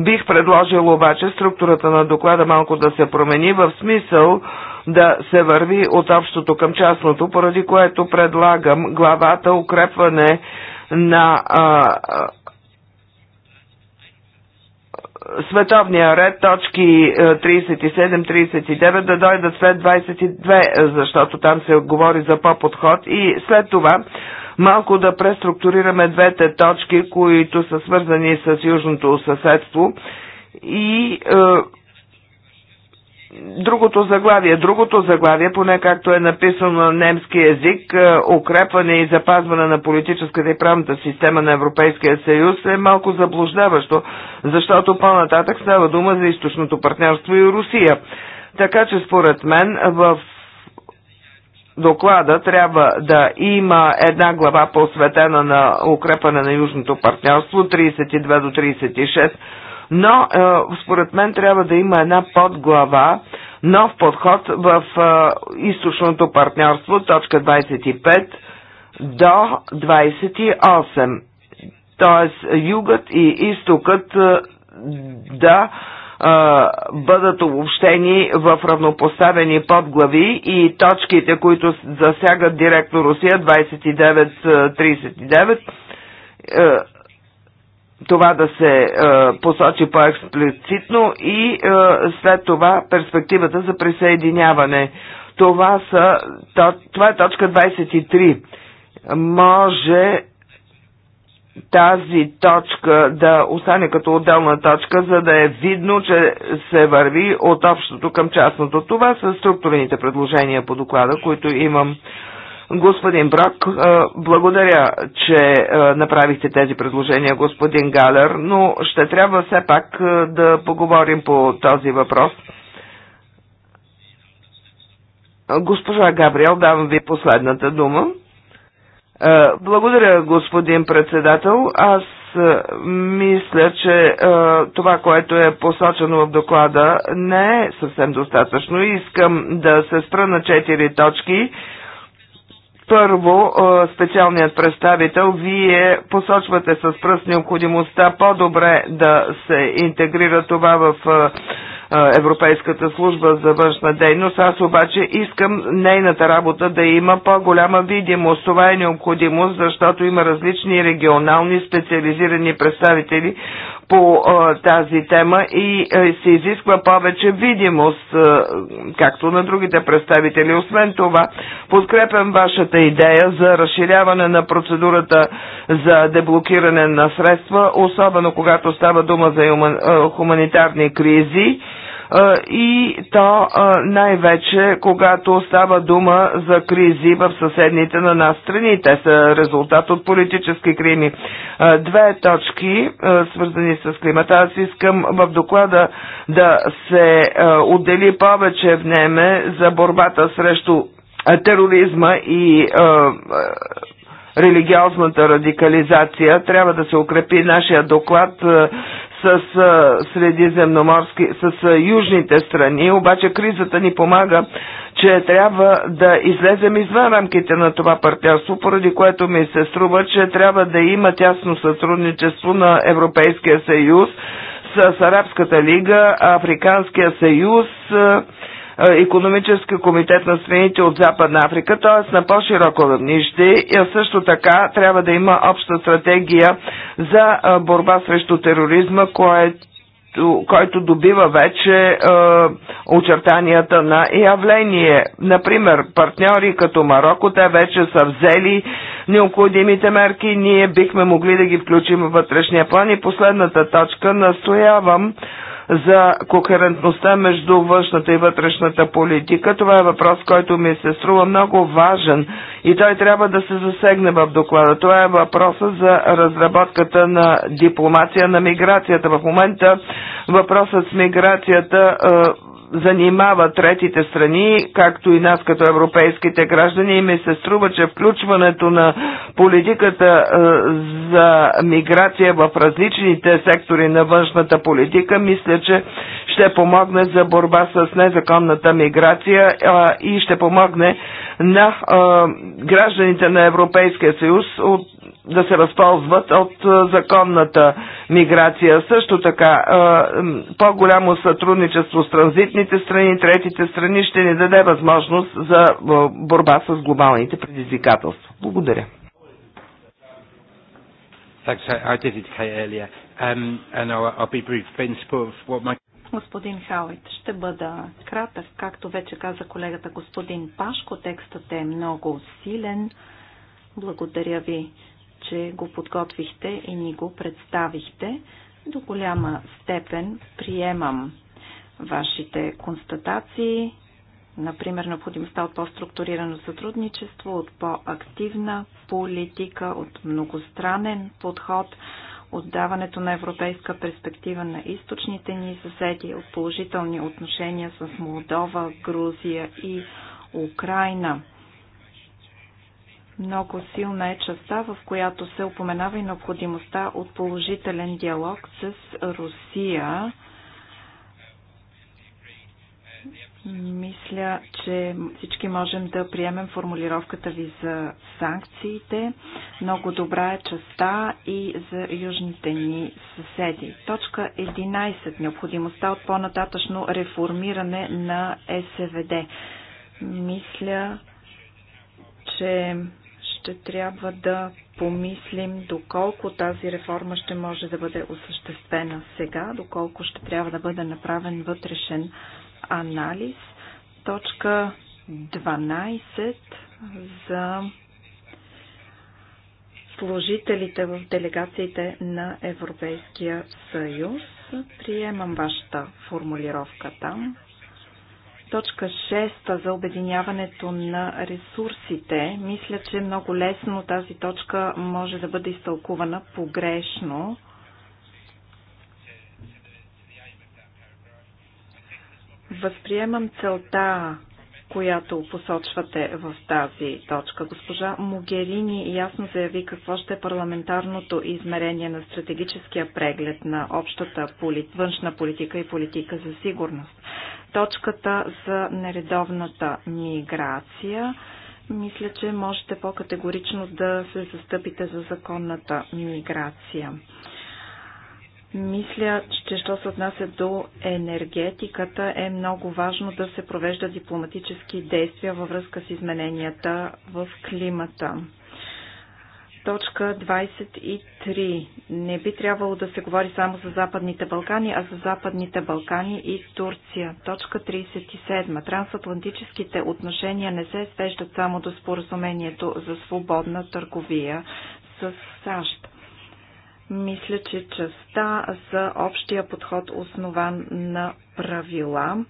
Бих предложил обаче структурата на доклада малко да се промени в смисъл да се върви от общото към частното, поради което предлагам главата укрепване на а, световния ред точки 37-39 е, да дойдат след 22, е, защото там се говори за по-подход и след това малко да преструктурираме двете точки, които са свързани с южното съседство и е, другото заглавие. Другото заглавие, поне както е написано на немски язик, е, укрепване и запазване на политическата и правната система на Европейския съюз е малко заблуждаващо, защото по-нататък става дума за източното партньорство и Русия. Така че според мен в доклада трябва да има една глава посветена на укрепване на южното партньорство 32 до 36 но е, според мен трябва да има една подглава, нов подход в е, източното партньорство, точка 25 до 28. Тоест югът и изтокът е, да бъдат обобщени в равнопоставени подглави и точките, които засягат директно Русия 29-39 това да се е, посочи по-експлицитно и е, след това перспективата за присъединяване. Това, са, то, това е точка 23. Може тази точка да остане като отделна точка, за да е видно, че се върви от общото към частното. Това са структурните предложения по доклада, които имам. Господин Брок, благодаря, че направихте тези предложения, господин Галер, но ще трябва все пак да поговорим по този въпрос. Госпожа Габриел, давам ви последната дума. Благодаря, господин председател. Аз мисля, че това, което е посочено в доклада, не е съвсем достатъчно. Искам да се спра на четири точки, първо, специалният представител, вие посочвате с пръст необходимостта по-добре да се интегрира това в Европейската служба за външна дейност. Аз обаче искам нейната работа да има по-голяма видимост. Това е необходимост, защото има различни регионални специализирани представители, по а, тази тема и а, се изисква повече видимост, а, както на другите представители. Освен това, подкрепям вашата идея за разширяване на процедурата за деблокиране на средства, особено когато става дума за хуманитарни кризи и то най-вече, когато става дума за кризи в съседните на нас страни. Те са резултат от политически крими. Две точки, свързани с климата. Аз искам в доклада да се отдели повече време за борбата срещу тероризма и религиозната радикализация. Трябва да се укрепи нашия доклад с средиземноморски, с южните страни, обаче кризата ни помага, че трябва да излезем извън рамките на това партньорство, поради което ми се струва, че трябва да има тясно сътрудничество на Европейския съюз с Арабската лига, Африканския съюз, е, економически комитет на страните от Западна Африка, т.е. на по-широко равнище. Е, също така трябва да има обща стратегия за е, борба срещу тероризма, което който добива вече е, очертанията на явление. Например, партньори като Марокко, те вече са взели необходимите мерки, ние бихме могли да ги включим в вътрешния план. И последната точка настоявам за кохерентността между външната и вътрешната политика. Това е въпрос, който ми се струва много важен и той трябва да се засегне в доклада. Това е въпроса за разработката на дипломация на миграцията. В момента въпросът с миграцията е, занимава третите страни, както и нас като европейските граждани, и ми се струва, че включването на политиката е, за миграция в различните сектори на външната политика, мисля, че ще помогне за борба с незаконната миграция е, и ще помогне на е, гражданите на Европейския съюз от да се възползват от законната миграция. Също така, по-голямо сътрудничество с транзитните страни, третите страни ще ни даде възможност за борба с глобалните предизвикателства. Благодаря. Господин Хауит, ще бъда кратък. Както вече каза колегата господин Пашко, текстът е много силен. Благодаря ви че го подготвихте и ни го представихте. До голяма степен приемам вашите констатации, например необходимостта от по-структурирано сътрудничество, от по-активна политика, от многостранен подход, от даването на европейска перспектива на източните ни съседи, от положителни отношения с Молдова, Грузия и Украина. Много силна е частта, в която се упоменава и необходимостта от положителен диалог с Русия. Мисля, че всички можем да приемем формулировката ви за санкциите. Много добра е частта и за южните ни съседи. Точка 11. Необходимостта от по-нататъчно реформиране на СВД. Мисля, че ще трябва да помислим доколко тази реформа ще може да бъде осъществена сега, доколко ще трябва да бъде направен вътрешен анализ. Точка 12 за служителите в делегациите на Европейския съюз. Приемам вашата формулировка там точка 6 за обединяването на ресурсите, мисля, че е много лесно тази точка може да бъде изтълкувана погрешно. Възприемам целта, която посочвате в тази точка. Госпожа Могерини ясно заяви какво ще е парламентарното измерение на стратегическия преглед на общата външна политика и политика за сигурност точката за нередовната миграция. Мисля, че можете по-категорично да се застъпите за законната миграция. Мисля, че що се отнася до енергетиката, е много важно да се провеждат дипломатически действия във връзка с измененията в климата. Точка 23. Не би трябвало да се говори само за Западните Балкани, а за Западните Балкани и Турция. Точка 37. Трансатлантическите отношения не се свеждат само до споразумението за свободна търговия с САЩ. Мисля, че частта за общия подход, основан на правила,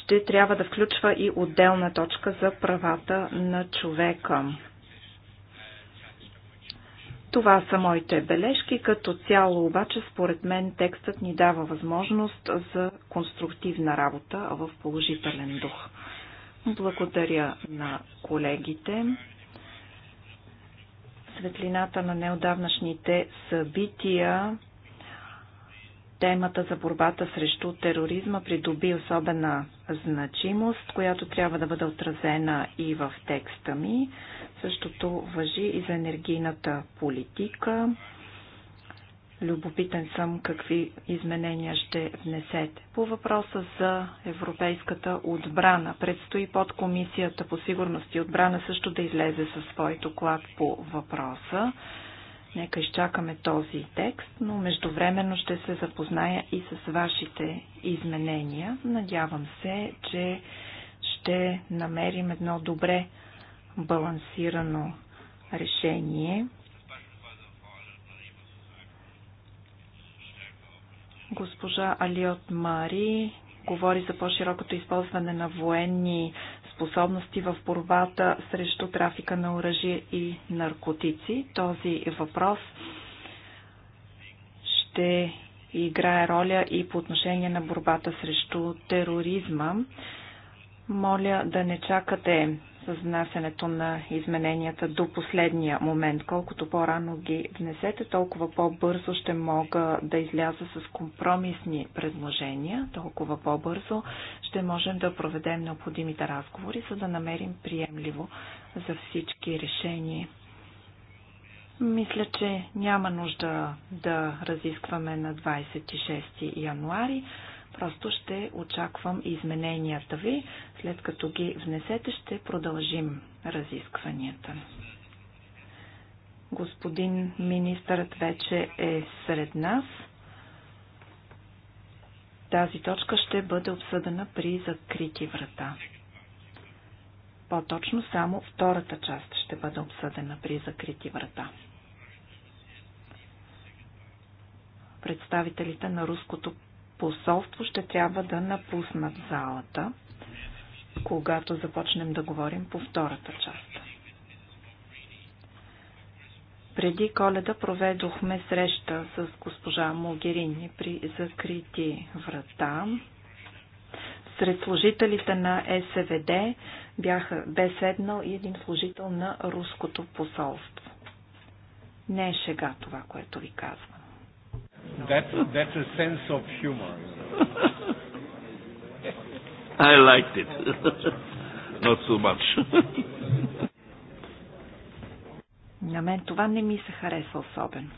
ще трябва да включва и отделна точка за правата на човека това са моите бележки. Като цяло обаче, според мен, текстът ни дава възможност за конструктивна работа в положителен дух. Благодаря на колегите. Светлината на неодавнашните събития темата за борбата срещу тероризма придоби особена значимост, която трябва да бъде отразена и в текста ми. Същото въжи и за енергийната политика. Любопитен съм какви изменения ще внесете. По въпроса за европейската отбрана, предстои под комисията по сигурност и отбрана също да излезе със свой доклад по въпроса. Нека изчакаме този текст, но междувременно ще се запозная и с вашите изменения. Надявам се, че ще намерим едно добре балансирано решение. Госпожа Алиот Мари говори за по-широкото използване на военни способности в борбата срещу трафика на оръжие и наркотици. Този въпрос ще играе роля и по отношение на борбата срещу тероризма. Моля да не чакате с внасянето на измененията до последния момент. Колкото по-рано ги внесете, толкова по-бързо ще мога да изляза с компромисни предложения, толкова по-бързо ще можем да проведем необходимите разговори, за да намерим приемливо за всички решения. Мисля, че няма нужда да разискваме на 26 януари. Просто ще очаквам измененията ви. След като ги внесете, ще продължим разискванията. Господин министърът вече е сред нас. Тази точка ще бъде обсъдена при закрити врата. По-точно само втората част ще бъде обсъдена при закрити врата. Представителите на руското посолство ще трябва да напуснат залата, когато започнем да говорим по втората част. Преди коледа проведохме среща с госпожа Могерини при закрити врата. Сред служителите на СВД бяха, беседнал седнал и един служител на руското посолство. Не е шега това, което ви казвам. That's, that's a sense of humor. I liked it. Not so much. На мен това не ми се хареса особено.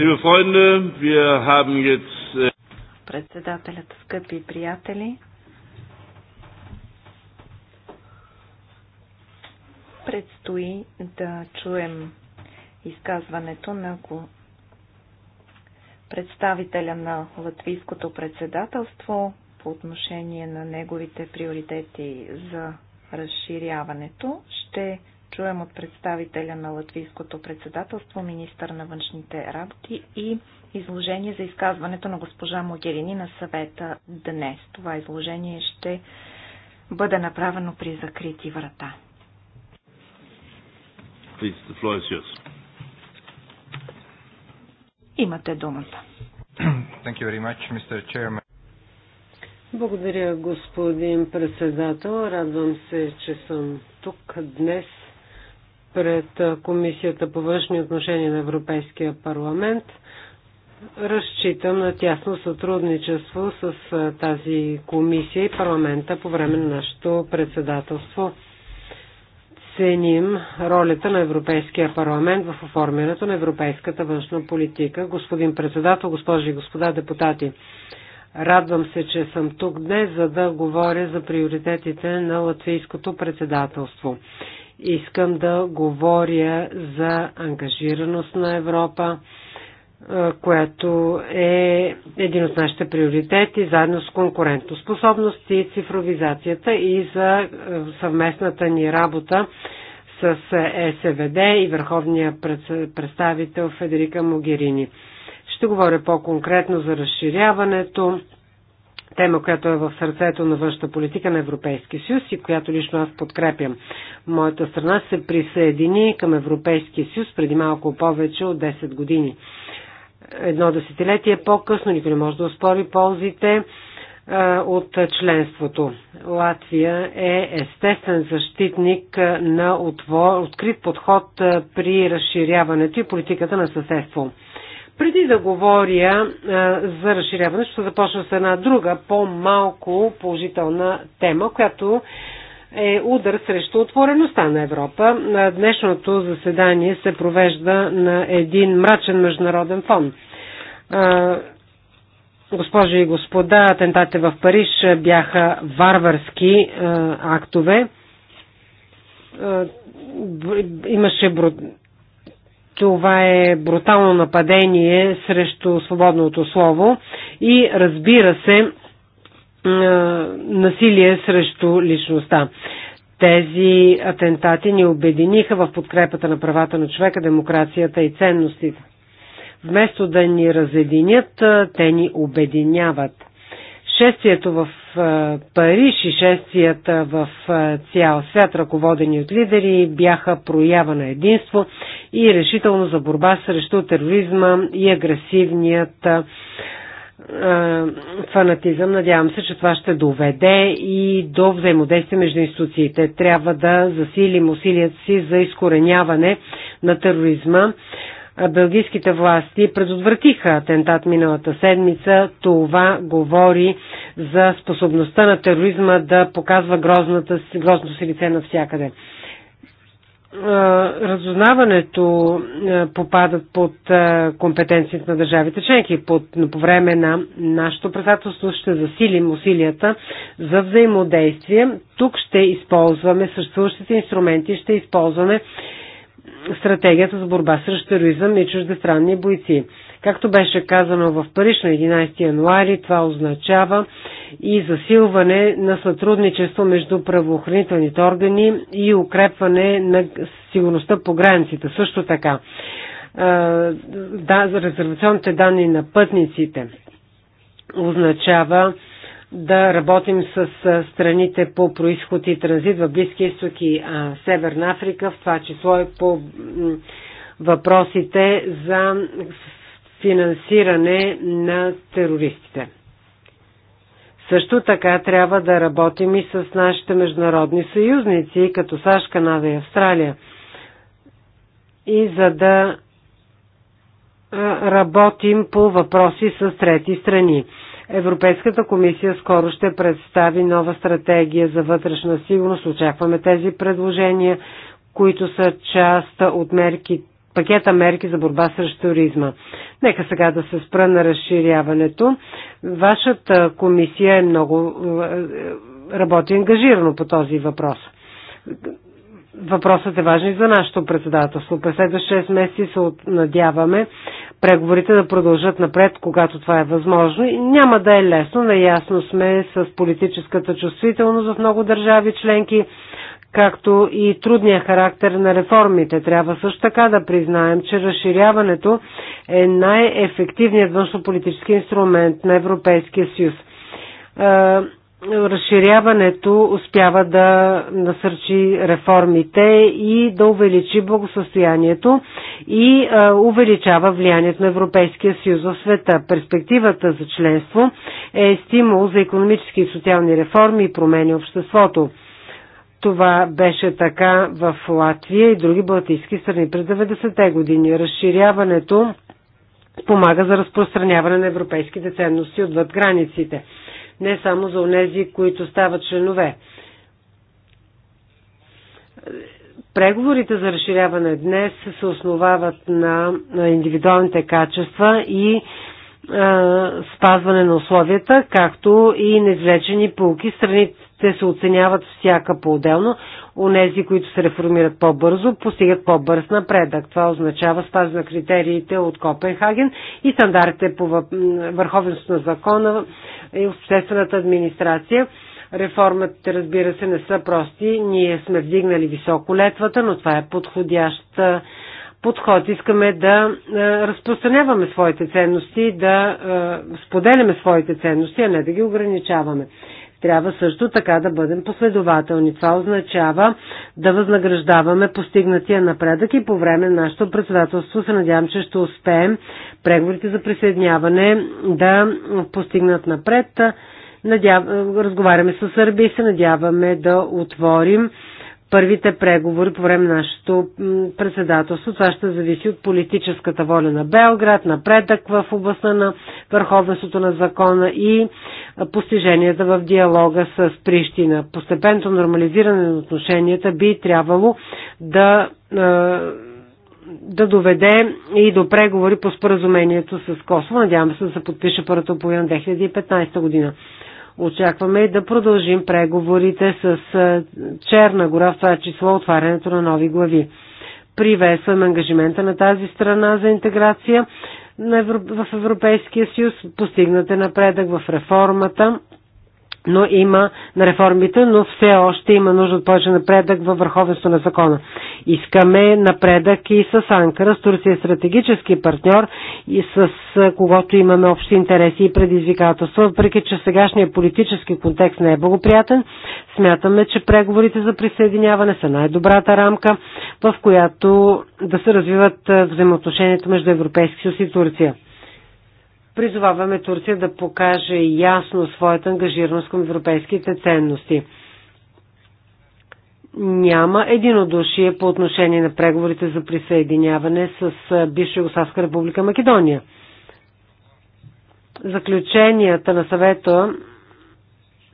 Liebe Freunde, wir haben jetzt. Äh, Председателят, скъпи приятели, предстои да чуем изказването на представителя на латвийското председателство по отношение на неговите приоритети за разширяването. Ще чуем от представителя на латвийското председателство, министър на външните работи и изложение за изказването на госпожа Могерини на съвета днес. Това изложение ще бъде направено при закрити врата. Please, Имате думата. Much, Благодаря, господин председател. Радвам се, че съм тук днес пред Комисията по външни отношения на Европейския парламент. Разчитам на тясно сътрудничество с тази комисия и парламента по време на нашето председателство. Ценим ролята на Европейския парламент в оформянето на европейската външна политика. Господин председател, госпожи и господа депутати, радвам се, че съм тук днес, за да говоря за приоритетите на латвийското председателство Искам да говоря за ангажираност на Европа, е, която е един от нашите приоритети, заедно с конкурентоспособност и цифровизацията и за е, съвместната ни работа с СВД и върховния представител Федерика Могерини. Ще говоря по-конкретно за разширяването, тема, която е в сърцето на външната политика на Европейския съюз и която лично аз подкрепям. Моята страна се присъедини към Европейския съюз преди малко повече от 10 години. Едно десетилетие по-късно никой не може да оспори ползите от членството. Латвия е естествен защитник на открит подход при разширяването и политиката на съседство. Преди да говоря за разширяване, ще започна с една друга, по-малко положителна тема, която е удар срещу отвореността на Европа. Днешното заседание се провежда на един мрачен международен фон. Госпожи и господа, атентатите в Париж бяха варварски актове. Имаше бруталност това е брутално нападение срещу свободното слово и разбира се насилие срещу личността. Тези атентати ни обединиха в подкрепата на правата на човека, демокрацията и ценностите. Вместо да ни разединят, те ни обединяват. Шестието в е, Париж и шестията в е, цял свят, ръководени от лидери, бяха проява на единство и решително за борба срещу тероризма и агресивният е, фанатизъм. Надявам се, че това ще доведе и до взаимодействие между институциите. Трябва да засилим усилията си за изкореняване на тероризма Белгийските власти предотвратиха атентат миналата седмица. Това говори за способността на тероризма да показва грозната, грозното си лице навсякъде. Разузнаването попадат под компетенциите на държавите членки. Под, по време на нашето председателство ще засилим усилията за взаимодействие. Тук ще използваме съществуващите инструменти, ще използваме стратегията за борба срещу тероризъм и чуждестранни бойци. Както беше казано в Париж на 11 януари, това означава и засилване на сътрудничество между правоохранителните органи и укрепване на сигурността по границите. Също така, да, за резервационните данни на пътниците означава да работим с страните по происход и транзит в Близки изток и Северна Африка, в това число и по въпросите за финансиране на терористите. Също така трябва да работим и с нашите международни съюзници, като САЩ, Канада и Австралия. И за да работим по въпроси с трети страни. Европейската комисия скоро ще представи нова стратегия за вътрешна сигурност. Очакваме тези предложения, които са част от мерки, пакета мерки за борба срещу туризма. Нека сега да се спра на разширяването. Вашата комисия е много е, работи ангажирано по този въпрос. Въпросът е важен и за нашето председателство. През следващите 6 месеца се надяваме преговорите да продължат напред, когато това е възможно. И няма да е лесно, наясно сме с политическата чувствителност в много държави членки, както и трудния характер на реформите. Трябва също така да признаем, че разширяването е най-ефективният външнополитически инструмент на Европейския съюз е, разширяването успява да насърчи реформите и да увеличи благосостоянието и увеличава влиянието на Европейския съюз в света. Перспективата за членство е стимул за економически и социални реформи и промени в обществото. Това беше така в Латвия и други балтийски страни през 90-те години. Разширяването помага за разпространяване на европейските ценности отвъд границите не само за онези, които стават членове. Преговорите за разширяване днес се основават на, на индивидуалните качества и е, спазване на условията, както и неизлечени полки. Страните се оценяват всяка по-отделно. Онези, които се реформират по-бързо, постигат по-бърз напредък. Това означава спазване на критериите от Копенхаген и стандартите по върховенството на закона, и обществената администрация. Реформата, разбира се, не са прости. Ние сме вдигнали високо летвата, но това е подходящ подход. Искаме да разпространяваме своите ценности, да споделяме своите ценности, а не да ги ограничаваме. Трябва също така да бъдем последователни. Това означава да възнаграждаваме постигнатия напредък и по време на нашето председателство се надявам, че ще успеем преговорите за присъединяване да постигнат напред. Надяв... Разговаряме с Сърбия и се надяваме да отворим първите преговори по време на нашето председателство. Това ще зависи от политическата воля на Белград, напредък в областта на върховенството на закона и постиженията в диалога с Прищина. Постепенното нормализиране на отношенията би трябвало да да доведе и до преговори по споразумението с Косово. Надявам се да се подпише първата половина 2015 година. Очакваме и да продължим преговорите с е, Черна гора, в това число отварянето на нови глави. Приветствам ангажимента на тази страна за интеграция в Европейския съюз. Постигнате напредък в реформата но има на реформите, но все още има нужда от повече напредък във върховенство на закона. Искаме напредък и с Анкара. С Турция стратегически партньор и с когото имаме общи интереси и предизвикателства. Въпреки, че сегашният политически контекст не е благоприятен, смятаме, че преговорите за присъединяване са най-добрата рамка, в която да се развиват взаимоотношенията между Европейски съюз и Турция. Призоваваме Турция да покаже ясно своята ангажираност към европейските ценности. Няма единодушие по отношение на преговорите за присъединяване с бивша Югославска република Македония. Заключенията на съвета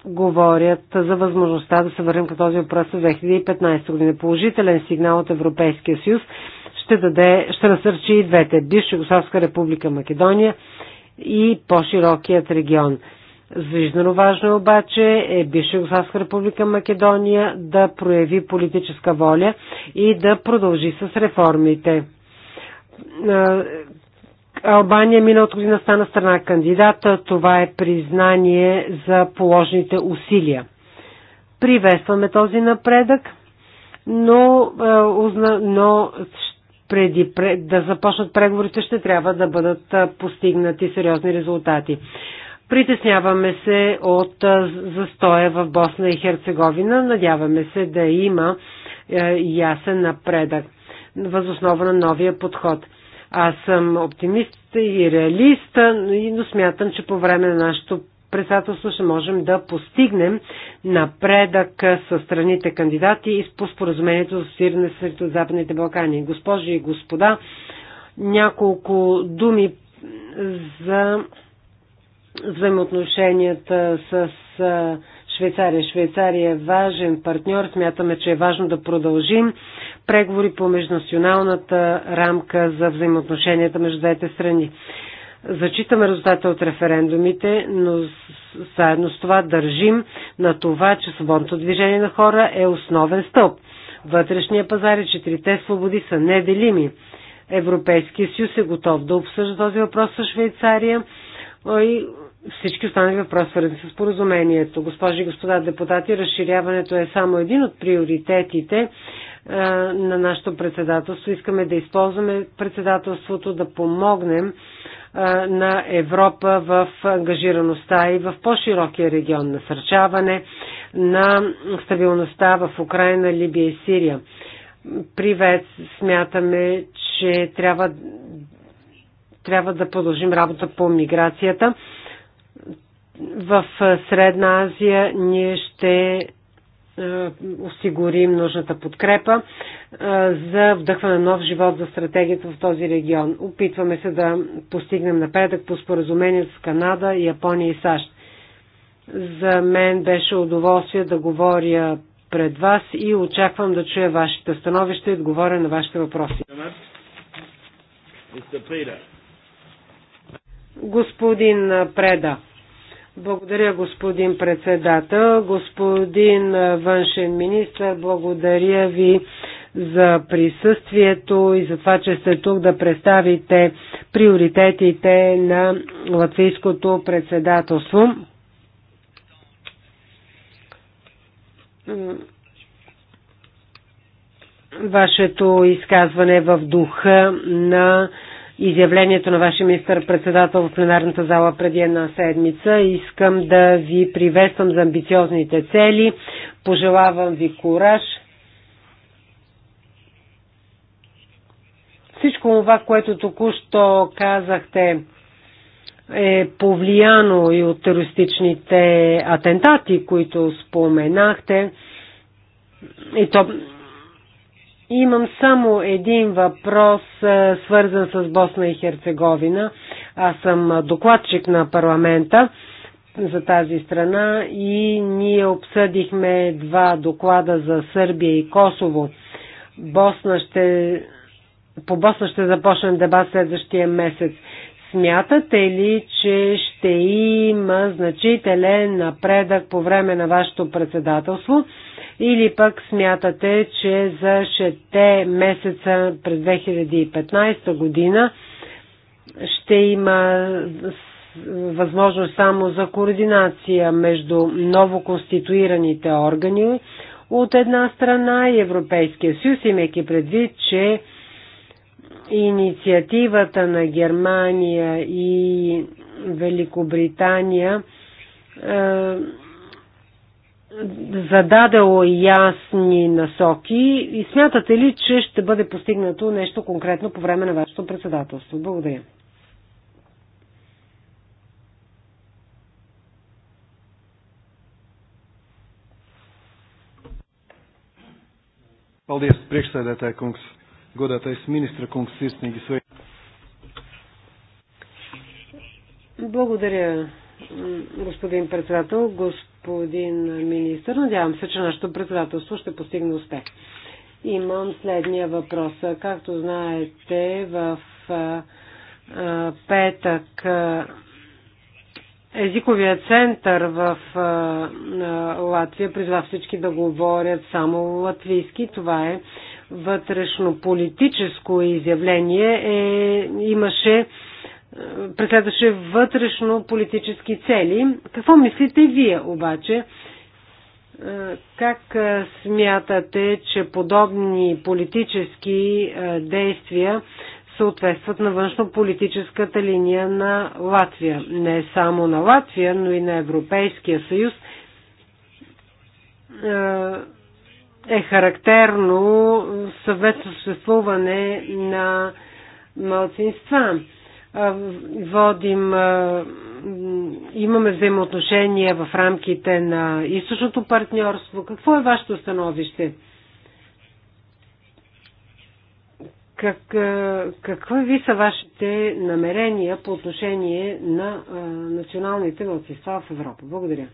говорят за възможността да се върнем към този въпрос в 2015 година. Положителен сигнал от Европейския съюз ще, даде, ще насърчи и двете. Бивша Югославска република Македония и по-широкият регион. Звиждано важно е обаче е бивша Югославска република Македония да прояви политическа воля и да продължи с реформите. Албания миналата година стана страна кандидата. Това е признание за положните усилия. Приветстваме този напредък, но, но преди да започнат преговорите, ще трябва да бъдат постигнати сериозни резултати. Притесняваме се от застоя в Босна и Херцеговина. Надяваме се да има ясен напредък възоснова на новия подход. Аз съм оптимист и реалист, но смятам, че по време на нашето председателство ще можем да постигнем напредък с страните кандидати и по споразумението за асоцииране с Западните Балкани. Госпожи и господа, няколко думи за взаимоотношенията с Швейцария. Швейцария е важен партньор. Смятаме, че е важно да продължим преговори по межнационалната рамка за взаимоотношенията между двете страни. Зачитаме резултата от референдумите, но заедно с това държим на това, че свободното движение на хора е основен стълб. Вътрешния пазар и четирите свободи са неделими. Европейския съюз е готов да обсъжда този въпрос с Швейцария и всички останали въпроси, свързани с поразумението. Госпожи и господа депутати, разширяването е само един от приоритетите на нашето председателство. Искаме да използваме председателството да помогнем на Европа в ангажираността и в по-широкия регион. Насърчаване на стабилността в Украина, Либия и Сирия. Привет, смятаме, че трябва, трябва да продължим работа по миграцията. В Средна Азия ние ще е, осигурим нужната подкрепа е, за вдъхване на нов живот за стратегията в този регион. Опитваме се да постигнем напредък по споразумение с Канада, Япония и САЩ. За мен беше удоволствие да говоря пред вас и очаквам да чуя вашите становища и отговоря на вашите въпроси. Господин Преда. Благодаря, господин председател. Господин външен министр, благодаря ви за присъствието и за това, че сте тук да представите приоритетите на латвийското председателство. Вашето изказване е в духа на изявлението на вашия министър-председател в пленарната зала преди една седмица. Искам да ви приветствам за амбициозните цели. Пожелавам ви кураж. Всичко това, което току-що казахте, е повлияно и от терористичните атентати, които споменахте. И то Имам само един въпрос, е, свързан с Босна и Херцеговина. Аз съм докладчик на парламента за тази страна и ние обсъдихме два доклада за Сърбия и Косово. Босна ще... По Босна ще започнем дебат следващия месец. Смятате ли, че ще има значителен напредък по време на вашето председателство? Или пък смятате, че за 6 месеца през 2015 година ще има възможност само за координация между ново конституираните органи от една страна и Европейския съюз, имайки предвид, че инициативата на Германия и Великобритания е, зададало ясни насоки и смятате ли, че ще бъде постигнато нещо конкретно по време на вашето председателство? Благодаря. Paldies, priekšsēdētāja kungs, godātais ministra kungs, sirsnīgi sveiki. Благодаря, господин председател. Госп господин министр. Надявам се, че нашето председателство ще постигне успех. Имам следния въпрос. Както знаете, в петък езиковия център в Латвия призва всички да говорят само латвийски. Това е вътрешно политическо изявление. Е, имаше преследваше вътрешно политически цели. Какво мислите вие обаче? Е, как е, смятате, че подобни политически е, действия съответстват на външно политическата линия на Латвия? Не само на Латвия, но и на Европейския съюз е характерно съвет съществуване на малцинства водим, имаме взаимоотношения в рамките на източното партньорство. Какво е вашето становище? Как, какви са вашите намерения по отношение на националните младсинства в Европа? Благодаря.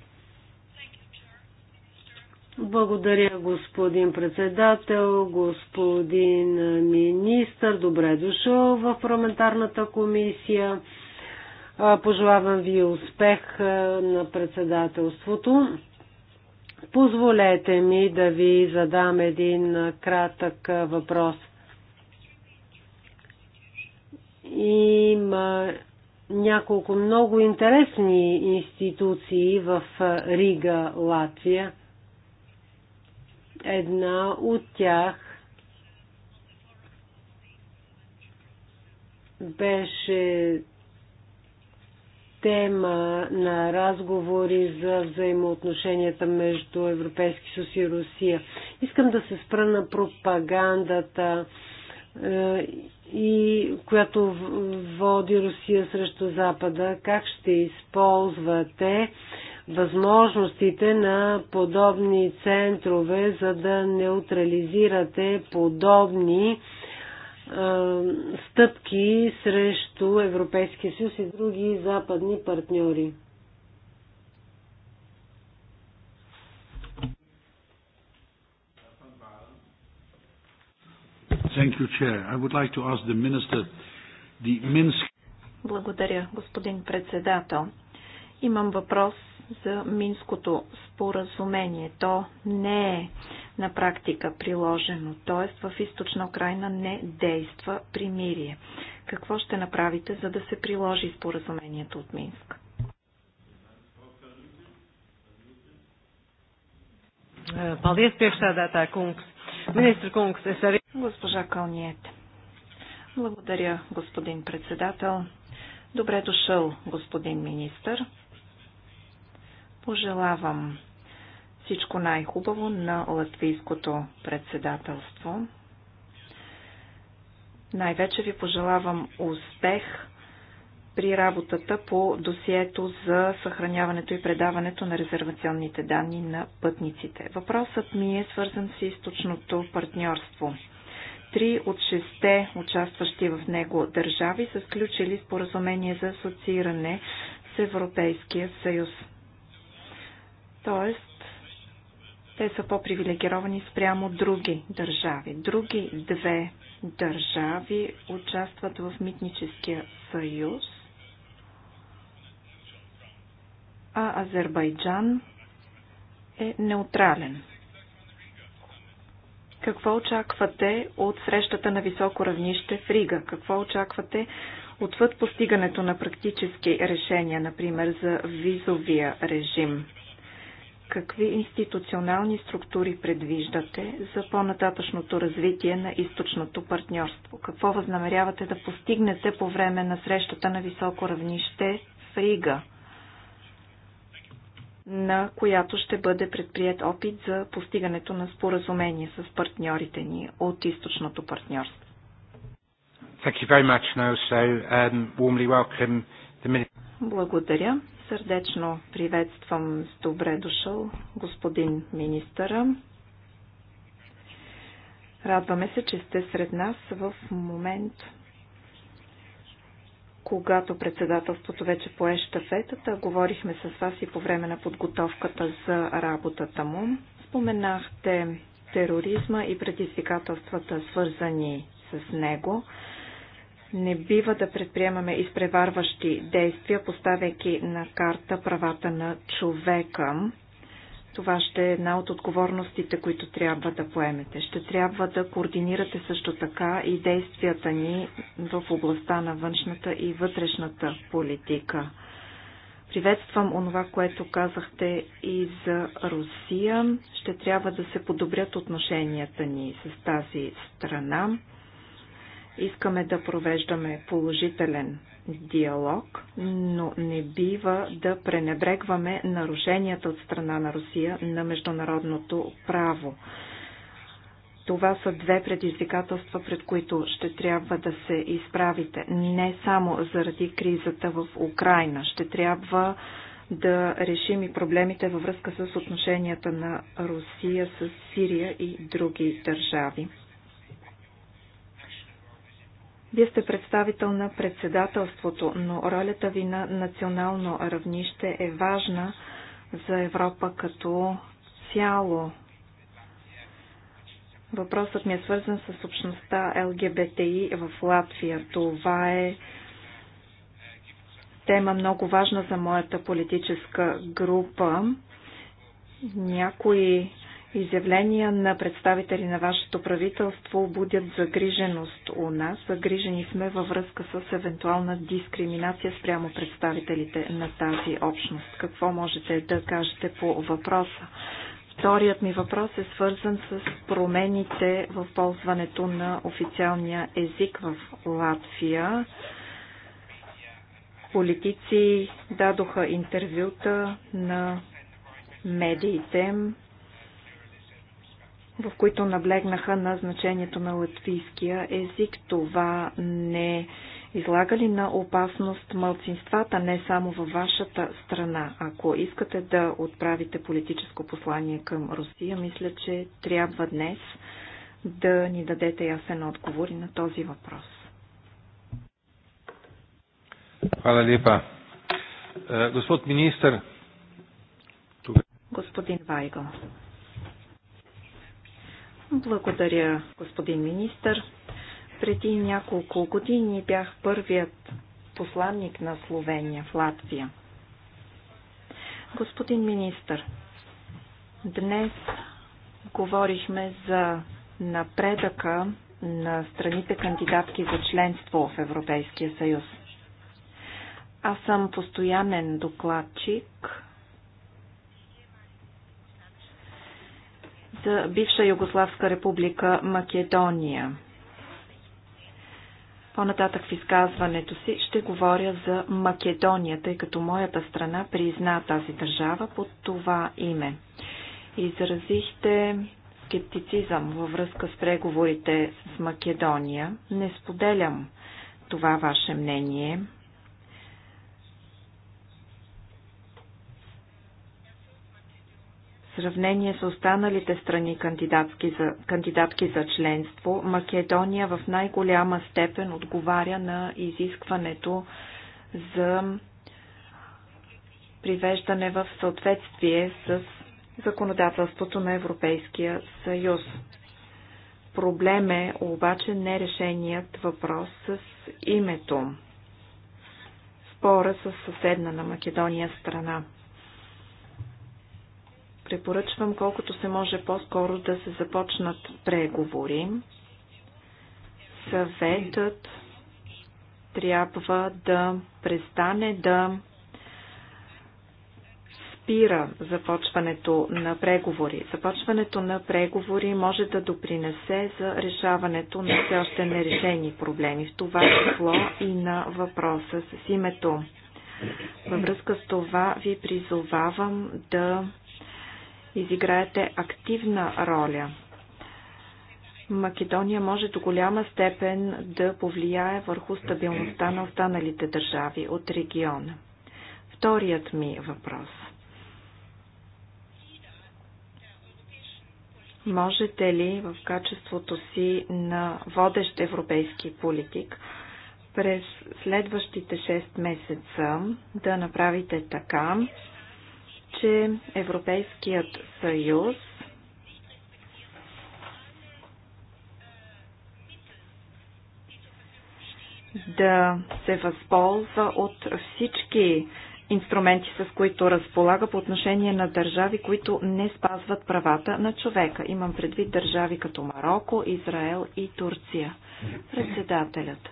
Благодаря, господин председател, господин министр. Добре дошъл в парламентарната комисия. Пожелавам ви успех на председателството. Позволете ми да ви задам един кратък въпрос. Има няколко много интересни институции в Рига, Латвия. Една от тях беше тема на разговори за взаимоотношенията между Европейски съюз и Русия. Искам да се спра на пропагандата, е, и която води Русия срещу Запада. Как ще използвате възможностите на подобни центрове, за да неутрализирате подобни е, стъпки срещу Европейския съюз и други западни партньори. Thank you, Chair. I would like to ask the Minister, the Minsk... Благодаря, господин председател. Имам въпрос за Минското споразумение. То не е на практика приложено, т.е. в източна Украина не действа примирие. Какво ще направите, за да се приложи споразумението от Минск? Госпожа Кълниете. Благодаря, господин председател. Добре дошъл, господин министър. Пожелавам всичко най-хубаво на латвийското председателство. Най-вече ви пожелавам успех при работата по досието за съхраняването и предаването на резервационните данни на пътниците. Въпросът ми е свързан с източното партньорство. Три от шесте участващи в него държави са сключили споразумение за асоцииране с Европейския съюз. Тоест, те са по-привилегировани спрямо други държави. Други две държави участват в Митническия съюз, а Азербайджан е неутрален. Какво очаквате от срещата на високо равнище в Рига? Какво очаквате отвъд постигането на практически решения, например за визовия режим? какви институционални структури предвиждате за по-нататъчното развитие на източното партньорство? Какво възнамерявате да постигнете по време на срещата на високо равнище в Рига, на която ще бъде предприят опит за постигането на споразумение с партньорите ни от източното партньорство? Um, Благодаря. Сърдечно приветствам с добре дошъл господин министъра. Радваме се, че сте сред нас в момент, когато председателството вече пое щафетата. Говорихме с вас и по време на подготовката за работата му. Споменахте тероризма и предизвикателствата, свързани с него. Не бива да предприемаме изпреварващи действия, поставяйки на карта правата на човека. Това ще е една от отговорностите, които трябва да поемете. Ще трябва да координирате също така и действията ни в областта на външната и вътрешната политика. Приветствам онова, което казахте и за Русия. Ще трябва да се подобрят отношенията ни с тази страна. Искаме да провеждаме положителен диалог, но не бива да пренебрегваме нарушенията от страна на Русия на международното право. Това са две предизвикателства, пред които ще трябва да се изправите. Не само заради кризата в Украина. Ще трябва да решим и проблемите във връзка с отношенията на Русия с Сирия и други държави. Вие сте представител на председателството, но ролята ви на национално равнище е важна за Европа като цяло. Въпросът ми е свързан с общността ЛГБТИ в Латвия. Това е тема много важна за моята политическа група. Някои изявления на представители на вашето правителство будят загриженост у нас. Загрижени сме във връзка с евентуална дискриминация спрямо представителите на тази общност. Какво можете да кажете по въпроса? Вторият ми въпрос е свързан с промените в ползването на официалния език в Латвия. Политици дадоха интервюта на медиите, в които наблегнаха на значението на латвийския език. Това не излага ли на опасност мълцинствата, не само във вашата страна? Ако искате да отправите политическо послание към Русия, мисля, че трябва днес да ни дадете ясен отговор и на този въпрос. Хвала липа. Е, господ министр, Господин Vajgo. Благодаря, господин министър. Преди няколко години бях първият посланник на Словения в Латвия. Господин министър, днес говорихме за напредъка на страните кандидатки за членство в Европейския съюз. Аз съм постоянен докладчик бивша Югославска република Македония. По-нататък в изказването си ще говоря за Македония, тъй като моята страна призна тази държава под това име. Изразихте скептицизъм във връзка с преговорите с Македония. Не споделям това ваше мнение. сравнение с останалите страни кандидатки за, кандидатки за членство, Македония в най-голяма степен отговаря на изискването за привеждане в съответствие с законодателството на Европейския съюз. Проблем е обаче нерешеният въпрос с името. Спора с съседна на Македония страна препоръчвам колкото се може по-скоро да се започнат преговори. Съветът трябва да престане да спира започването на преговори. Започването на преговори може да допринесе за решаването на все още нерешени проблеми, в това число и на въпроса с името. Във връзка с това ви призовавам да изиграете активна роля. Македония може до голяма степен да повлияе върху стабилността на останалите държави от региона. Вторият ми въпрос. Можете ли в качеството си на водещ европейски политик през следващите 6 месеца да направите така, че Европейският съюз да се възползва от всички инструменти, с които разполага по отношение на държави, които не спазват правата на човека. Имам предвид държави като Марокко, Израел и Турция. Председателят.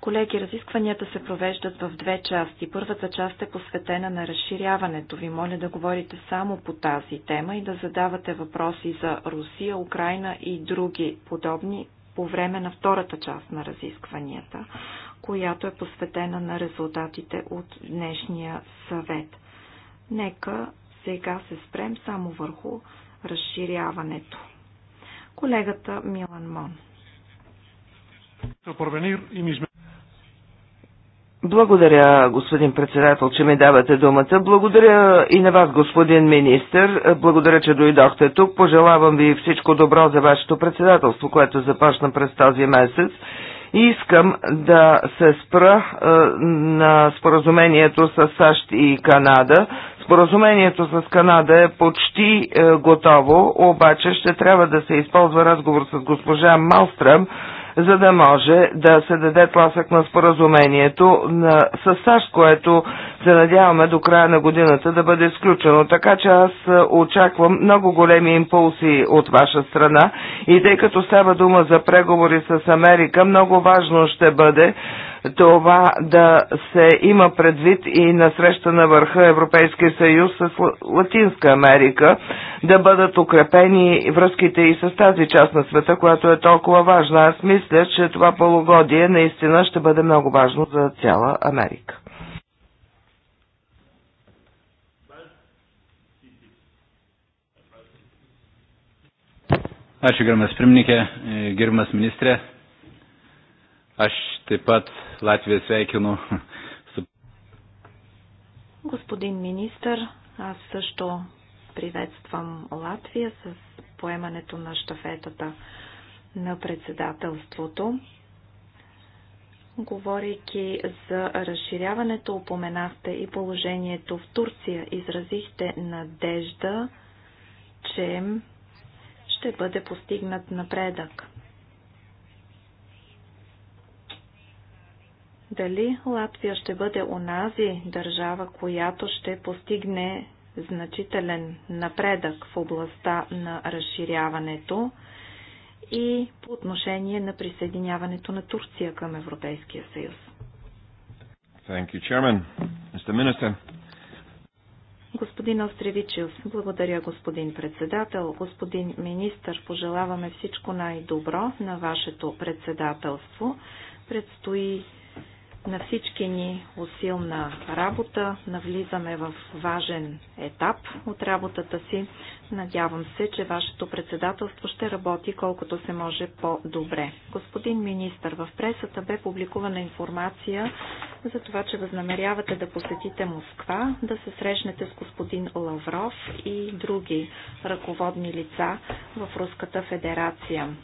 Колеги, разискванията се провеждат в две части. Първата част е посветена на разширяването. Ви моля да говорите само по тази тема и да задавате въпроси за Русия, Украина и други подобни по време на втората част на разискванията, която е посветена на резултатите от днешния съвет. Нека сега се спрем само върху разширяването. Колегата Милан Мон. Благодаря, господин председател, че ми давате думата. Благодаря и на вас, господин министр. Благодаря, че дойдохте тук. Пожелавам ви всичко добро за вашето председателство, което започна през този месец. И искам да се спра е, на споразумението с САЩ и Канада. Споразумението с Канада е почти е, готово, обаче ще трябва да се използва разговор с госпожа Малстрам, за да може да се даде тласък на споразумението на, с САЩ, което се надяваме до края на годината да бъде изключено. Така че аз е, очаквам много големи импулси от ваша страна и тъй като става дума за преговори с Америка, много важно ще бъде това да се има предвид и на среща на върха Европейския съюз с Латинска Америка, да бъдат укрепени връзките и с тази част на света, която е толкова важна. Аз мисля, че това полугодие наистина ще бъде много важно за цяла Америка. Ačiū, gerbiamas pirmininkė, gerbiamas ministrė. Aš taip pat Латвия сейкино. Господин министър, аз също приветствам Латвия с поемането на штафетата на председателството. Говорейки за разширяването, упоменахте и положението в Турция. Изразихте надежда, че ще бъде постигнат напредък. Дали Латвия ще бъде онази държава, която ще постигне значителен напредък в областта на разширяването и по отношение на присъединяването на Турция към Европейския съюз? Thank you, Chairman. Mr. Minister. Господин Остревичев, благодаря господин председател. Господин министър, пожелаваме всичко най-добро на вашето председателство. Предстои на всички ни усилна работа, навлизаме в важен етап от работата си. Надявам се, че вашето председателство ще работи колкото се може по-добре. Господин министр, в пресата бе публикувана информация за това, че възнамерявате да посетите Москва, да се срещнете с господин Лавров и други ръководни лица в Руската федерация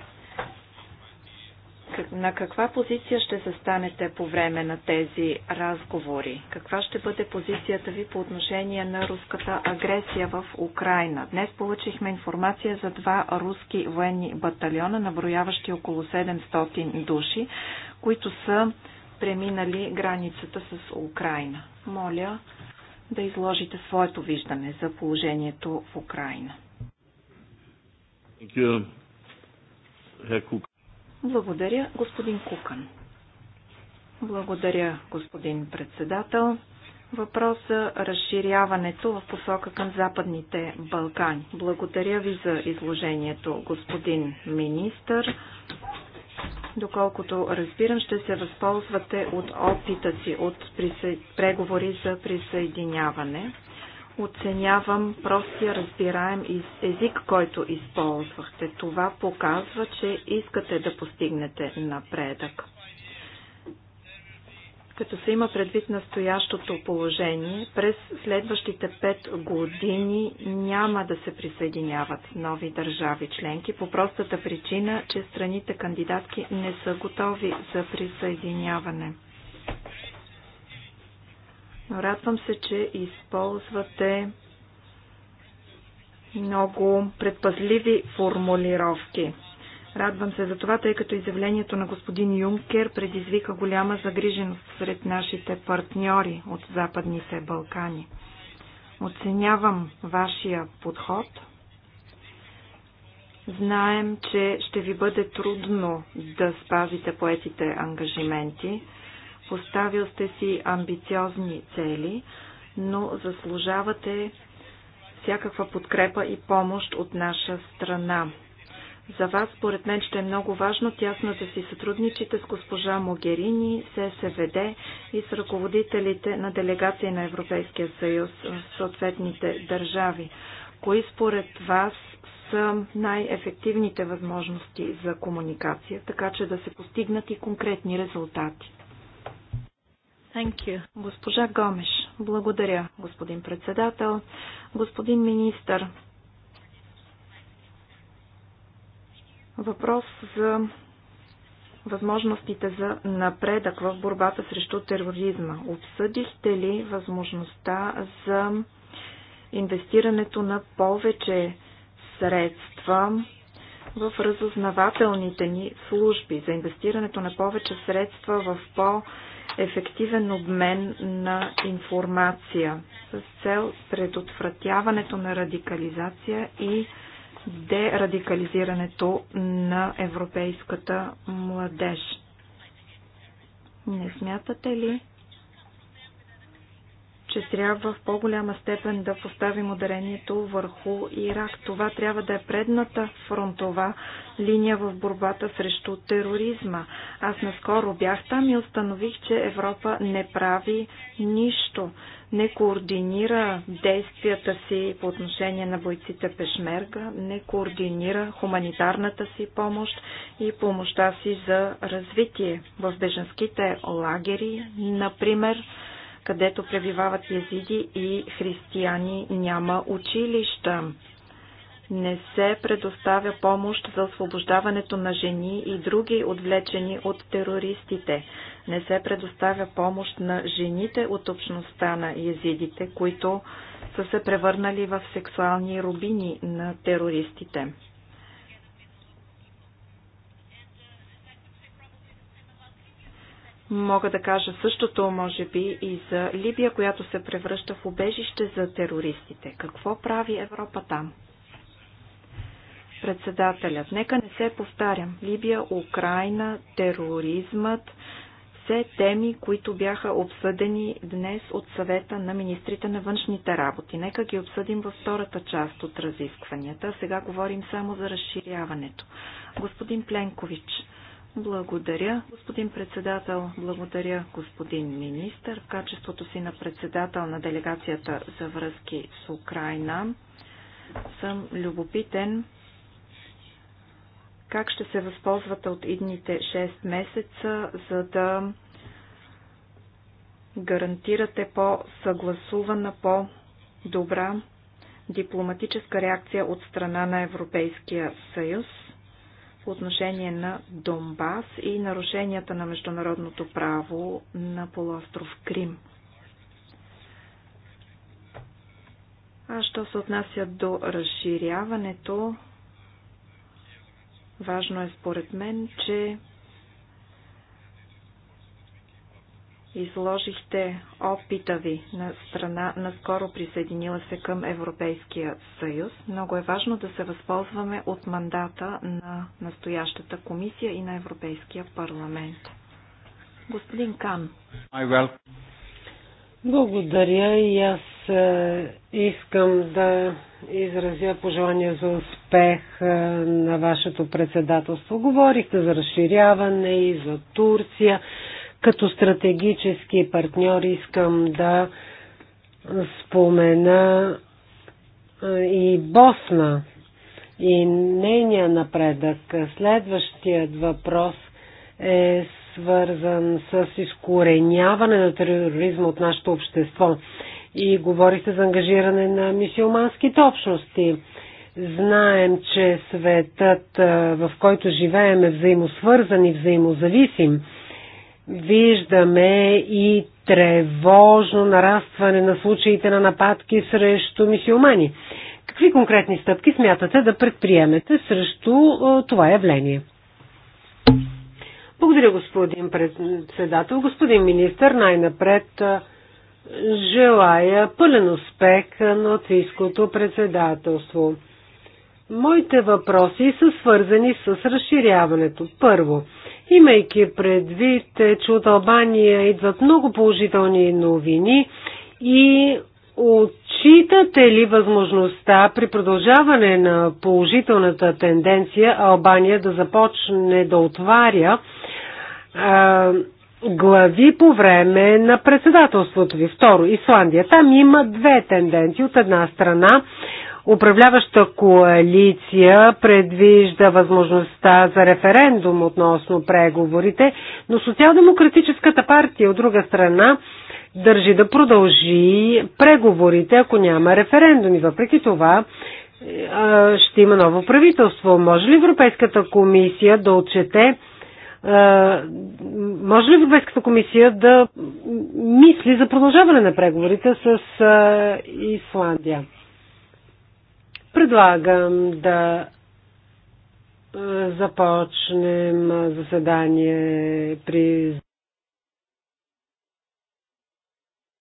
на каква позиция ще се станете по време на тези разговори? Каква ще бъде позицията ви по отношение на руската агресия в Украина? Днес получихме информация за два руски военни батальона, наброяващи около 700 души, които са преминали границата с Украина. Моля да изложите своето виждане за положението в Украина. Herr Kuka. Благодаря, господин Кукан. Благодаря, господин председател. Въпрос за разширяването в посока към Западните Балкани. Благодаря ви за изложението, господин министър. Доколкото разбирам, ще се възползвате от опита си от преговори за присъединяване оценявам простия разбираем език, който използвахте. Това показва, че искате да постигнете напредък. Като се има предвид настоящото положение, през следващите пет години няма да се присъединяват нови държави членки по простата причина, че страните кандидатки не са готови за присъединяване но радвам се, че използвате много предпазливи формулировки. Радвам се за това, тъй като изявлението на господин Юнкер предизвика голяма загриженост сред нашите партньори от Западните Балкани. Оценявам вашия подход. Знаем, че ще ви бъде трудно да спазите поетите ангажименти. Поставил сте си амбициозни цели, но заслужавате всякаква подкрепа и помощ от наша страна. За вас, според мен, ще е много важно тясно да си сътрудничите с госпожа Могерини, ССВД и с ръководителите на делегации на Европейския съюз в съответните държави. Кои според вас са най-ефективните възможности за комуникация, така че да се постигнат и конкретни резултати? Thank you. Госпожа Гомеш. Благодаря, господин председател. Господин министър, въпрос за възможностите за напредък в борбата срещу тероризма. Обсъдихте ли възможността за инвестирането на повече средства в разузнавателните ни служби, за инвестирането на повече средства в по-ефективен обмен на информация с цел предотвратяването на радикализация и дерадикализирането на европейската младеж. Не смятате ли, че трябва в по-голяма степен да поставим ударението върху Ирак. Това трябва да е предната фронтова линия в борбата срещу тероризма. Аз наскоро бях там и установих, че Европа не прави нищо. Не координира действията си по отношение на бойците Пешмерга, не координира хуманитарната си помощ и помощта си за развитие в беженските лагери, например където пребивават езиди и християни, няма училища. Не се предоставя помощ за освобождаването на жени и други отвлечени от терористите. Не се предоставя помощ на жените от общността на езидите, които са се превърнали в сексуални рубини на терористите. Мога да кажа същото, може би, и за Либия, която се превръща в убежище за терористите. Какво прави Европа там? Председателят, нека не се повтарям. Либия, Украина, тероризмът все теми, които бяха обсъдени днес от съвета на министрите на външните работи. Нека ги обсъдим във втората част от разискванията. Сега говорим само за разширяването. Господин Пленкович, благодаря, господин председател. Благодаря, господин министр. В качеството си на председател на делегацията за връзки с Украина съм любопитен как ще се възползвате от идните 6 месеца, за да гарантирате по-съгласувана, по-добра дипломатическа реакция от страна на Европейския съюз – по отношение на Донбас и нарушенията на международното право на полуостров Крим. А що се отнася до разширяването, важно е според мен, че изложихте опита ви на страна, наскоро присъединила се към Европейския съюз. Много е важно да се възползваме от мандата на настоящата комисия и на Европейския парламент. Господин Кан. Благодаря и аз е, искам да изразя пожелания за успех е, на вашето председателство. Говорихте за разширяване и за Турция. Като стратегически партньор искам да спомена и Босна и нейния напредък. Следващият въпрос е свързан с изкореняване на тероризма от нашето общество. И говорихте за ангажиране на мисиоманските общности. Знаем, че светът, в който живеем, е взаимосвързан и взаимозависим. Виждаме и тревожно нарастване на случаите на нападки срещу мисиомани. Какви конкретни стъпки смятате да предприемете срещу това явление? Благодаря, господин председател. Господин министр, най-напред желая пълен успех на Цийското председателство. Моите въпроси са свързани с разширяването. Първо, имайки предвид, че от Албания идват много положителни новини и отчитате ли възможността при продължаване на положителната тенденция Албания да започне да отваря а, глави по време на председателството ви? Второ, Исландия. Там има две тенденции. От една страна Управляваща коалиция предвижда възможността за референдум относно преговорите, но Социал-демократическата партия от друга страна държи да продължи преговорите, ако няма референдум. И въпреки това е, ще има ново правителство. Може ли Европейската комисия да отчете е, може ли Европейската комисия да мисли за продължаване на преговорите с е, Исландия? Предлагам да е, започнем заседание при